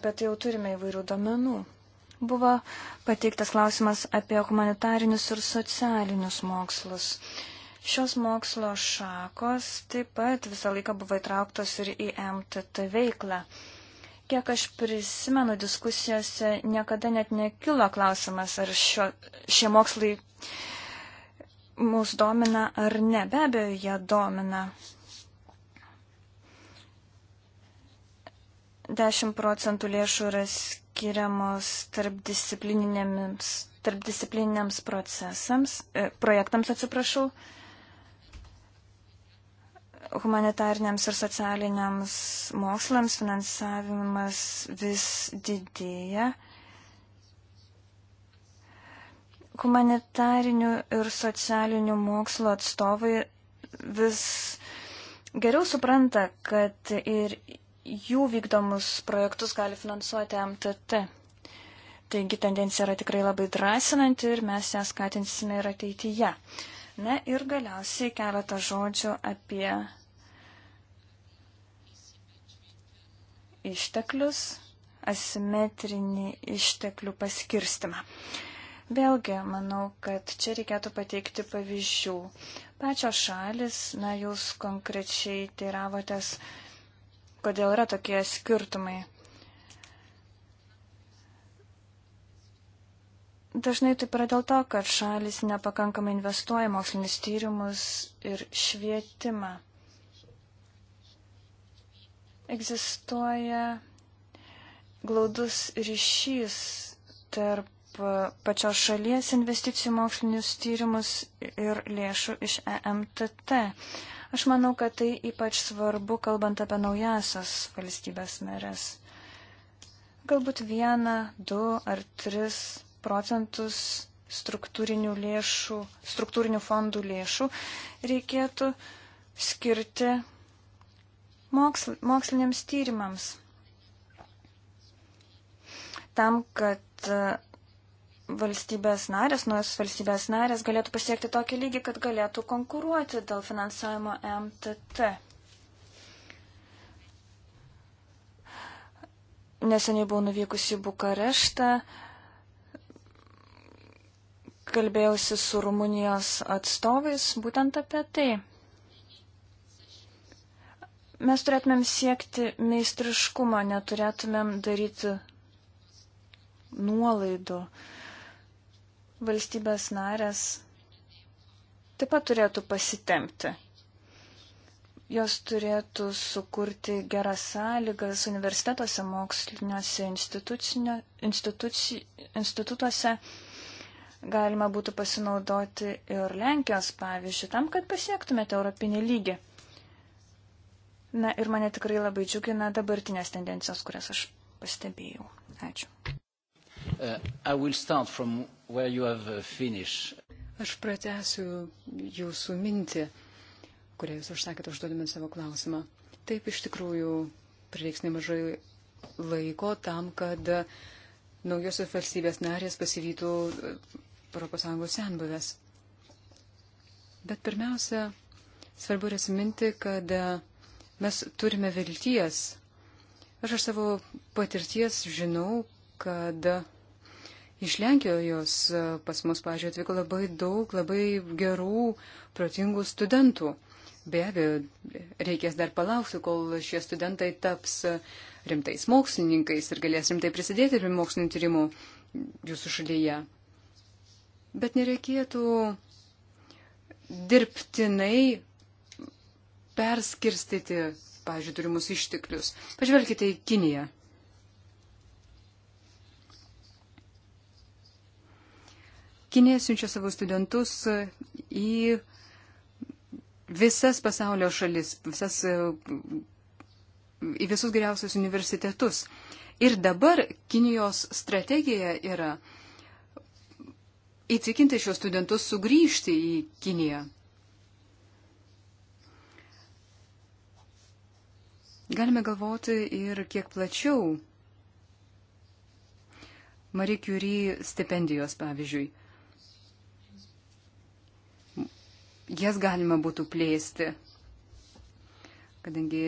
Apie tai jau turime įvairių domenų. Buvo pateiktas klausimas apie humanitarinius ir socialinius mokslus. Šios mokslo šakos taip pat visą laiką buvo įtrauktos ir į MTT veiklą. Kiek aš prisimenu diskusijose, niekada net nekilo klausimas, ar šio, šie mokslai mūsų domina ar ne. Be abejo, jie domina. 10 procentų lėšų yra skiriamos tarpdisciplininiams, tarpdisciplininiams procesams, e, projektams atsiprašau, humanitariniams ir socialiniams mokslams finansavimas vis didėja. Humanitarinių ir socialinių mokslo atstovai vis geriau supranta, kad ir jų vykdomus projektus gali finansuoti MTT. Taigi tendencija yra tikrai labai drąsinanti ir mes ją skatinsime ir ateityje. Na ir galiausiai keletą žodžių apie išteklius, asimetrinį išteklių paskirstimą. Vėlgi, manau, kad čia reikėtų pateikti pavyzdžių. Pačios šalis, na, jūs konkrečiai teiravotės, kodėl yra tokie skirtumai. Dažnai taip yra dėl to, kad šalis nepakankamai investuoja mokslinis tyrimus ir švietimą egzistuoja glaudus ryšys tarp pačios šalies investicijų mokslinius tyrimus ir lėšų iš EMTT. Aš manau, kad tai ypač svarbu, kalbant apie naujasias valstybės narės. Galbūt vieną, du ar tris procentus struktūrinių lėšų, struktūrinių fondų lėšų reikėtų skirti moksl, moksliniams tyrimams. Tam, kad e, valstybės narės, nors valstybės narės galėtų pasiekti tokį lygį, kad galėtų konkuruoti dėl finansavimo MTT. Neseniai buvau nuvykusi į Bukareštą, kalbėjausi su Rumunijos atstovais būtent apie tai. Mes turėtumėm siekti meistriškumo, neturėtumėm daryti nuolaidų. Valstybės narės taip pat turėtų pasitemti. Jos turėtų sukurti geras sąlygas universitetuose, moksliniuose instituci, institutuose. Galima būtų pasinaudoti ir Lenkijos pavyzdžių tam, kad pasiektumėte europinį lygį. Na ir mane tikrai labai džiugina dabartinės tendencijos, kurias aš pastebėjau. Ačiū. Uh, uh aš pratęsiu jūsų mintį, kurią jūs užsakėte užduodami savo klausimą. Taip iš tikrųjų prireiks nemažai laiko tam, kad naujosios valstybės narės pasivytų uh, ES senbuvės. Bet pirmiausia, svarbu yra siminti, kad uh, Mes turime vilties. Aš iš savo patirties žinau, kad iš Lenkijos pas mus, pažiūrėjau, atvyko labai daug labai gerų, protingų studentų. Be abejo, reikės dar palaukti, kol šie studentai taps rimtais mokslininkais ir galės rimtai prisidėti prie mokslinio tyrimų jūsų šalyje. Bet nereikėtų dirbtinai perskirstyti, pažiūrėjau, turimus išteklius. Pažvelkite į Kiniją. Kinė siunčia savo studentus į visas pasaulio šalis, visas, į visus geriausius universitetus. Ir dabar Kinijos strategija yra įtikinti šios studentus sugrįžti į Kiniją. Galime galvoti ir kiek plačiau. Marie Curie stipendijos, pavyzdžiui. Jas galima būtų plėsti, kadangi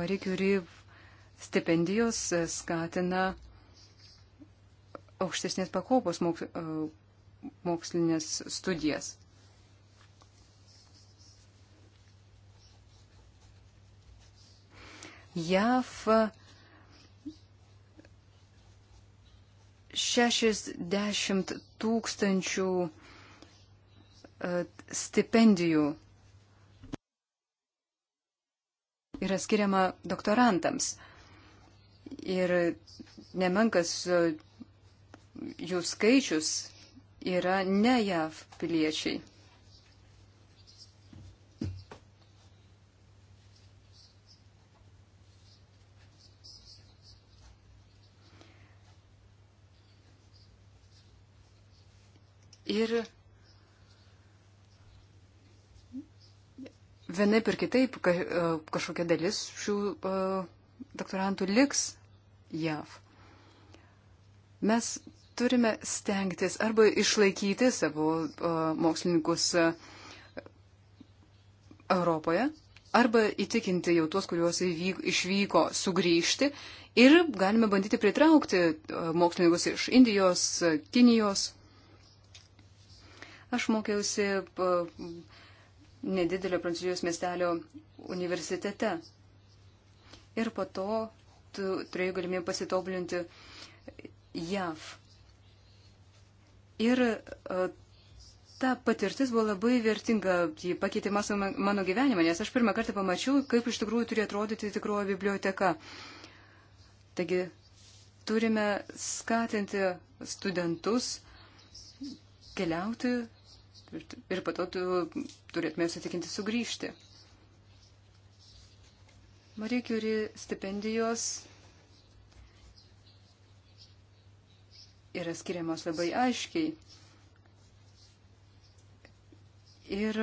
Marie Curie stipendijos skatina aukštesnės pakopos mokslinės studijas. JAV 60 tūkstančių e, stipendijų yra skiriama doktorantams. Ir nemenkas e, jų skaičius yra ne JAV piliečiai. Ir vienai per kitaip e, kažkokia dalis šių e, doktorantų liks JAV. Mes turime stengtis arba išlaikyti savo e, mokslininkus Europoje, arba įtikinti jau tuos, kuriuos išvyko sugrįžti ir galime bandyti pritraukti mokslininkus iš Indijos, Kinijos, Aš mokiausi nedidelio Prancūzijos miestelio universitete. Ir po to turėjau galimybę pasitobulinti JAV. Ir e, ta patirtis buvo labai vertinga, ji pakeitė mano gyvenimą, nes aš pirmą kartą pamačiau, kaip iš tikrųjų turi atrodyti tikroji biblioteka. Taigi turime skatinti studentus keliauti ir po to turėtume įsitikinti sugrįžti. Marie Curie stipendijos yra skiriamos labai aiškiai. Ir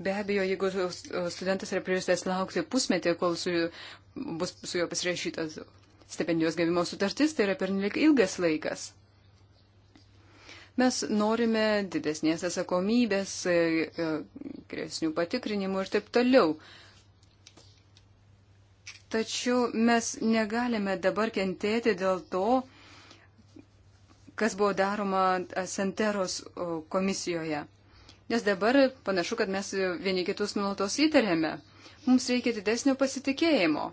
be abejo, jeigu studentas yra priverstas laukti pusmetį, kol su, bus su juo pasirašytas stipendijos gavimo sutartis, tai yra pernelik ilgas laikas. Mes norime didesnės atsakomybės, e, e, grėsnių patikrinimų ir taip toliau. Tačiau mes negalime dabar kentėti dėl to, kas buvo daroma Santeros komisijoje. Nes dabar panašu, kad mes vieni kitus nuolatos įtarėme. Mums reikia didesnio pasitikėjimo.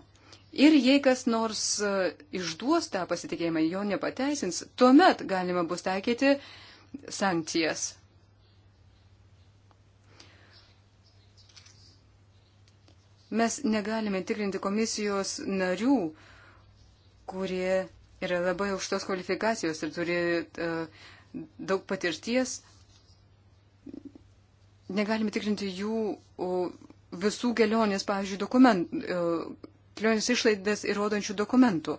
Ir jei kas nors e, išduos tą pasitikėjimą, jo nepateisins, tuomet galima bus taikyti uh, sankcijas. Mes negalime tikrinti komisijos narių, kurie yra labai aukštos kvalifikacijos ir turi uh, daug patirties. Negalime tikrinti jų uh, visų kelionės, pavyzdžiui, dokument, uh, e, kelionės išlaidas įrodančių dokumentų.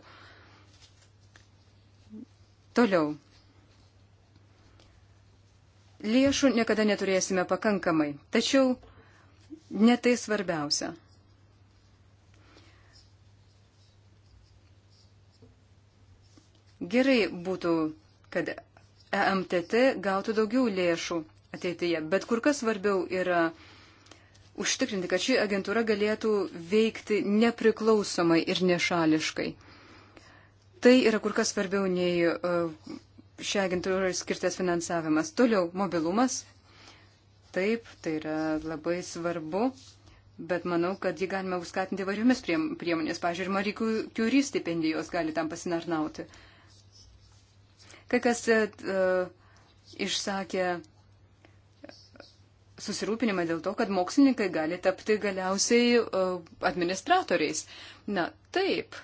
Toliau lėšų niekada neturėsime pakankamai. Tačiau netai svarbiausia. Gerai būtų, kad EMTT gautų daugiau lėšų ateityje, bet kur kas svarbiau yra užtikrinti, kad ši agentūra galėtų veikti nepriklausomai ir nešališkai. Tai yra kur kas svarbiau nei uh, šią agentūrą skirtas finansavimas. Toliau, mobilumas. Taip, tai yra labai svarbu, bet manau, kad jį galima skatinti variomis priemonės. Pavyzdžiui, ir Marikų Kiury stipendijos gali tam pasinarnauti. Kai kas uh, išsakė susirūpinimą dėl to, kad mokslininkai gali tapti galiausiai uh, administratoriais. Na, taip.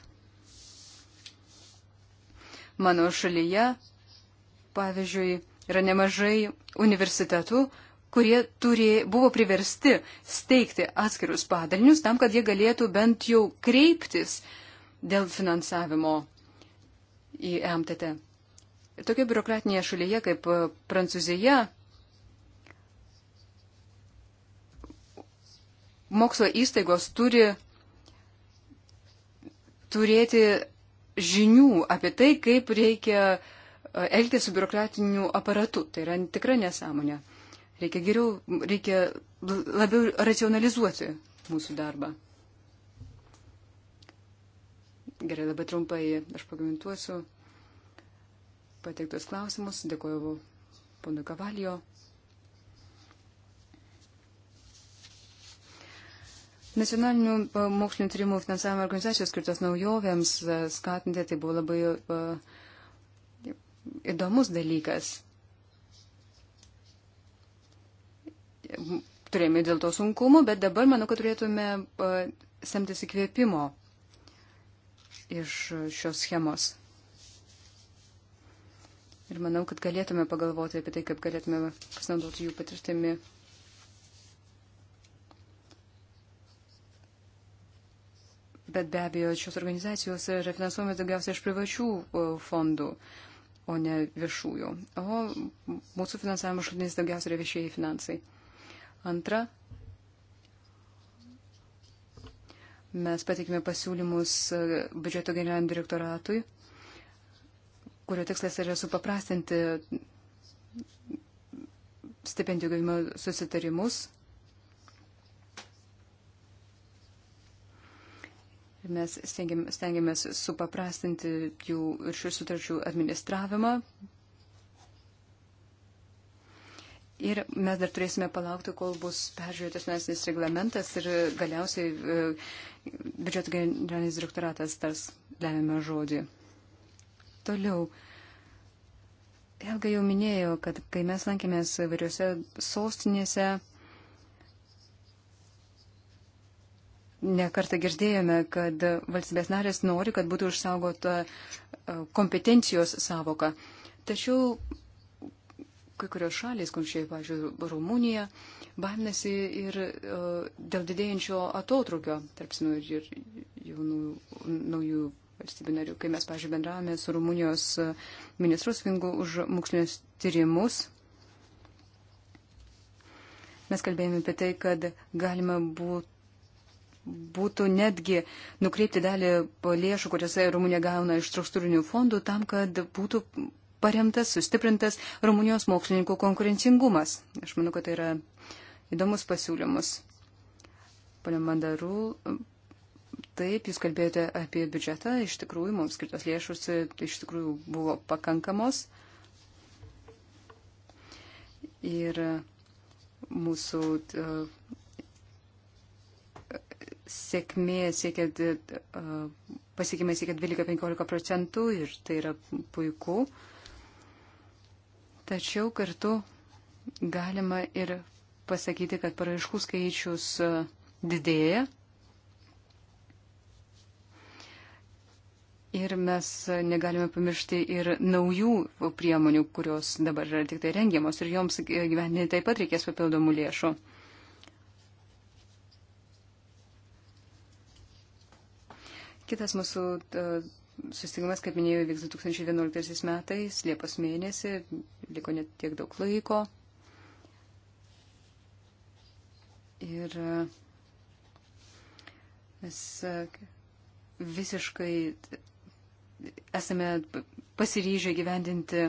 Mano šalyje Pavyzdžiui, yra nemažai universitetų, kurie turi, buvo priversti steigti atskirus padalinius tam, kad jie galėtų bent jau kreiptis dėl finansavimo į MTT. Ir tokia biurokratinėje šalyje kaip e, Prancūzija mokslo įstaigos turi turėti žinių apie tai, kaip reikia uh, E, elgtis su biurokratiniu aparatu. Tai yra tikra nesąmonė. Reikia geriau, reikia labiau racionalizuoti mūsų darbą. Gerai, labai trumpai aš pakomentuosiu pateiktus klausimus. Dėkuoju ponui Kavalijo. Nacionalinių e, mokslinio tyrimų finansavimo organizacijos skirtos naujovėms e, skatinti, tai buvo labai įdomus dalykas. Turėjome dėl to sunkumų, bet dabar manau, kad turėtume e, semtis įkvėpimo iš šios schemos. Ir manau, kad galėtume pagalvoti apie tai, kaip galėtume pasinaudoti jų patirtimi. Bet be abejo, šios organizacijos yra finansuojamas daugiausiai iš privačių e, fondų o ne viešųjų. O mūsų finansavimo šaltinis daugiausiai yra viešieji finansai. Antra, mes pateikime pasiūlymus e, biudžeto generaliniam direktoratui, kurio tikslas yra supaprastinti stipendijų gavimo susitarimus Mes stengiamės supaprastinti jų ir šių sutarčių administravimą. Ir mes dar turėsime palaukti, kol bus peržiūrėtas finansinis reglamentas ir galiausiai e, biudžeto generalinis direktoratas tars lemiamą žodį. Toliau. Helga jau minėjo, kad kai mes lankėmės vairiose sostinėse, Nekartą girdėjome, kad valstybės narės nori, kad būtų išsaugota e, kompetencijos savoka. Tačiau kai kurios šalys, kumščiai, pažiūrėjau, Rumunija, baiminasi ir uh, dėl didėjančio atotrukio tarp senų ir, ir jaunų naujų valstybių narių. Kai mes, pažiūrėjau, bendravome su Rumunijos e, ministru Svingu už mokslinius tyrimus, mes kalbėjome apie tai, kad galima būtų būtų netgi nukreipti dalį lėšų, kurias Rumunija gauna iš struktūrinių fondų, tam, kad būtų paremtas, sustiprintas Rumunijos mokslininkų konkurencingumas. Aš manau, kad tai yra įdomus pasiūlymus. Pane Mandaru, taip, jūs kalbėjote apie biudžetą, iš tikrųjų, mums skirtos lėšus e, iš tikrųjų buvo pakankamos. Ir mūsų uh, sėkmė siekia, e, pasiekimai siekia 12-15 procentų ir tai yra puiku. Tačiau kartu galima ir pasakyti, kad paraiškų skaičius e, didėja. Ir mes negalime pamiršti ir naujų priemonių, kurios dabar yra tik tai rengiamos ir joms gyveninti taip pat reikės papildomų lėšų. Kitas mūsų e, susitikimas, kaip minėjau, vyks 2011 metais, Liepos mėnesį, liko net tiek daug laiko. Ir e, mes e, visiškai esame pasiryžę gyvendinti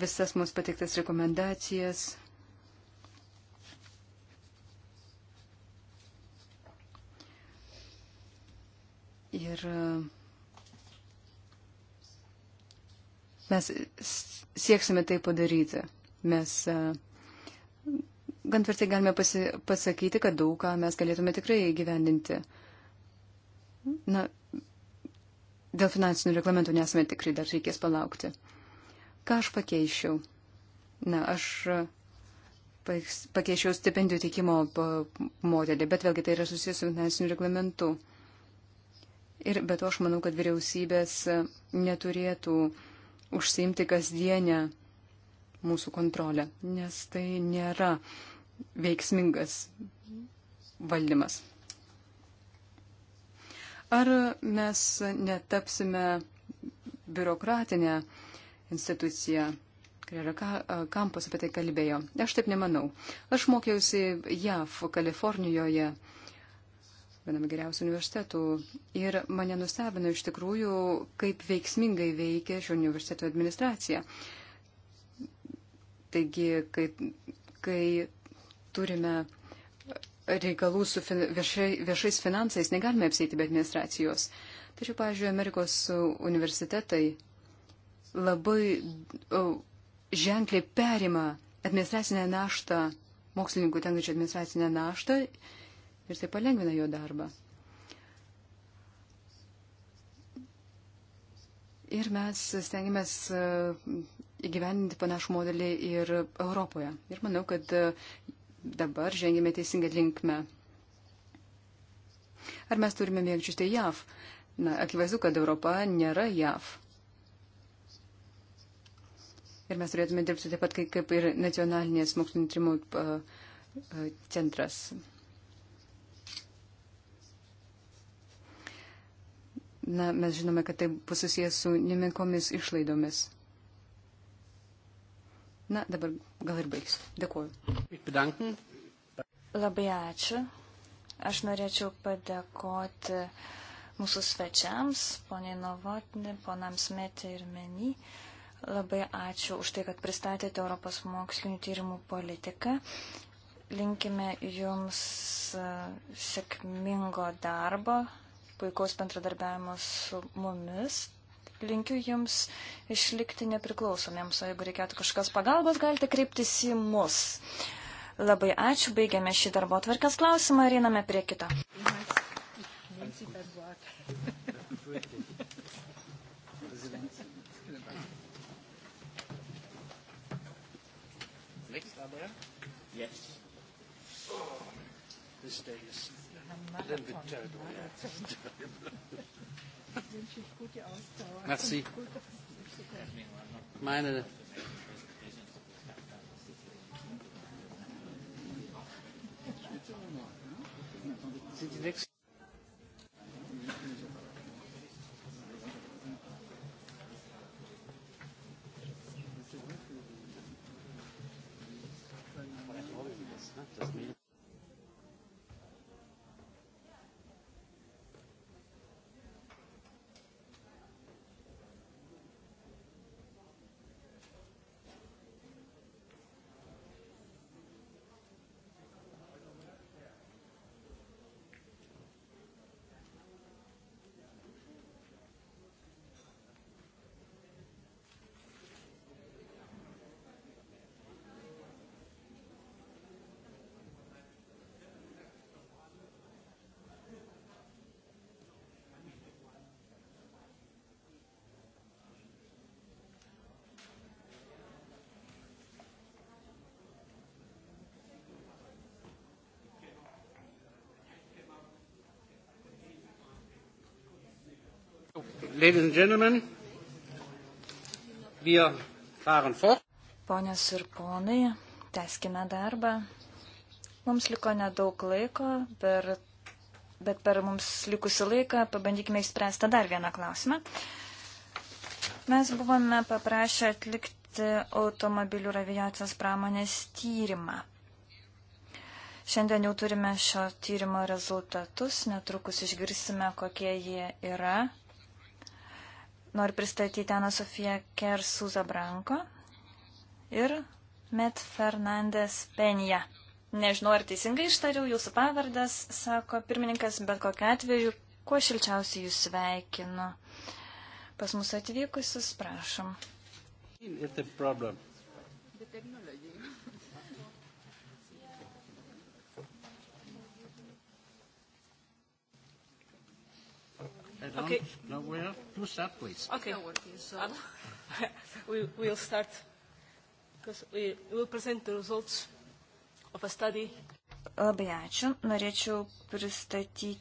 visas mums pateiktas rekomendacijas Ir e, mes sieksime tai padaryti. Mes e, gan tvirtai galime pasi, pasakyti, kad daug ką mes galėtume tikrai gyvendinti. Na, dėl finansinių reglamentų nesame tikrai, dar reikės palaukti. Ką aš pakeičiau? Na, aš e, pakeičiau stipendijų teikimo modelį, bet vėlgi tai yra susijęs su finansiniu reglamentu. Ir be to aš manau, kad vyriausybės neturėtų užsiimti kasdienę mūsų kontrolę, nes tai nėra veiksmingas valdymas. Ar mes netapsime biurokratinę instituciją, Karjera Kampas apie tai kalbėjo. Aš taip nemanau. Aš mokiausi JAV, Kalifornijoje viename geriausių universitetų. Ir mane nustebino iš tikrųjų, kaip veiksmingai veikia šio universiteto administracija. Taigi, kai, kai turime reikalų su fin, viešai, viešais finansais, negalime apsėti be administracijos. Tačiau, pavyzdžiui, Amerikos universitetai labai ženkliai perima administracinę naštą, mokslininkų tenkačią administracinę naštą ir tai palengvina jo darbą. Ir mes stengiamės e, įgyveninti panašų modelį ir Europoje. Ir manau, kad e, dabar žengėme teisingą linkmę. Ar mes turime mėgdžius tai JAV? Na, akivaizdu, kad Europa nėra JAV. Ir mes turėtume dirbti taip pat kaip ir nacionalinės mokslinio tyrimų e, centras. Uh, uh, na, mes žinome, kad tai bus susijęs su nemenkomis išlaidomis. Na, dabar gal ir baigsiu. Dėkuoju. Labai ačiū. Aš norėčiau padėkoti mūsų svečiams, poniai Novotni, ponams Metė ir Meny. Labai ačiū už tai, kad pristatėte Europos mokslinių tyrimų politiką. Linkime jums e, sėkmingo darbo puikaus bendradarbiavimo su mumis. Linkiu Jums išlikti nepriklausomiems, o jeigu reikėtų kažkokios pagalbos, galite kreiptis į mus. Labai ačiū, baigiame šį darbo tvarkės klausimą ir einame prie kito. Yes. This day. Macher Dann wird Terrible. Ja. Ich wünsche euch gute Ausdauer. Merci. Meine Sind die nächsten Ladies and gentlemen, wir fahren fort. Ponios ir ponai, teskime darbą. Mums liko nedaug laiko, per, bet per mums likusi laiką pabandykime išspręsti dar vieną klausimą. Mes buvome paprašę atlikti automobilių aviacijos pramonės tyrimą. Šiandien jau turime šio tyrimo rezultatus, netrukus išgirsime, kokie jie yra. Noriu pristatyti Aną Sofiją Kersuza Branko ir Met Fernandes Penja. Nežinau, ar teisingai ištariau jūsų pavardas, sako pirmininkas, bet kokiu atveju, kuo šilčiausiai jūs sveikinu. Pas mus atvykusius, prašom. It's a problem. don't okay. know where to start, please. Okay. No worries, so. we will start because we will present the results of a study. Labai ačiū. Norėčiau pristatyti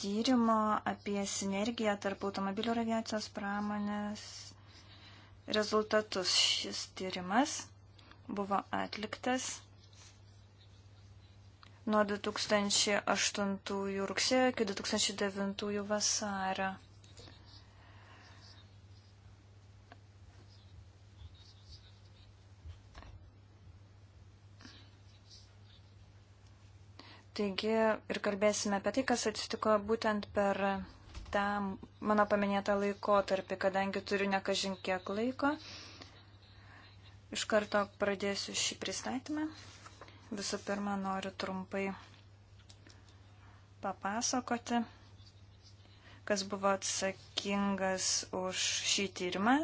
tyrimo apie sinergiją tarp automobilių ir aviacijos pramonės rezultatus. Šis tyrimas buvo atliktas nuo 2008 rugsėjo iki 2009 vasario. Taigi ir kalbėsime apie tai, kas atsitiko būtent per tą mano paminėtą laikotarpį, kadangi turiu nekažin kiek laiko. Iš karto pradėsiu šį pristatymą. Visų pirma, noriu trumpai papasakoti, kas buvo atsakingas už šį tyrimą.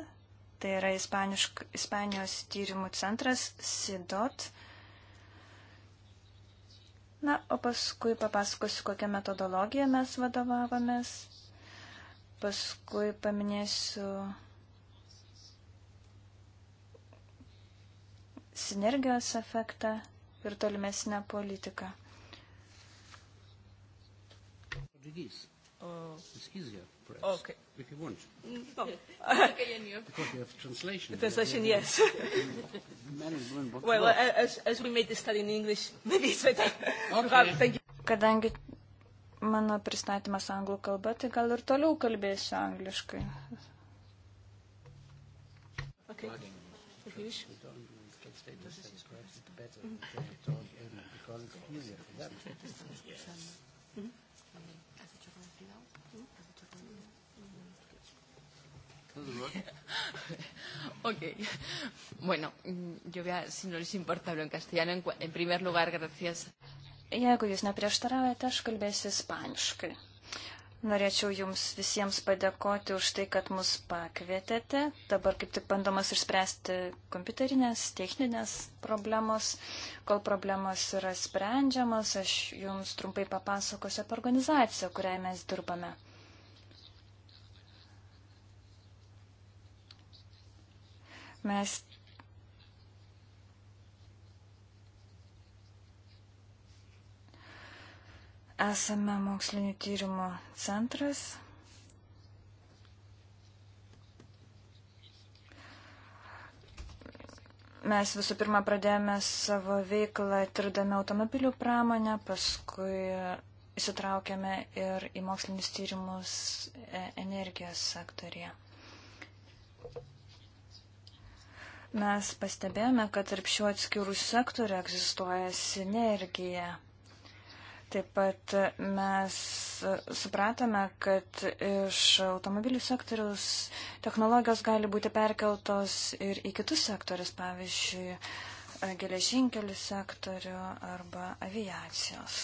Tai yra Ispanišk, Ispanijos tyrimų centras SIDOT. Na, o paskui papasakosiu, kokią metodologiją mes vadovavomės. Paskui paminėsiu sinergijos efektą ir tolimesnę politiką. Portuguese. Oh. It's easier, perhaps, okay. if you want. No. Oh. because you have translation. Translation, yes. well, as, as we made the study in English, maybe it's better. Okay. Thank you. Kadangi mano pristatymas anglų kalba, tai gal ir toliau kalbėsiu angliškai. Okay. Okay better if you take it toward Amy because it's easier for them. yes. Mm-hmm. Ok. Bueno, yo voy a, si no les importa, hablo en castellano. En, en primer lugar, gracias. Jeigu jūs neprieštaraujate, aš kalbėsiu ispaniškai. Norėčiau Jums visiems padėkoti už tai, kad mus pakvietėte. Dabar kaip tik bandomas išspręsti kompiuterinės, techninės problemos. Kol problemos yra sprendžiamas, aš Jums trumpai papasakosiu apie organizaciją, kuriai mes dirbame. Mes esame mokslinio tyrimo centras. Mes visų pirma pradėjome savo veiklą tirdami automobilių pramonę, paskui įsitraukėme ir į mokslinius tyrimus e, energijos sektorėje. Mes pastebėjome, kad tarp šių atskirų sektorių egzistuoja sinergija. Taip pat mes supratome, kad iš automobilių sektoriaus technologijos gali būti perkeltos ir į kitus sektorius, pavyzdžiui, geležinkelių sektorių arba aviacijos.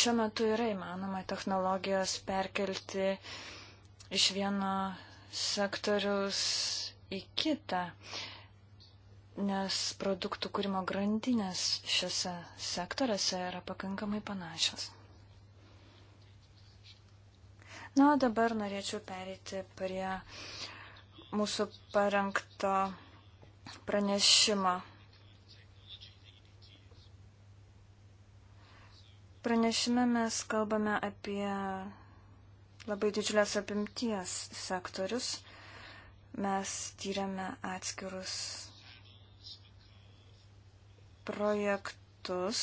Šiuo metu yra įmanoma technologijos perkelti iš vieno sektoriaus į kitą, nes produktų kūrimo grandinės šiuose sektoriuose yra pakankamai panašios. Na, o dabar norėčiau pereiti prie mūsų parengto pranešimo Pranešime mes kalbame apie labai didžiulės apimties sektorius. Mes tyriame atskirus projektus.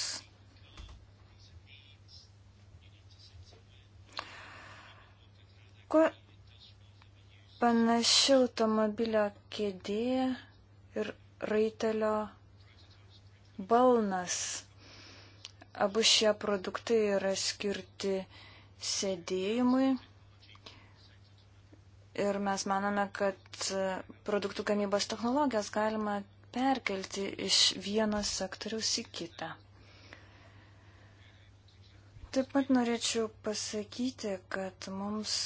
Kuo panaši automobilio kėdė ir raitelio balnas Abu šie produktai yra skirti sėdėjimui. Ir mes manome, kad produktų gamybos technologijas galima perkelti iš vieno sektoriaus į kitą. Taip pat norėčiau pasakyti, kad mums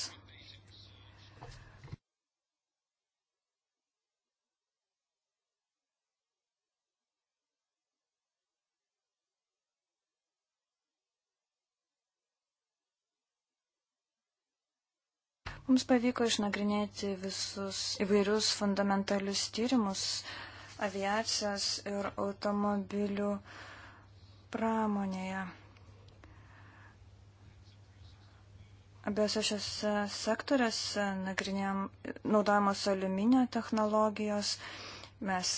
Mums pavyko išnagrinėti visus įvairius fundamentalius tyrimus aviacijos ir automobilių pramonėje. Abiejose šiose sektoriuose nagrinėjom naudojamos aliuminio technologijos, mes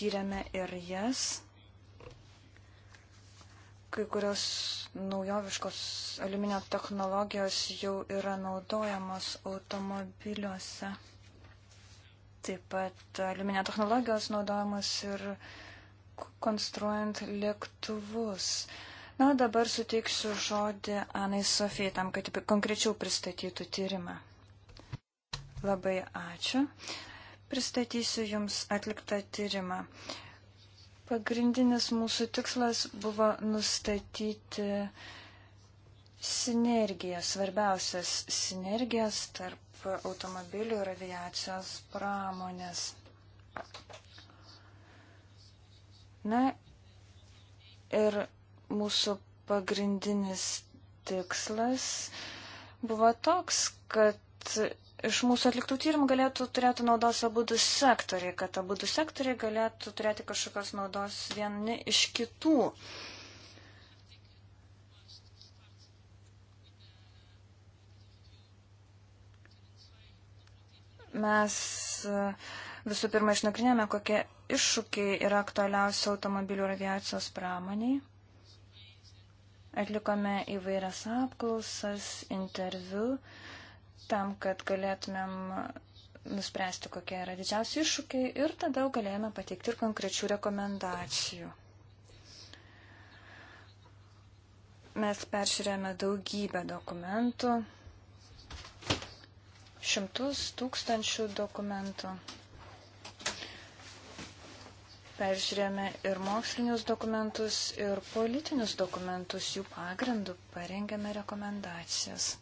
tyrėme ir jas kai kurios naujoviškos aliuminio technologijos jau yra naudojamos automobiliuose. Taip pat aliuminio technologijos naudojamos ir konstruojant lėktuvus. Na, dabar suteiksiu žodį Anai Sofijai tam, kad konkrečiau pristatytų tyrimą. Labai ačiū. Pristatysiu Jums atliktą tyrimą. Uh, Pagrindinis mūsų tikslas buvo nustatyti sinergijas, svarbiausias sinergijas tarp automobilių ir aviacijos pramonės. Na ir mūsų pagrindinis tikslas buvo toks, kad iš mūsų atliktų tyrimų galėtų turėti naudos abu du sektoriai, kad abu du sektoriai galėtų turėti kažkokios naudos vieni iš kitų. Mes e, visų pirma išnagrinėjome, kokie iššūkiai yra aktualiausi automobilių ir aviacijos pramoniai. Atlikome įvairias apklausas, interviu tam, kad galėtumėm nuspręsti, kokie yra didžiausi iššūkiai ir tada galėjome pateikti ir konkrečių rekomendacijų. Mes peržiūrėjome daugybę dokumentų, šimtus, tūkstančių dokumentų. Peržiūrėjome ir mokslinius dokumentus, ir politinius dokumentus, jų pagrindų parengėme rekomendacijas.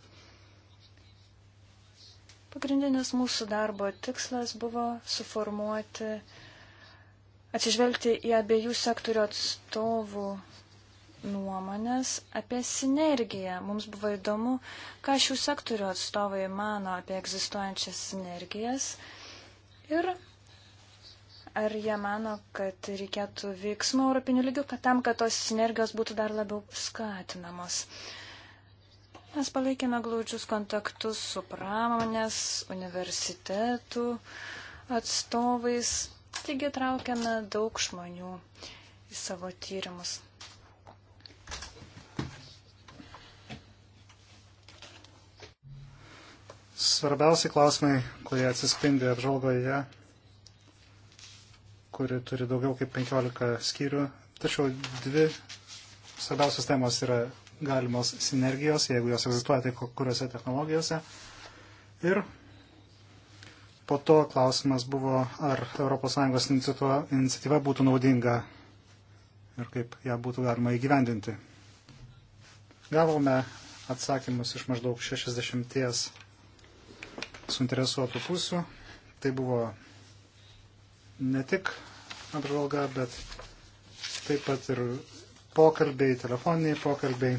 Pagrindinis mūsų darbo tikslas buvo suformuoti, atsižvelgti į abiejų sektorių atstovų nuomonės apie sinergiją. Mums buvo įdomu, ką šių sektorių atstovai mano apie egzistuojančias sinergijas ir ar jie mano, kad reikėtų veiksmų europinių lygių, kad tam, kad tos sinergijos būtų dar labiau skatinamos. Uh, Mes palaikėme glaudžius kontaktus su pramonės, universitetų atstovais, taigi traukiame daug žmonių į savo tyrimus. Svarbiausi klausimai, kurie atsispindi apžvalgoje, kuri turi daugiau kaip 15 skyrių, tačiau dvi svarbiausios temos yra galimos sinergijos, jeigu jos egzistuoja, tai kuriuose technologijose. Ir po to klausimas buvo, ar ES iniciatyva, iniciatyva būtų naudinga ir kaip ją būtų galima įgyvendinti. Gavome atsakymus iš maždaug 60 suinteresuotų pusių. Tai buvo ne tik apžvalga, bet taip pat ir pokalbiai, telefoniniai pokalbiai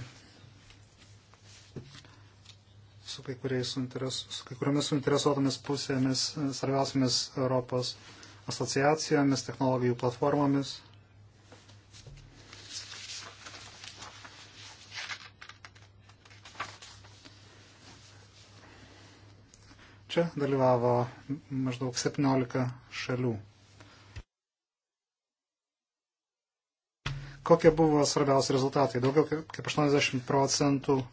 su kai, suinteres, su kai kuriomis suinteresuotomis pusėmis, svarbiausiamis Europos asociacijomis, technologijų platformomis. Čia dalyvavo maždaug 17 šalių. Kokie buvo svarbiausi rezultatai? Daugiau kaip 80 procentų e,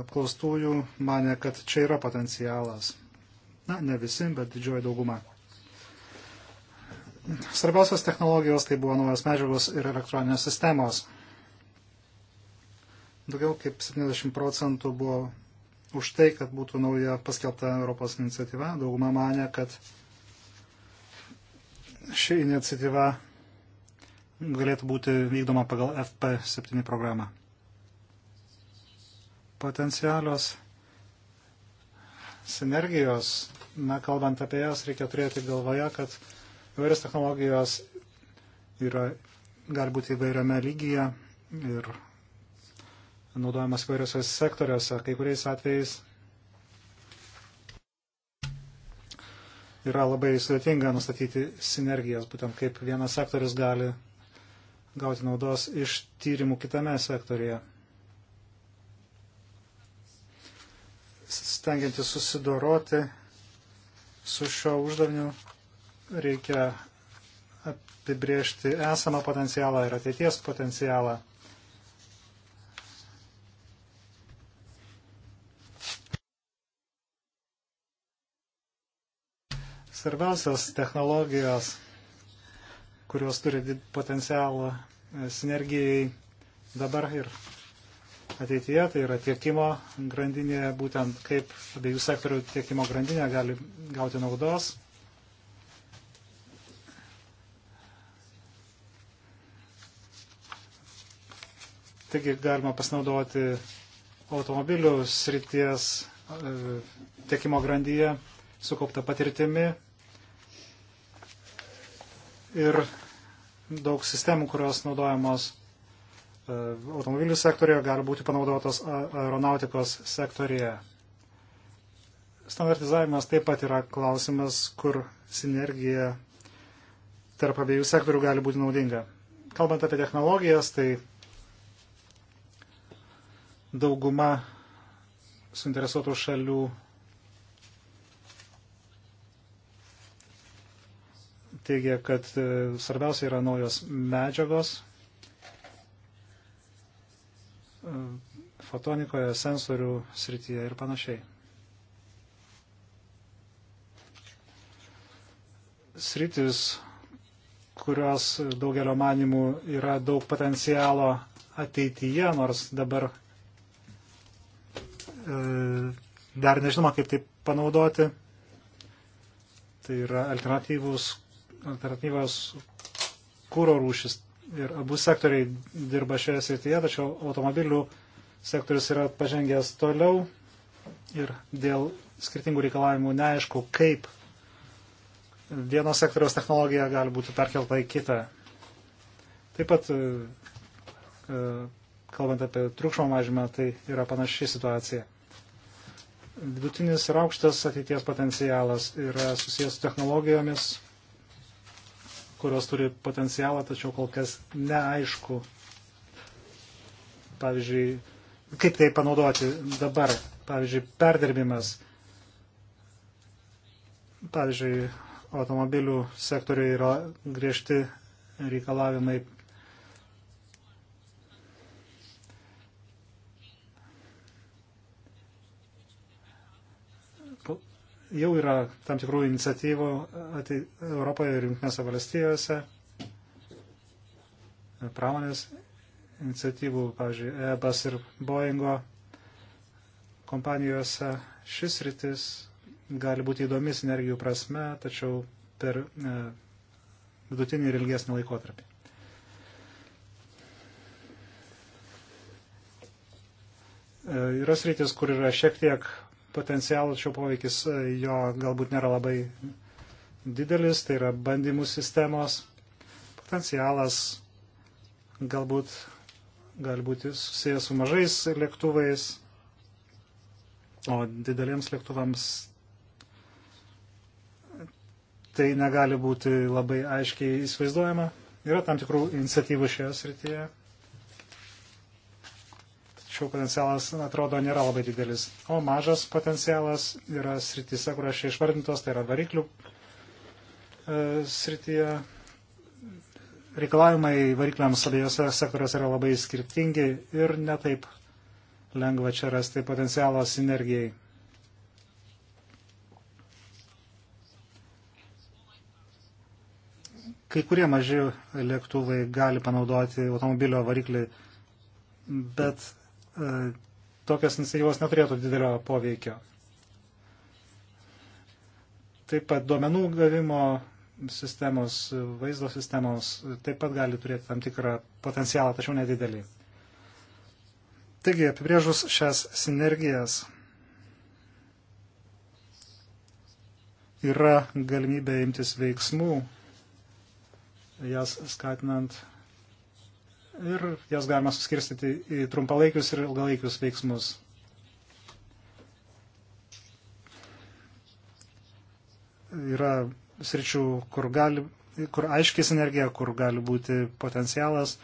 apklaustųjų mane, kad čia yra potencialas. Na, ne visi, bet didžioji dauguma. Svarbiausios technologijos tai buvo naujos medžiagos ir elektroninės sistemos. Daugiau kaip 70 procentų buvo už tai, kad būtų nauja paskelbta Europos iniciatyva. Dauguma mane, kad ši iniciatyva galėtų būti vykdoma pagal FP7 programą. Potencialios sinergijos, na, kalbant apie jas, reikia turėti galvoje, kad įvairios technologijos yra, gali būti įvairiame lygyje ir naudojamas įvairiose sektoriuose, kai kuriais atvejais yra labai sudėtinga nustatyti sinergijas, būtent kaip vienas sektorius gali gauti naudos iš tyrimų kitame sektorėje. Stengiantis susidoroti su šio uždaviniu, reikia apibriežti esamą potencialą ir ateities potencialą. Svarbiausios technologijos kurios turi potencialą e, sinergijai dabar ir ateityje, tai yra tiekimo grandinė, būtent kaip abiejų sektorių tiekimo grandinė gali gauti naudos. Taigi galima pasinaudoti automobilių srities e, tiekimo grandyje sukaupta patirtimi ir daug sistemų, kurios naudojamos e, automobilių sektorėje, gali būti panaudotos aeronautikos sektorėje. Standartizavimas taip pat yra klausimas, kur sinergija tarp abiejų sektorių gali būti naudinga. Kalbant apie technologijas, tai dauguma suinteresuotų šalių teigia, kad e, svarbiausia yra naujos medžiagos e, fotonikoje, sensorių srityje ir panašiai. Sritis, kurios daugelio manimų yra daug potencialo ateityje, nors dabar e, dar nežinoma, kaip tai panaudoti. Tai yra alternatyvūs alternatyvas kūro rūšis. Ir abu sektoriai dirba šioje srityje, tačiau automobilių sektorius yra pažengęs toliau ir dėl skirtingų reikalavimų neaišku, kaip vieno sektoriaus technologija gali būti perkelta į kitą. Taip pat, e, e, kalbant apie triukšmo mažymą, tai yra panaši situacija. Vidutinis ir aukštas ateities potencialas yra susijęs su technologijomis, kurios turi potencialą, tačiau kol kas neaišku, pavyzdžiui, kaip tai panaudoti dabar. Pavyzdžiui, perdirbimas, pavyzdžiui, automobilių sektoriui yra griežti reikalavimai jau yra tam tikrų iniciatyvų Europoje ir Junktinėse valstijose, pramonės iniciatyvų, pavyzdžiui, Airbus ir Boeingo kompanijose. Šis rytis gali būti įdomi sinergijų prasme, tačiau per e, vidutinį ir ilgesnį laikotarpį. E, yra sritis, kur yra šiek tiek potencialas šio poveikis e, jo galbūt nėra labai didelis, tai yra bandymų sistemos potencialas galbūt gali būti susijęs su mažais lėktuvais, o dideliems lėktuvams tai negali būti labai aiškiai įsivaizduojama. Yra tam tikrų iniciatyvų šioje srityje, tačiau potencialas atrodo nėra labai didelis. O mažas potencialas yra srityse, kur aš išvardintos, tai yra variklių e, srityje. Reikalavimai varikliams abiejose sektoriuose yra labai skirtingi ir netaip lengva čia rasti potencialą sinergijai. Kai kurie maži lėktuvai gali panaudoti automobilio variklį, bet E, tokios iniciatyvos neturėtų didelio poveikio. Taip pat duomenų gavimo sistemos, vaizdo sistemos taip pat gali turėti tam tikrą potencialą, tačiau nedidelį. Taigi, apibrėžus šias sinergijas yra galimybė imtis veiksmų, jas skatinant ir jas galima suskirstyti į trumpalaikius ir ilgalaikius veiksmus. Yra sričių, kur, gali, kur aiškiai sinergija, kur gali būti potencialas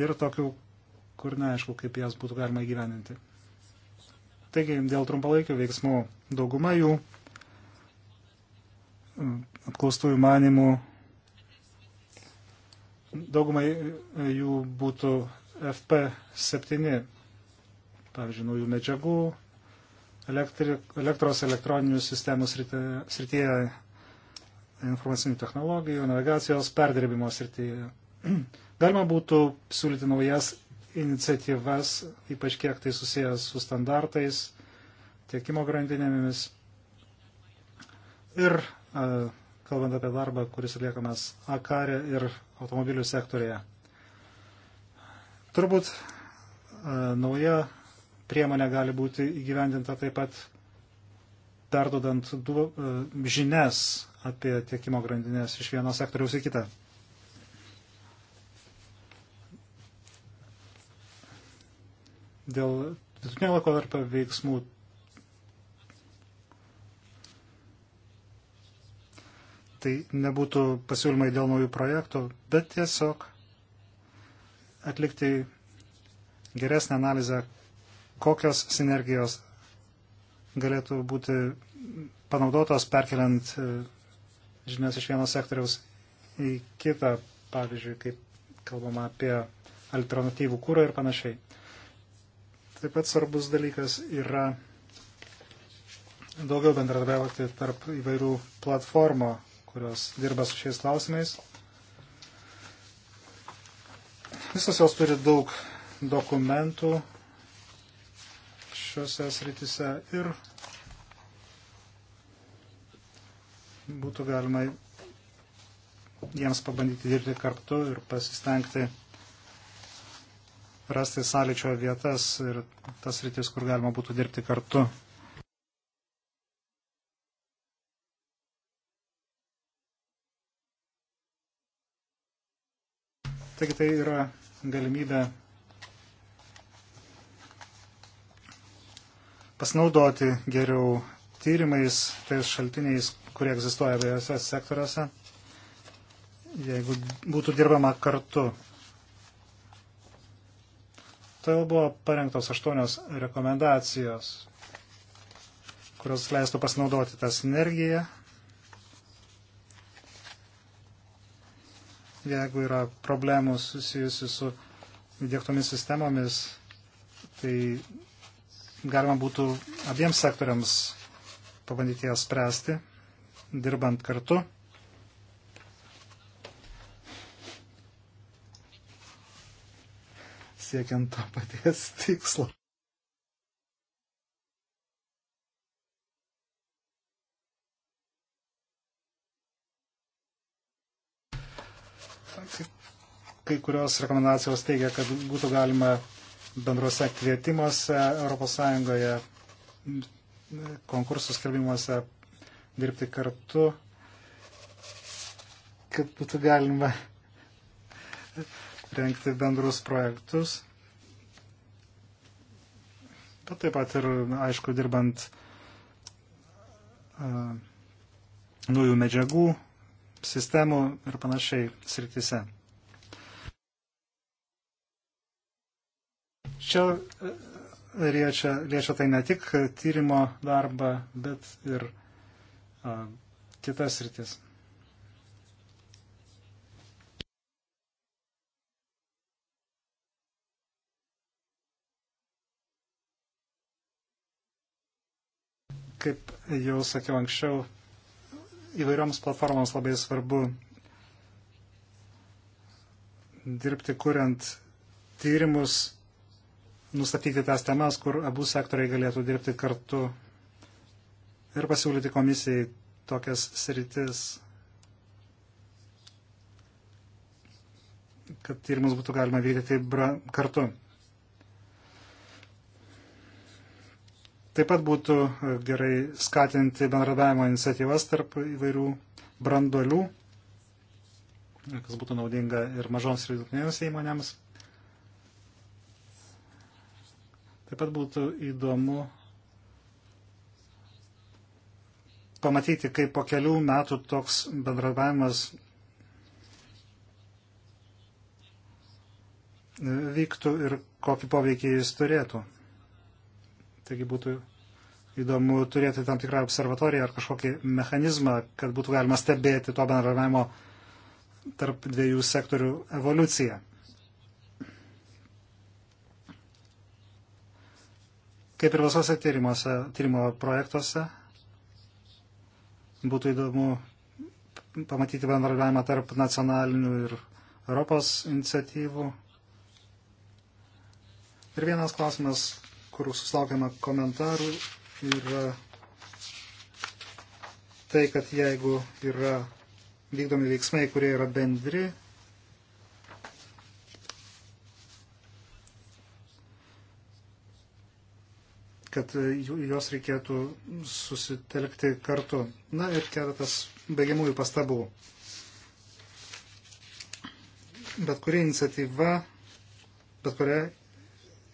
ir tokių, kur neaišku, kaip jas būtų galima įgyveninti. Taigi, dėl trumpalaikių veiksmų dauguma jų apklaustųjų manimų daugumai e, jų būtų FP7, pavyzdžiui, naujų medžiagų, elektri, elektros elektroninių sistemų srityje, informacinių technologijų, navigacijos, perdirbimo srityje. Galima būtų siūlyti naujas iniciatyvas, ypač kiek tai susijęs su standartais, tiekimo grandinėmis. Ir e, kalbant apie darbą, kuris atliekamas AKARE ir automobilių sektorėje. Turbūt e, nauja priemonė gali būti įgyvendinta taip pat perdodant du, e, žinias apie tiekimo grandinės iš vieno sektoriaus į kitą. Dėl vidutinio laikotarpio veiksmų tai nebūtų pasiūlymai dėl naujų projektų, bet tiesiog atlikti geresnę analizę, kokios sinergijos galėtų būti panaudotos perkeliant e, žinias iš vieno sektoriaus į kitą, pavyzdžiui, kaip kalbama apie alternatyvų kūrą ir panašiai. Taip pat svarbus dalykas yra daugiau bendradarbiauti tarp įvairių platformų kurios dirba su šiais klausimais. Visos jos turi daug dokumentų šiuose srityse ir būtų galima jiems pabandyti dirbti kartu ir pasistengti rasti sąlyčio vietas ir tas rytis, kur galima būtų dirbti kartu. Taigi tai yra galimybė pasinaudoti geriau tyrimais, tais šaltiniais, kurie egzistuoja abiejose sektoriuose, jeigu būtų dirbama kartu. Tai buvo parengtos aštuonios rekomendacijos, kurios leistų pasinaudoti tą sinergiją jeigu yra problemų susijusių su įdėktomis sistemomis, tai galima būtų abiems sektoriams pabandyti jas spręsti, dirbant kartu. siekiant to paties tikslo. kai kurios rekomendacijos teigia, kad būtų galima bendrose kvietimuose ES konkursų skelbimuose dirbti kartu, kad būtų galima rengti bendrus projektus. Bet taip pat ir, aišku, dirbant uh, naujų medžiagų, sistemų ir panašiai srityse. Čia liečia, e, liečia tai ne tik tyrimo darbą, bet ir a, kitas rytis. Kaip jau sakiau anksčiau, įvairioms platformoms labai svarbu dirbti kuriant tyrimus nustatyti tas temas, kur abu sektoriai galėtų dirbti kartu ir pasiūlyti komisijai tokias sritis, kad tyrimus būtų galima vykdyti kartu. Taip pat būtų e, gerai skatinti bendradavimo iniciatyvas tarp įvairių branduolių, kas būtų naudinga ir mažoms ir vidutinėms įmonėms. Taip pat būtų įdomu pamatyti, kaip po kelių metų toks bendradavimas vyktų ir kokį poveikį jis turėtų. Taigi būtų įdomu turėti tam tikrą observatoriją ar kažkokį mechanizmą, kad būtų galima stebėti to bendradavimo tarp dviejų sektorių evoliuciją. Kaip ir visose tyrimo projektuose, būtų įdomu pamatyti bendradarbiavimą tarp nacionalinių ir Europos iniciatyvų. Ir vienas klausimas, kur susilaukiama komentarų, yra tai, kad jeigu yra vykdomi veiksmai, kurie yra bendri kad e, juos reikėtų susitelkti kartu. Na ir keletas baigiamųjų pastabų. Bet kuri iniciatyva, bet kuria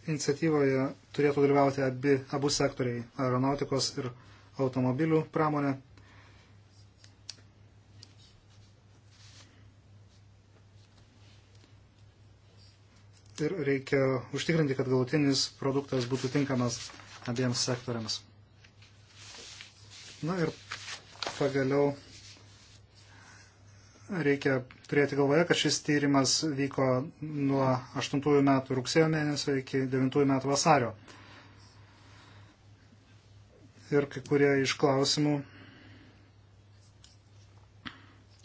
iniciatyvoje turėtų dalyvauti abi, abu sektoriai - aeronautikos ir automobilių pramonė. ir reikia užtikrinti, kad galutinis produktas būtų tinkamas abiems sektoriams. Na ir pagaliau reikia turėti galvoje, kad šis tyrimas vyko nuo 8 metų rugsėjo mėnesio iki 9 metų vasario. Ir kai kurie iš klausimų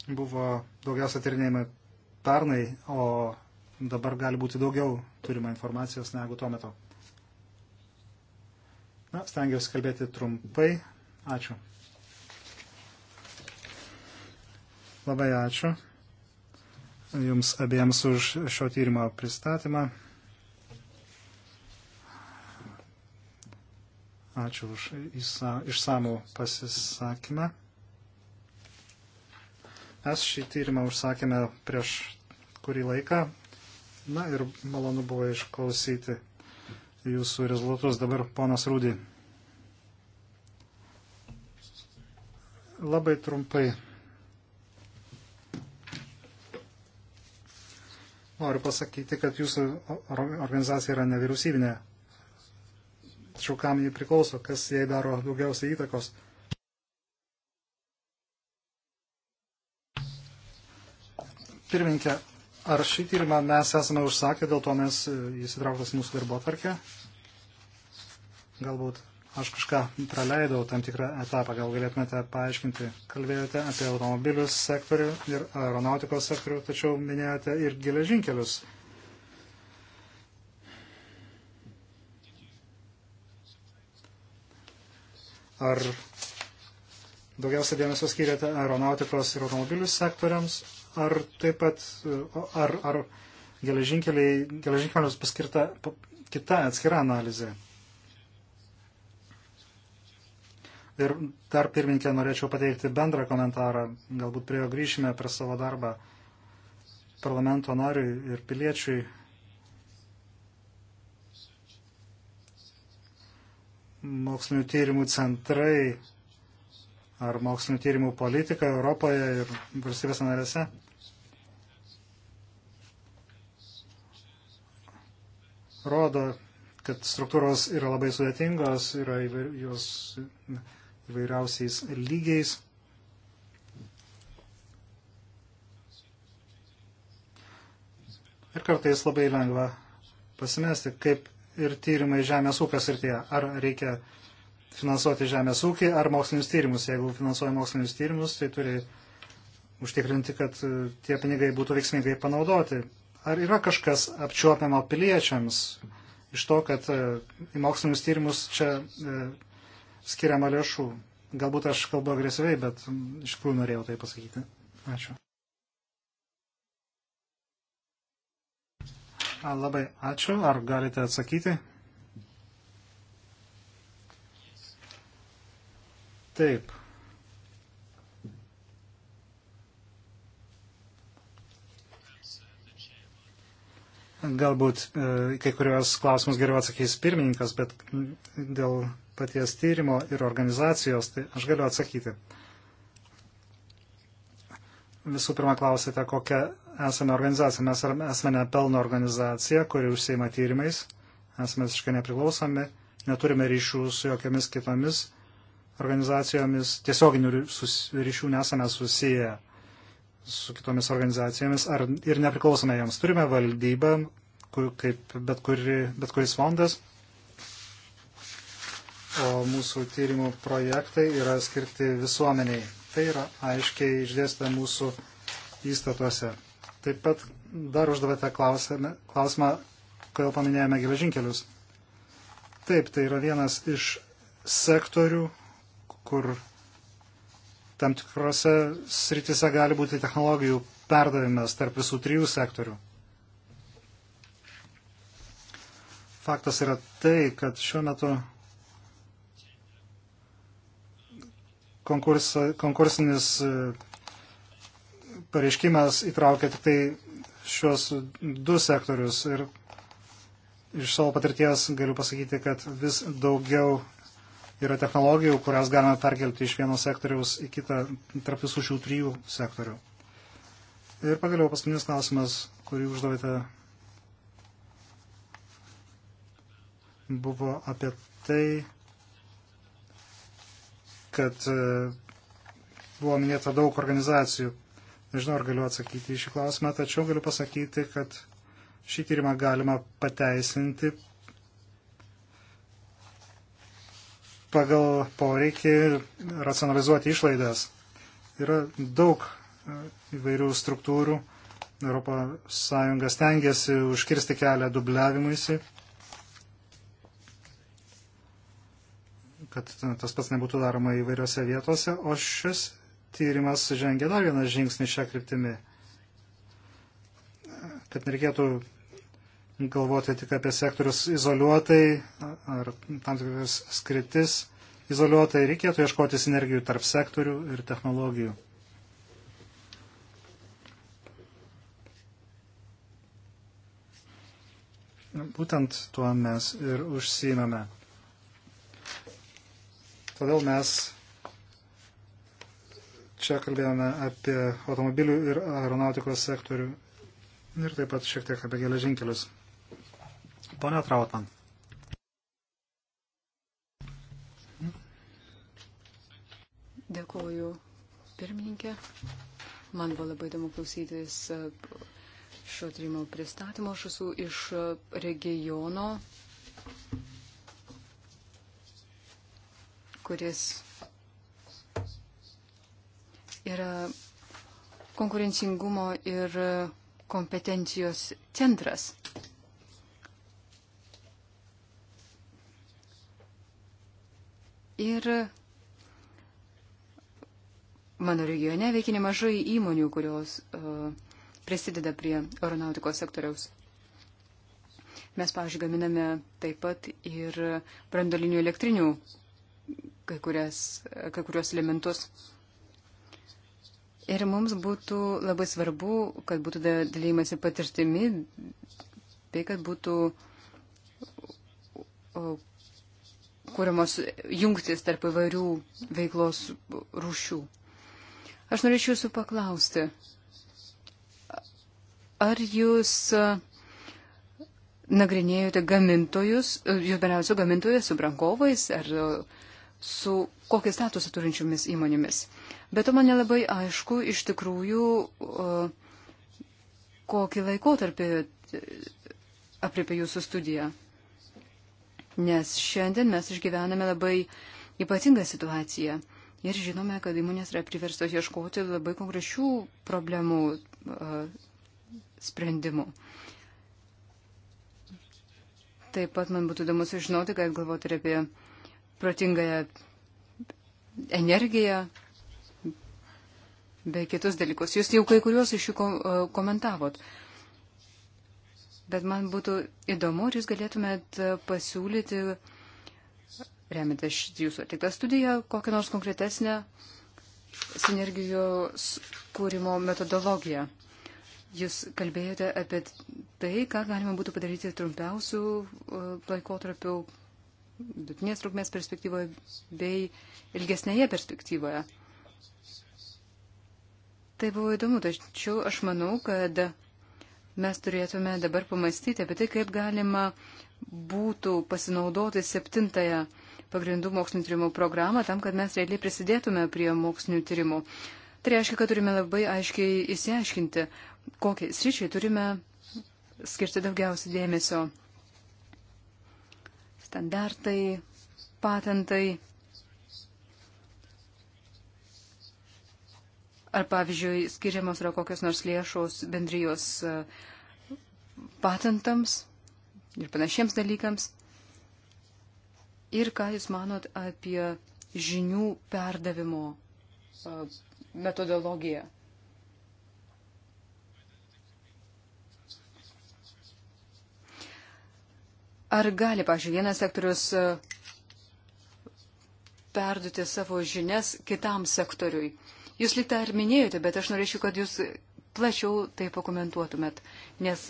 buvo daugiausia tyrinėjimai pernai, o dabar gali būti daugiau turima informacijos negu tuo metu. Na, stengiuosi kalbėti trumpai. Ačiū. Labai ačiū Jums abiems už šio tyrimo pristatymą. Ačiū už išsamų pasisakymą. Mes šį tyrimą užsakėme prieš kurį laiką. Na ir malonu buvo išklausyti jūsų rezultatus. Dabar ponas Rūdį. Labai trumpai. Noriu pasakyti, kad jūsų organizacija yra nevyriausybinė. Tačiau kam jį priklauso, kas jai daro daugiausiai įtakos. Pirminkė, Ar šį tyrimą mes esame užsakę, dėl to mes e, įsitrauktas mūsų darbo tvarkė? Galbūt aš kažką praleidau tam tikrą etapą, gal galėtumėte paaiškinti. Kalbėjote apie automobilių sektorių ir aeronautikos sektorių, tačiau minėjote ir geležinkelius. Ar daugiausia dėmesio skiriate aeronautikos ir automobilių sektoriams, ar taip pat, ar, ar geležinkeliams paskirta kita atskira analizė. Ir dar pirmininkė norėčiau pateikti bendrą komentarą, galbūt prie jo grįšime per savo darbą parlamento nariui ir piliečiui. Mokslinių tyrimų centrai ar mokslinių tyrimų politika Europoje ir valstybės narėse rodo, kad struktūros yra labai sudėtingos, yra įvair, jos įvairiausiais lygiais. Ir kartais labai lengva pasimesti, kaip ir tyrimai žemės ūkio srityje. Ar reikia finansuoti žemės ūkį, ar mokslinius tyrimus. Jeigu finansuoja mokslinius tyrimus, tai turi užtikrinti, kad tie pinigai būtų veiksmingai panaudoti. Ar yra kažkas apčiuopiamo piliečiams iš to, kad e, į mokslinius tyrimus čia e, skiriama lėšų? Galbūt aš kalbu agresyviai, bet iš tikrųjų norėjau tai pasakyti. Ačiū. Labai ačiū. Ar galite atsakyti? Taip. Galbūt e, kai kurios klausimus geriau atsakys pirmininkas, bet dėl paties tyrimo ir organizacijos, tai aš galiu atsakyti. Visų pirma, klausėte, kokia esame organizacija. Mes esame ne pelno organizacija, kuri užseima tyrimais. Esame visiškai nepriklausomi, neturime ryšių su jokiamis kitomis organizacijomis, tiesioginių ryšių nesame susiję su kitomis organizacijomis ar, ir nepriklausome joms. Turime valdybą, kur, kaip bet, kuri, bet kuris fondas, o mūsų tyrimų projektai yra skirti visuomeniai. Tai yra aiškiai išdėstę mūsų įstatuose. Taip pat dar uždavėte klausimą, klausimą kodėl paminėjome geležinkelius. Taip, tai yra vienas iš sektorių, kur tam tikrose sritise gali būti technologijų perdavimas tarp visų trijų sektorių. Faktas yra tai, kad šiuo metu konkursa, konkursinis e, pareiškimas įtraukia tik tai šios du sektorius ir iš savo patirties galiu pasakyti, kad vis daugiau yra technologijų, kurias galime perkelti iš vieno sektoriaus į kitą tarp visų šių trijų sektorių. Ir pagaliau paskutinis klausimas, kurį uždavėte, buvo apie tai, kad e, buvo minėta daug organizacijų. Nežinau, ar galiu atsakyti į šį klausimą, tačiau galiu pasakyti, kad šį tyrimą galima pateisinti pagal poreikį racionalizuoti išlaidas. Yra daug e, įvairių struktūrų. ES stengiasi užkirsti kelią dubliavimuisi, kad tas pats nebūtų daroma įvairiose vietose, o šis tyrimas žengia dar vieną žingsnį šią kryptimį, kad nereikėtų galvoti tik apie sektorius izoliuotai ar tam tikras skritis izoliuotai, reikėtų ieškoti sinergijų tarp sektorių ir technologijų. Būtent tuo mes ir užsimame. Todėl mes čia kalbėjome apie automobilių ir aeronautikos sektorių ir taip pat šiek tiek apie geležinkelius. Pone Trautman. Dėkuoju pirmininkė. Man buvo labai įdomu klausytis e, šio trimo pristatymo. Aš esu iš e, regiono, kuris yra konkurencingumo ir e, kompetencijos centras. Ir mano regione veikia nemažai įmonių, kurios uh, prisideda prie aeronautikos sektoriaus. Mes, pavyzdžiui, gaminame taip pat ir brandolinių elektrinių kai, kurias, kai kurios elementus. Ir mums būtų labai svarbu, kad būtų dalymasi patirtimi, bei tai kad būtų kūrimos jungtis tarp įvairių veiklos rūšių. Aš norėčiau jūsų paklausti, ar jūs nagrinėjote gamintojus, jūs bendraujate su gamintojais, su brangovais ar su kokį statusą turinčiomis įmonėmis. Bet to man nelabai aišku iš tikrųjų, kokį laikotarpį apriepia jūsų studija nes šiandien mes išgyvename labai ypatingą situaciją. Ir žinome, kad įmonės yra priverstos ieškoti labai konkrečių problemų e, sprendimų. Taip pat man būtų įdomu sužinoti, kad galvoti ir apie protingąją energiją bei kitus dalykus. Jūs jau kai kuriuos iš jų e, komentavot. Bet man būtų įdomu, ar jūs galėtumėt e, pasiūlyti, remiantis jūsų atliktą studiją, kokią nors konkretesnę sinergijos kūrimo metodologiją. Jūs kalbėjote apie tai, ką galima būtų padaryti trumpiausių e, laikotarpių, dutinės trukmės perspektyvoje bei ilgesnėje perspektyvoje. Tai buvo įdomu, tačiau aš manau, kad mes turėtume dabar pamastyti apie tai, kaip galima būtų pasinaudoti septintąją pagrindų mokslinio tyrimų programą tam, kad mes realiai prisidėtume prie mokslinių tyrimų. Tai reiškia, kad turime labai aiškiai įsiaiškinti, kokiai sričiai turime skirti daugiausiai dėmesio. Standartai, patentai, Ar pavyzdžiui, skiriamos yra kokios nors lėšos bendrijos e, patentams ir panašiems dalykams. Ir ką Jūs manot apie žinių perdavimo e, metodologiją? Ar gali, pažiūrėjau, vienas sektorius e, perduoti savo žinias kitam sektoriui? Jūs lyg tą ir minėjote, bet aš norėčiau, kad jūs plačiau tai pakomentuotumėt, nes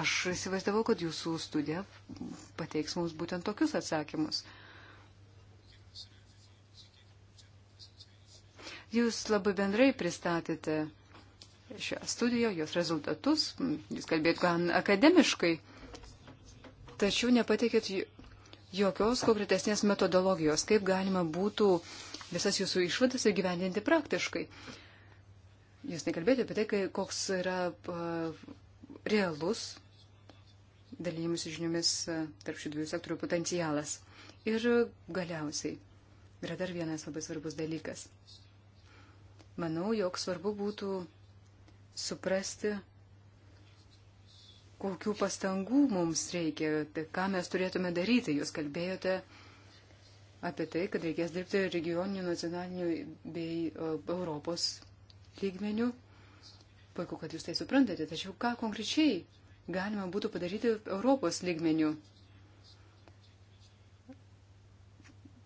aš įsivaizdavau, kad jūsų studija pateiks mums būtent tokius atsakymus. Jūs labai bendrai pristatėte šią studiją, jos rezultatus, jūs kalbėt gan akademiškai, tačiau nepateikėt jokios konkretesnės metodologijos, kaip galima būtų uh, visas jūsų išvadas ir gyvendinti praktiškai. Jūs nekalbėjote apie tai, koks yra realus dalyjimus žiniomis tarp šių dviejų sektorių potencialas. Ir galiausiai yra dar vienas labai svarbus dalykas. Manau, jog svarbu būtų suprasti, kokių pastangų mums reikia, ką mes turėtume daryti. Jūs kalbėjote uh, apie tai, kad reikės dirbti regioninių, nacionalinių bei Europos lygmenių. Puiku, kad jūs tai suprantate, tačiau ką konkrečiai galima būtų padaryti Europos lygmenių?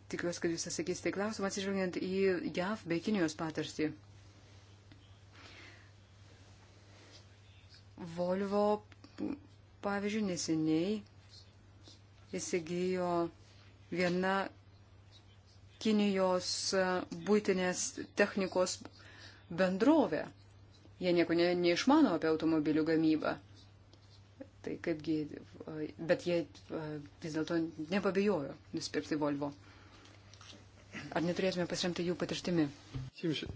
Tikiuosi, kad jūs atsakysite klausimą atsižvelgiant į JAV bei Kinijos patirtį. Volvo, pavyzdžiui, neseniai įsigijo viena Kinijos būtinės technikos bendrovė. Jie nieko ne, neišmano apie automobilių gamybą. Tai kaipgi, bet jie vis dėlto nepabijojo nusipirkti Volvo. Ar neturėtume pasiremti jų patirtimi? Merci,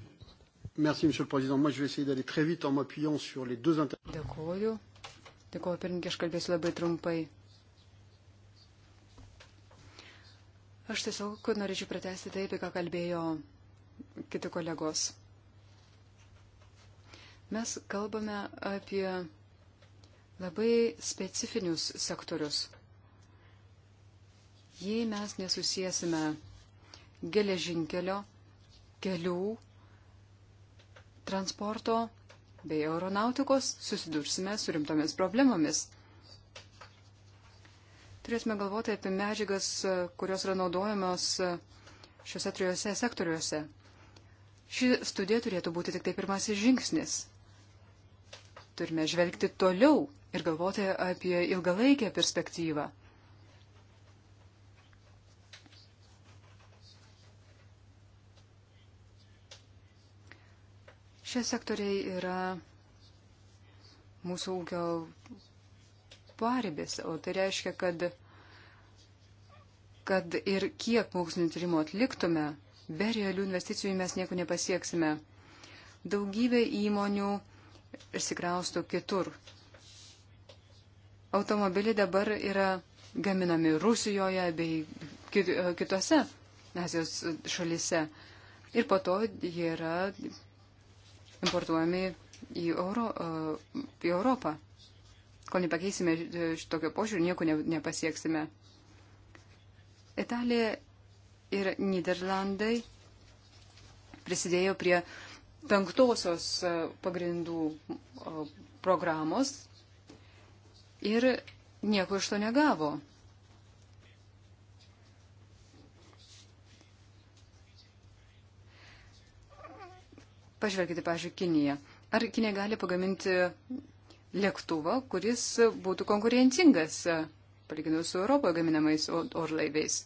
Monsieur le Président. Moi, je vais essayer d'aller très vite en m'appuyant sur les deux interventions. Dėkoju. Dėkoju, pirmininkė, aš kalbėsiu labai trumpai. Aš tiesiog norėčiau pratesti taip, ką kalbėjo kiti kolegos. Mes kalbame apie labai specifinius sektorius. Jei mes nesusiesime geležinkelio, kelių, transporto bei aeronautikos, susidursime su rimtomis problemomis. Turėsime galvoti apie medžiagas, kurios yra naudojamos šiuose trijose sektoriuose. Ši studija turėtų būti tik tai pirmasis žingsnis. Turime žvelgti toliau ir galvoti apie ilgalaikę perspektyvą. Šie sektoriai yra mūsų ūkio paribis, o tai reiškia, kad kad ir kiek mokslinio tyrimo atliktume, be realių investicijų mes nieko nepasieksime. Daugybė įmonių išsikrausto kitur. Automobiliai dabar yra gaminami Rusijoje bei kitose Azijos šalise. Ir po to jie yra importuojami į, Euro, į Europą. Kol nepakeisime e, šitokio požiūrį, nieko nepasieksime. Italija ir Niderlandai prisidėjo prie penktosios e, pagrindų programos ir nieko iš to negavo. Pažvelkite, pažiūrėk, Kinija. Ar Kinija gali pagaminti lėktuvą, kuris būtų konkurencingas palyginus su Europoje gaminamais orlaiviais.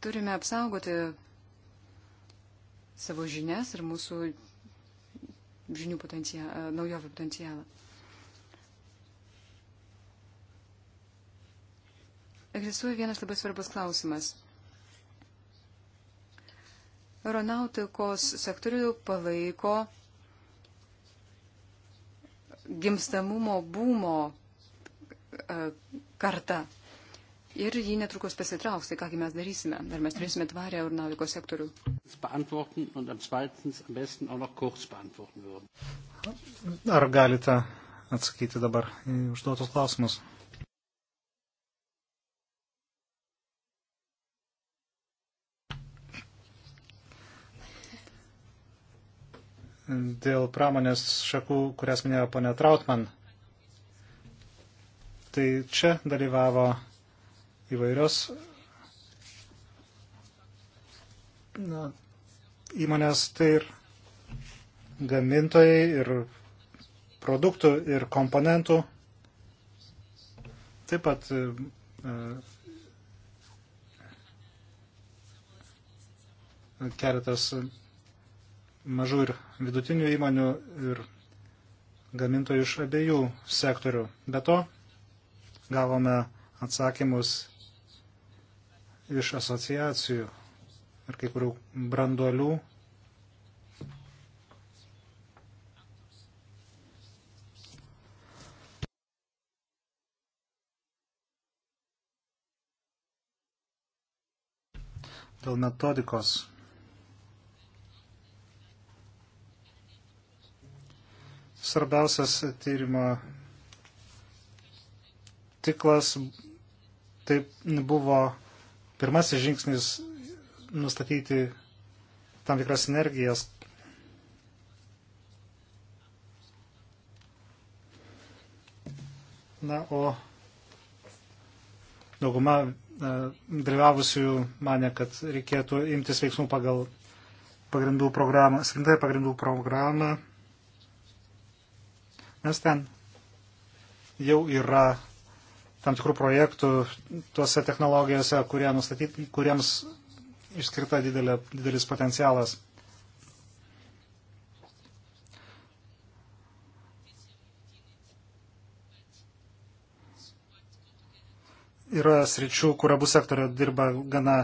Turime apsaugoti savo žinias ir mūsų žinių potencialą, naujovių potencialą. Egzistuoja vienas labai svarbus klausimas. Aeronautikos sektorių palaiko gimstamumo būmo e, karta. Ir jį netrukus pasitrauks, tai kągi mes darysime. Ar mes turėsime tvarę aeronautikos sektorių? Ar galite atsakyti dabar į užduotus klausimus? dėl pramonės šakų, kurias minėjo ponė Trautman. Tai čia dalyvavo įvairios na, įmonės, tai ir gamintojai, ir produktų, ir komponentų. Taip pat e, keletas mažų ir vidutinių įmonių ir gamintojų iš abiejų sektorių. Be to, gavome atsakymus iš asociacijų ir kai kurių branduolių. Dėl metodikos Svarbiausias tyrimo tiklas tai buvo pirmasis žingsnis nustatyti tam tikras energijas. Na, o dauguma e, dalyvavusių mane, kad reikėtų imtis veiksmų pagal pagrindų programą, skrintai pagrindų programą nes ten jau yra tam tikrų projektų tuose technologijose, kurie nustatyti, kuriems išskirta didelė, didelis potencialas. Yra sričių, kur abu sektoriai dirba gana,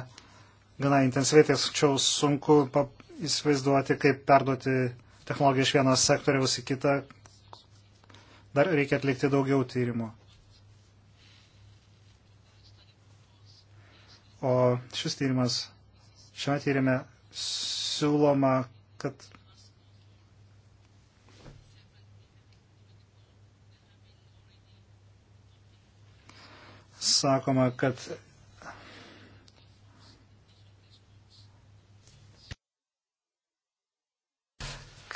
gana intensyviai, tačiau sunku įsivaizduoti, kaip perduoti technologiją iš vieno sektoriaus į kitą, Dar reikia atlikti daugiau tyrimų. O šis tyrimas, šiame tyrime siūloma, kad sakoma, kad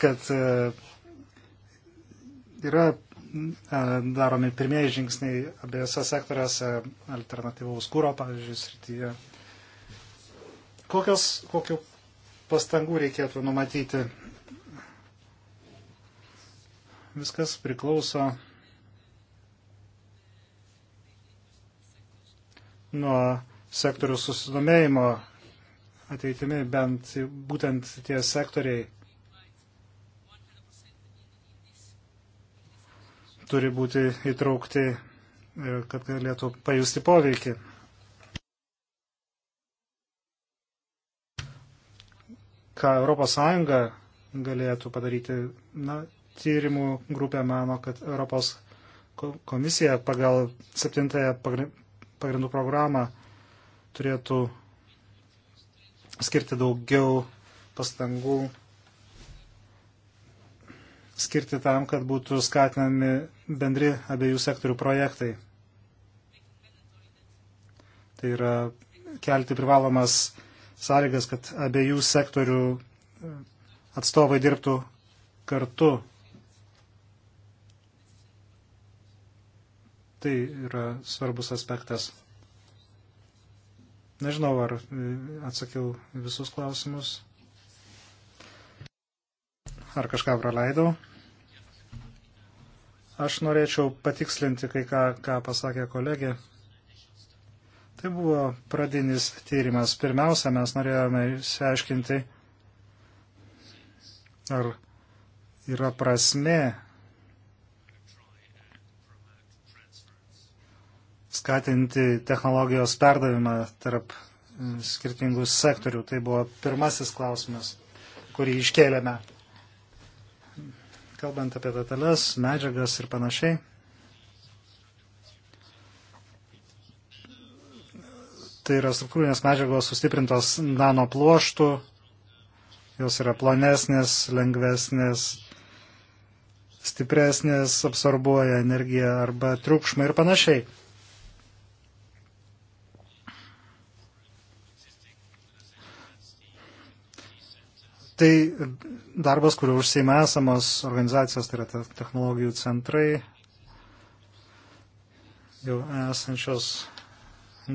kad e, yra daromi pirmieji žingsniai abiejose sektoriuose, alternatyvaus kūro, pavyzdžiui, srityje. Kokios, kokių pastangų reikėtų numatyti? Viskas priklauso nuo sektorių susidomėjimo ateitimi, bent būtent tie sektoriai turi būti įtraukti, e, kad galėtų pajusti poveikį. Ką ES galėtų padaryti, na, tyrimų grupė mano, kad Europos komisija pagal septintąją pagrindų programą turėtų skirti daugiau pastangų skirti tam, kad būtų skatinami bendri abiejų sektorių projektai. Tai yra kelti privalomas sąlygas, kad abiejų sektorių e, atstovai dirbtų kartu. Tai yra svarbus aspektas. Nežinau, ar e, atsakiau visus klausimus. Ar kažką praleidau. Aš norėčiau patikslinti kai ką, ką pasakė kolegė. Tai buvo pradinis tyrimas. Pirmiausia, mes norėjome išsiaiškinti, ar yra prasme skatinti technologijos perdavimą tarp e, skirtingų sektorių. Tai buvo pirmasis klausimas, kurį iškėlėme. Kalbant apie detalės, medžiagas ir panašiai, tai yra struktūrinės medžiagos sustiprintos nano pluoštų, jos yra plonesnės, lengvesnės, stipresnės, absorbuoja energiją arba triukšmą ir panašiai. Tai darbas, kuriuo užsieima esamos organizacijos, tai yra technologijų centrai, jau esančios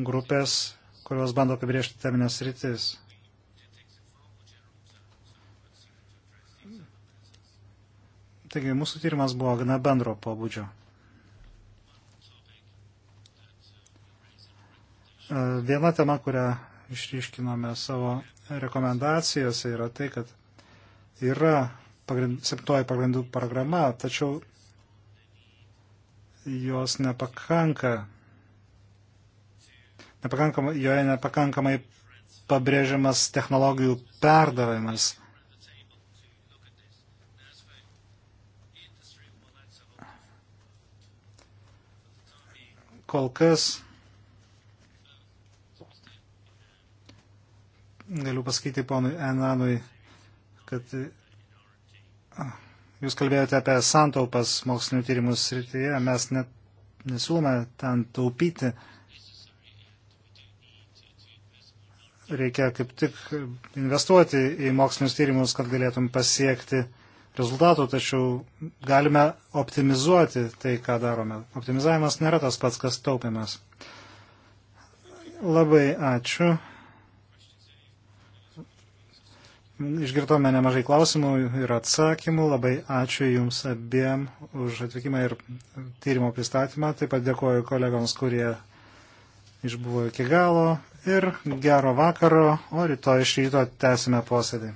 grupės, kurios bando apibriežti teminės rytis. Taigi mūsų tyrimas buvo gana bendro pobūdžio. Viena tema, kurią išryškinome savo rekomendacijose, yra tai, kad yra pagrind, septoji pagrindų programa, tačiau jos nepakanka, nepakankamai, joje nepakankamai pabrėžiamas technologijų perdavimas. Kol kas galiu pasakyti ponui Enanui, kad jūs kalbėjote apie santaupas mokslinių tyrimų srityje, mes net nesiūlome ten taupyti. Reikia kaip tik investuoti į mokslinius tyrimus, kad galėtum pasiekti rezultatų, tačiau galime optimizuoti tai, ką darome. Optimizavimas nėra tas pats, kas taupimas. Labai ačiū. Išgirdome nemažai klausimų ir atsakymų. Labai ačiū Jums abiem už atvykimą ir tyrimo pristatymą. Taip pat dėkoju kolegoms, kurie išbuvo iki galo. Ir gero vakaro, o rytoj iš ryto tęsime posėdį.